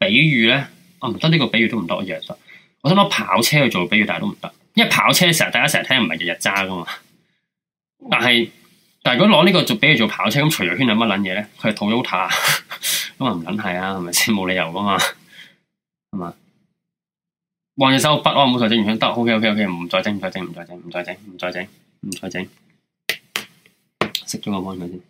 比喻咧，我唔得呢個比喻都唔得，我真係唔得。我想攞跑車去做比喻，但係都唔得，因為跑車成日大家成日聽唔係日日揸噶嘛。但係但係如果攞呢個做比喻做跑車，咁徐若瑄係乜卵嘢咧？佢係 Toyota，咁啊唔卵係啊，係咪先？冇理由噶嘛。係嘛？王月收不安冇調整完香得，OK OK OK，唔再整，唔再整，唔再整，唔再整，唔再整，唔再整，熄咗個安唔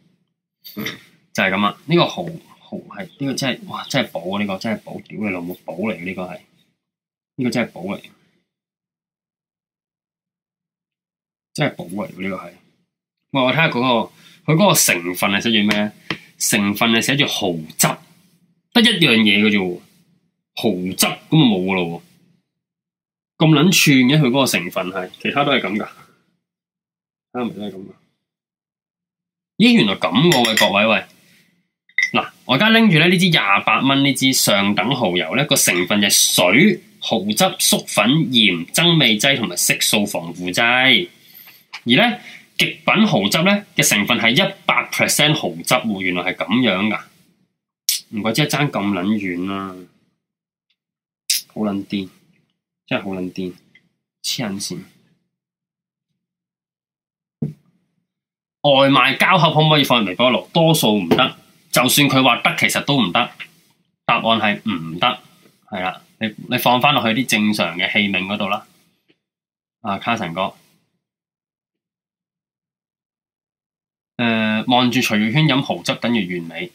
先，就係咁啊！呢、這個蠔蠔係呢個真、就、係、是、哇，真係寶啊！呢、這個這個這個真係寶，屌你老母寶嚟嘅呢個係，呢個真係寶嚟，嘅，真係寶嚟嘅呢個係。喂，我睇下嗰個佢嗰個成分係寫住咩？成分係寫住蠔汁，得一樣嘢嘅啫。蠔汁咁就冇噶咯，咁捻串嘅佢嗰個成分係，其他都係咁噶，啱咪都係咁噶？咦，原來咁噶喂，各位喂，嗱，我而家拎住咧呢支廿八蚊呢支上等蠔油咧，個成分係水、蠔汁、粟粉、鹽、增味劑同埋色素、防腐劑，而咧極品蠔汁咧嘅成分係一百 percent 蠔汁，原來係咁樣噶，唔怪之得爭咁捻遠啦。好撚癲，真係好撚癲，黐撚線。外賣膠盒可唔可以放入微波爐？多數唔得，就算佢話得，其實都唔得。答案係唔得，係啦。你你放翻落去啲正常嘅器皿嗰度啦。啊，卡神哥，誒、呃，望住徐月圈飲蠔汁，等於完美。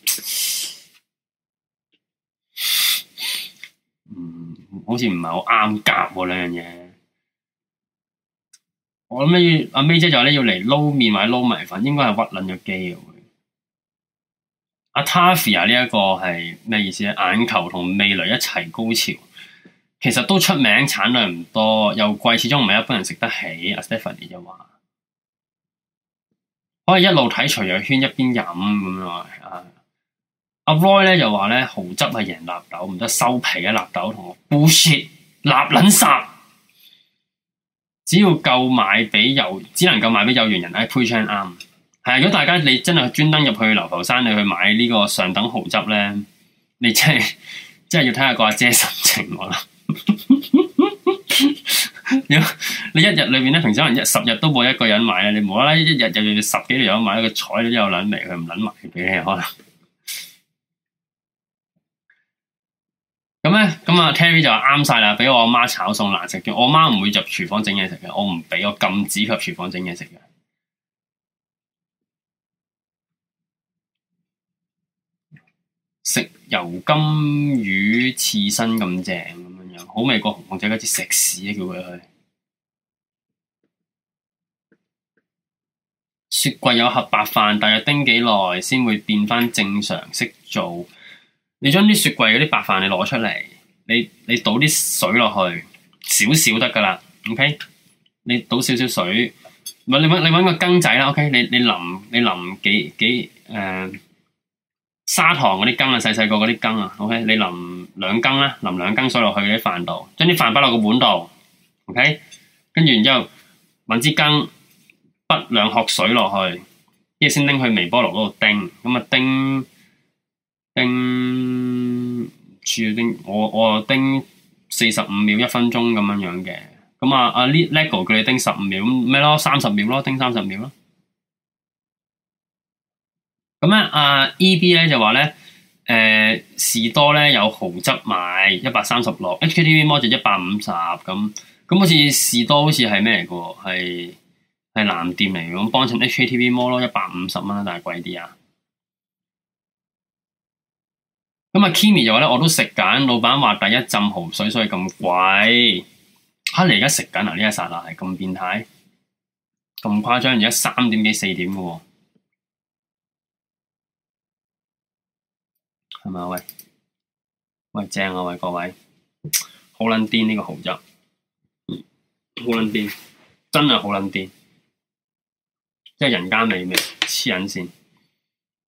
好似唔係好啱夾喎兩樣嘢，我諗呢阿 May 姐就咧要嚟撈麵或者撈米粉，應該係屈撚咗機嘅。阿 Taffy 啊呢一個係咩意思咧？眼球同味蕾一齊高潮，其實都出名產量唔多，又貴，始終唔係一般人食得起。阿、啊、Stephanie 就話：可以一路睇除藥圈一邊飲咁樣。阿 Roy 咧就話咧，蠔汁係贏納豆，唔得收皮嘅納豆。同我 bullshit 納撚實，只要夠買俾有，只能夠買俾有緣人。喺配槍啱，係啊！如果大家你真係專登入去流浮山，你去買呢個上等蠔汁咧，你真係真係要睇下個阿姐心情我諗。 [LAUGHS] 你一日裏邊咧，平時可能一十日都冇一個人買啊！你無啦啦一日又要十幾兩買，佢彩都有後捻嚟，佢唔捻埋俾你可能。咁咧，咁啊，Terry 就啱晒啦，畀 [MUSIC] 我阿媽炒餸難食嘅。我阿媽唔會入廚房整嘢食嘅，我唔畀我禁止入廚房整嘢食嘅。食油甘魚刺身咁正，咁樣好味過紅紅姐嗰啲食屎，叫佢去雪櫃有盒白飯，大約叮幾耐先會變翻正常式做？你將啲雪櫃嗰啲白飯，你攞出嚟，你你倒啲水落去，少少得噶啦，OK？你倒少少水，唔係你搵你個羹仔啦，OK？你你淋你淋幾幾誒、呃、砂糖嗰啲羹啊，細細個嗰啲羹啊，OK？你淋兩羹啦，淋兩羹水落去啲飯度，將啲飯擺落個碗度，OK？跟住然之後搵支羹，滗兩殼水落去，依家先拎去微波爐嗰度叮，咁啊叮。叮住叮我，我叮四十五秒一分鐘咁樣樣嘅。咁啊，阿呢 lego 佢哋叮十五秒，咩咯？三十秒咯，叮三十秒咯。咁咧，阿、啊、eb 咧就話咧，誒、呃、士多咧有豪汁賣一百三十六，H K T V mall 就一百五十咁。咁好似士多好似係咩嚟噶？係係藍店嚟咁幫襯 H K T V mall 咯，一百五十蚊啦，但係貴啲啊。咁啊，Kimi 就話咧，我都食緊。老闆話第一浸蠔水，所以咁貴。吓，你而家食緊啊？呢、啊、一剎那係咁變態，咁誇張！而家三點幾四點嘅喎，係咪啊？喂喂，正啊喂，各位好撚癲呢個蠔汁，好撚癲，真係好撚癲，即係人間美味，黐人線。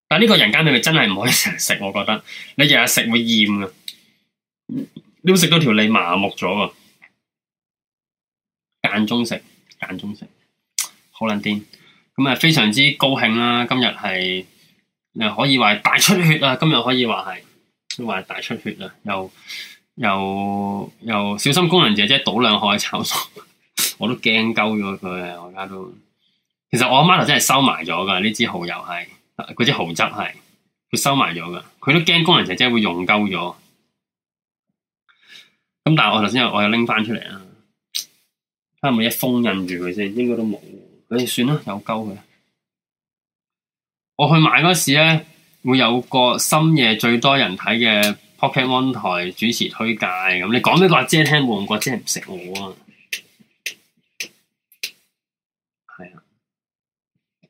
但呢個人間，你哋真係唔可以成日食，我覺得你日日食會厭啊，你食到條脷麻木咗啊！間中食，間中食，好捻癲。咁啊，非常之高興啦！今日係又可以話大出血啦！今日可以話係都話大出血啦！又又又小心工人姐姐，倒兩海炒手，我都驚鳩咗佢，我而家都。其實我阿媽頭真係收埋咗噶呢支蚝油係。嗰隻蠔汁係，佢收埋咗噶，佢都驚工人姐姐會用鳩咗。咁但係我頭先又我又拎翻出嚟啦，睇下有冇封印住佢先，應該都冇。唉，算啦，有鳩佢。我去買嗰時咧，會有個深夜最多人睇嘅 Pocket One 台主持推介，咁你講俾個阿姐聽，冇用姐姐，個阿姐唔食我啊。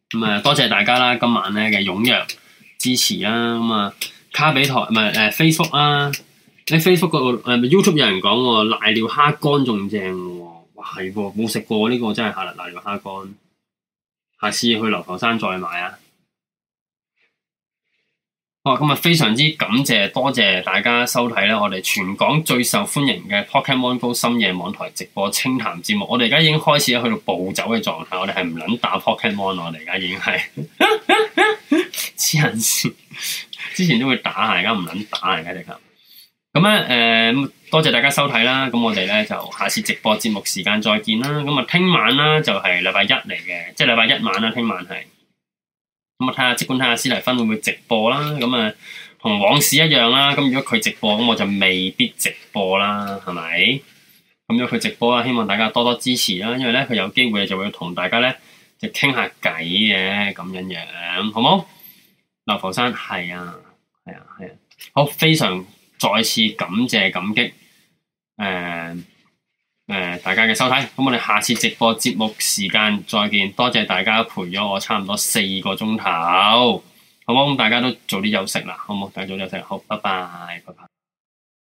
咁啊、嗯，多謝大家啦！今晚咧嘅踴躍支持啊，咁、嗯、啊，卡比台唔係誒，Facebook 啊，喺、欸、Facebook 嗰誒、呃、YouTube 有人講喎、哦，瀨尿蝦乾仲正喎、哦，係喎，冇食、哦、過呢、這個真係吓，瀨尿蝦乾，下次去流浮山再買啊！咁啊，非常之感謝，多謝大家收睇咧！我哋全港最受歡迎嘅 Pokemon Go 深夜網台直播清談節目，我哋而家已經開始去到暴走嘅狀態，我哋係唔撚打 Pokemon，我哋而家已經係黐人線，之前都會打下，而家唔撚打，而家直頭。咁咧，誒、呃，多謝大家收睇啦！咁我哋咧就下次直播節目時間再見啦！咁啊，聽晚啦，就係禮拜一嚟嘅，即係禮拜一晚啦，聽晚係。咁啊，睇下即管睇下斯麗芬會唔會直播啦，咁啊同往事一樣啦。咁如果佢直播，咁我就未必直播啦，係咪？咁如果佢直播啦，希望大家多多支持啦。因為咧佢有機會就會同大家咧就傾下偈嘅咁樣樣，好冇？劉浮山係啊，係啊，係啊，好，非常再次感謝感激，誒、呃。誒，大家嘅收睇，咁我哋下次直播節目時間再見，多謝大家陪咗我差唔多四個鐘頭，好唔好？咁大家都早啲休息啦，好唔好？大家早啲休息，好，拜拜，拜拜。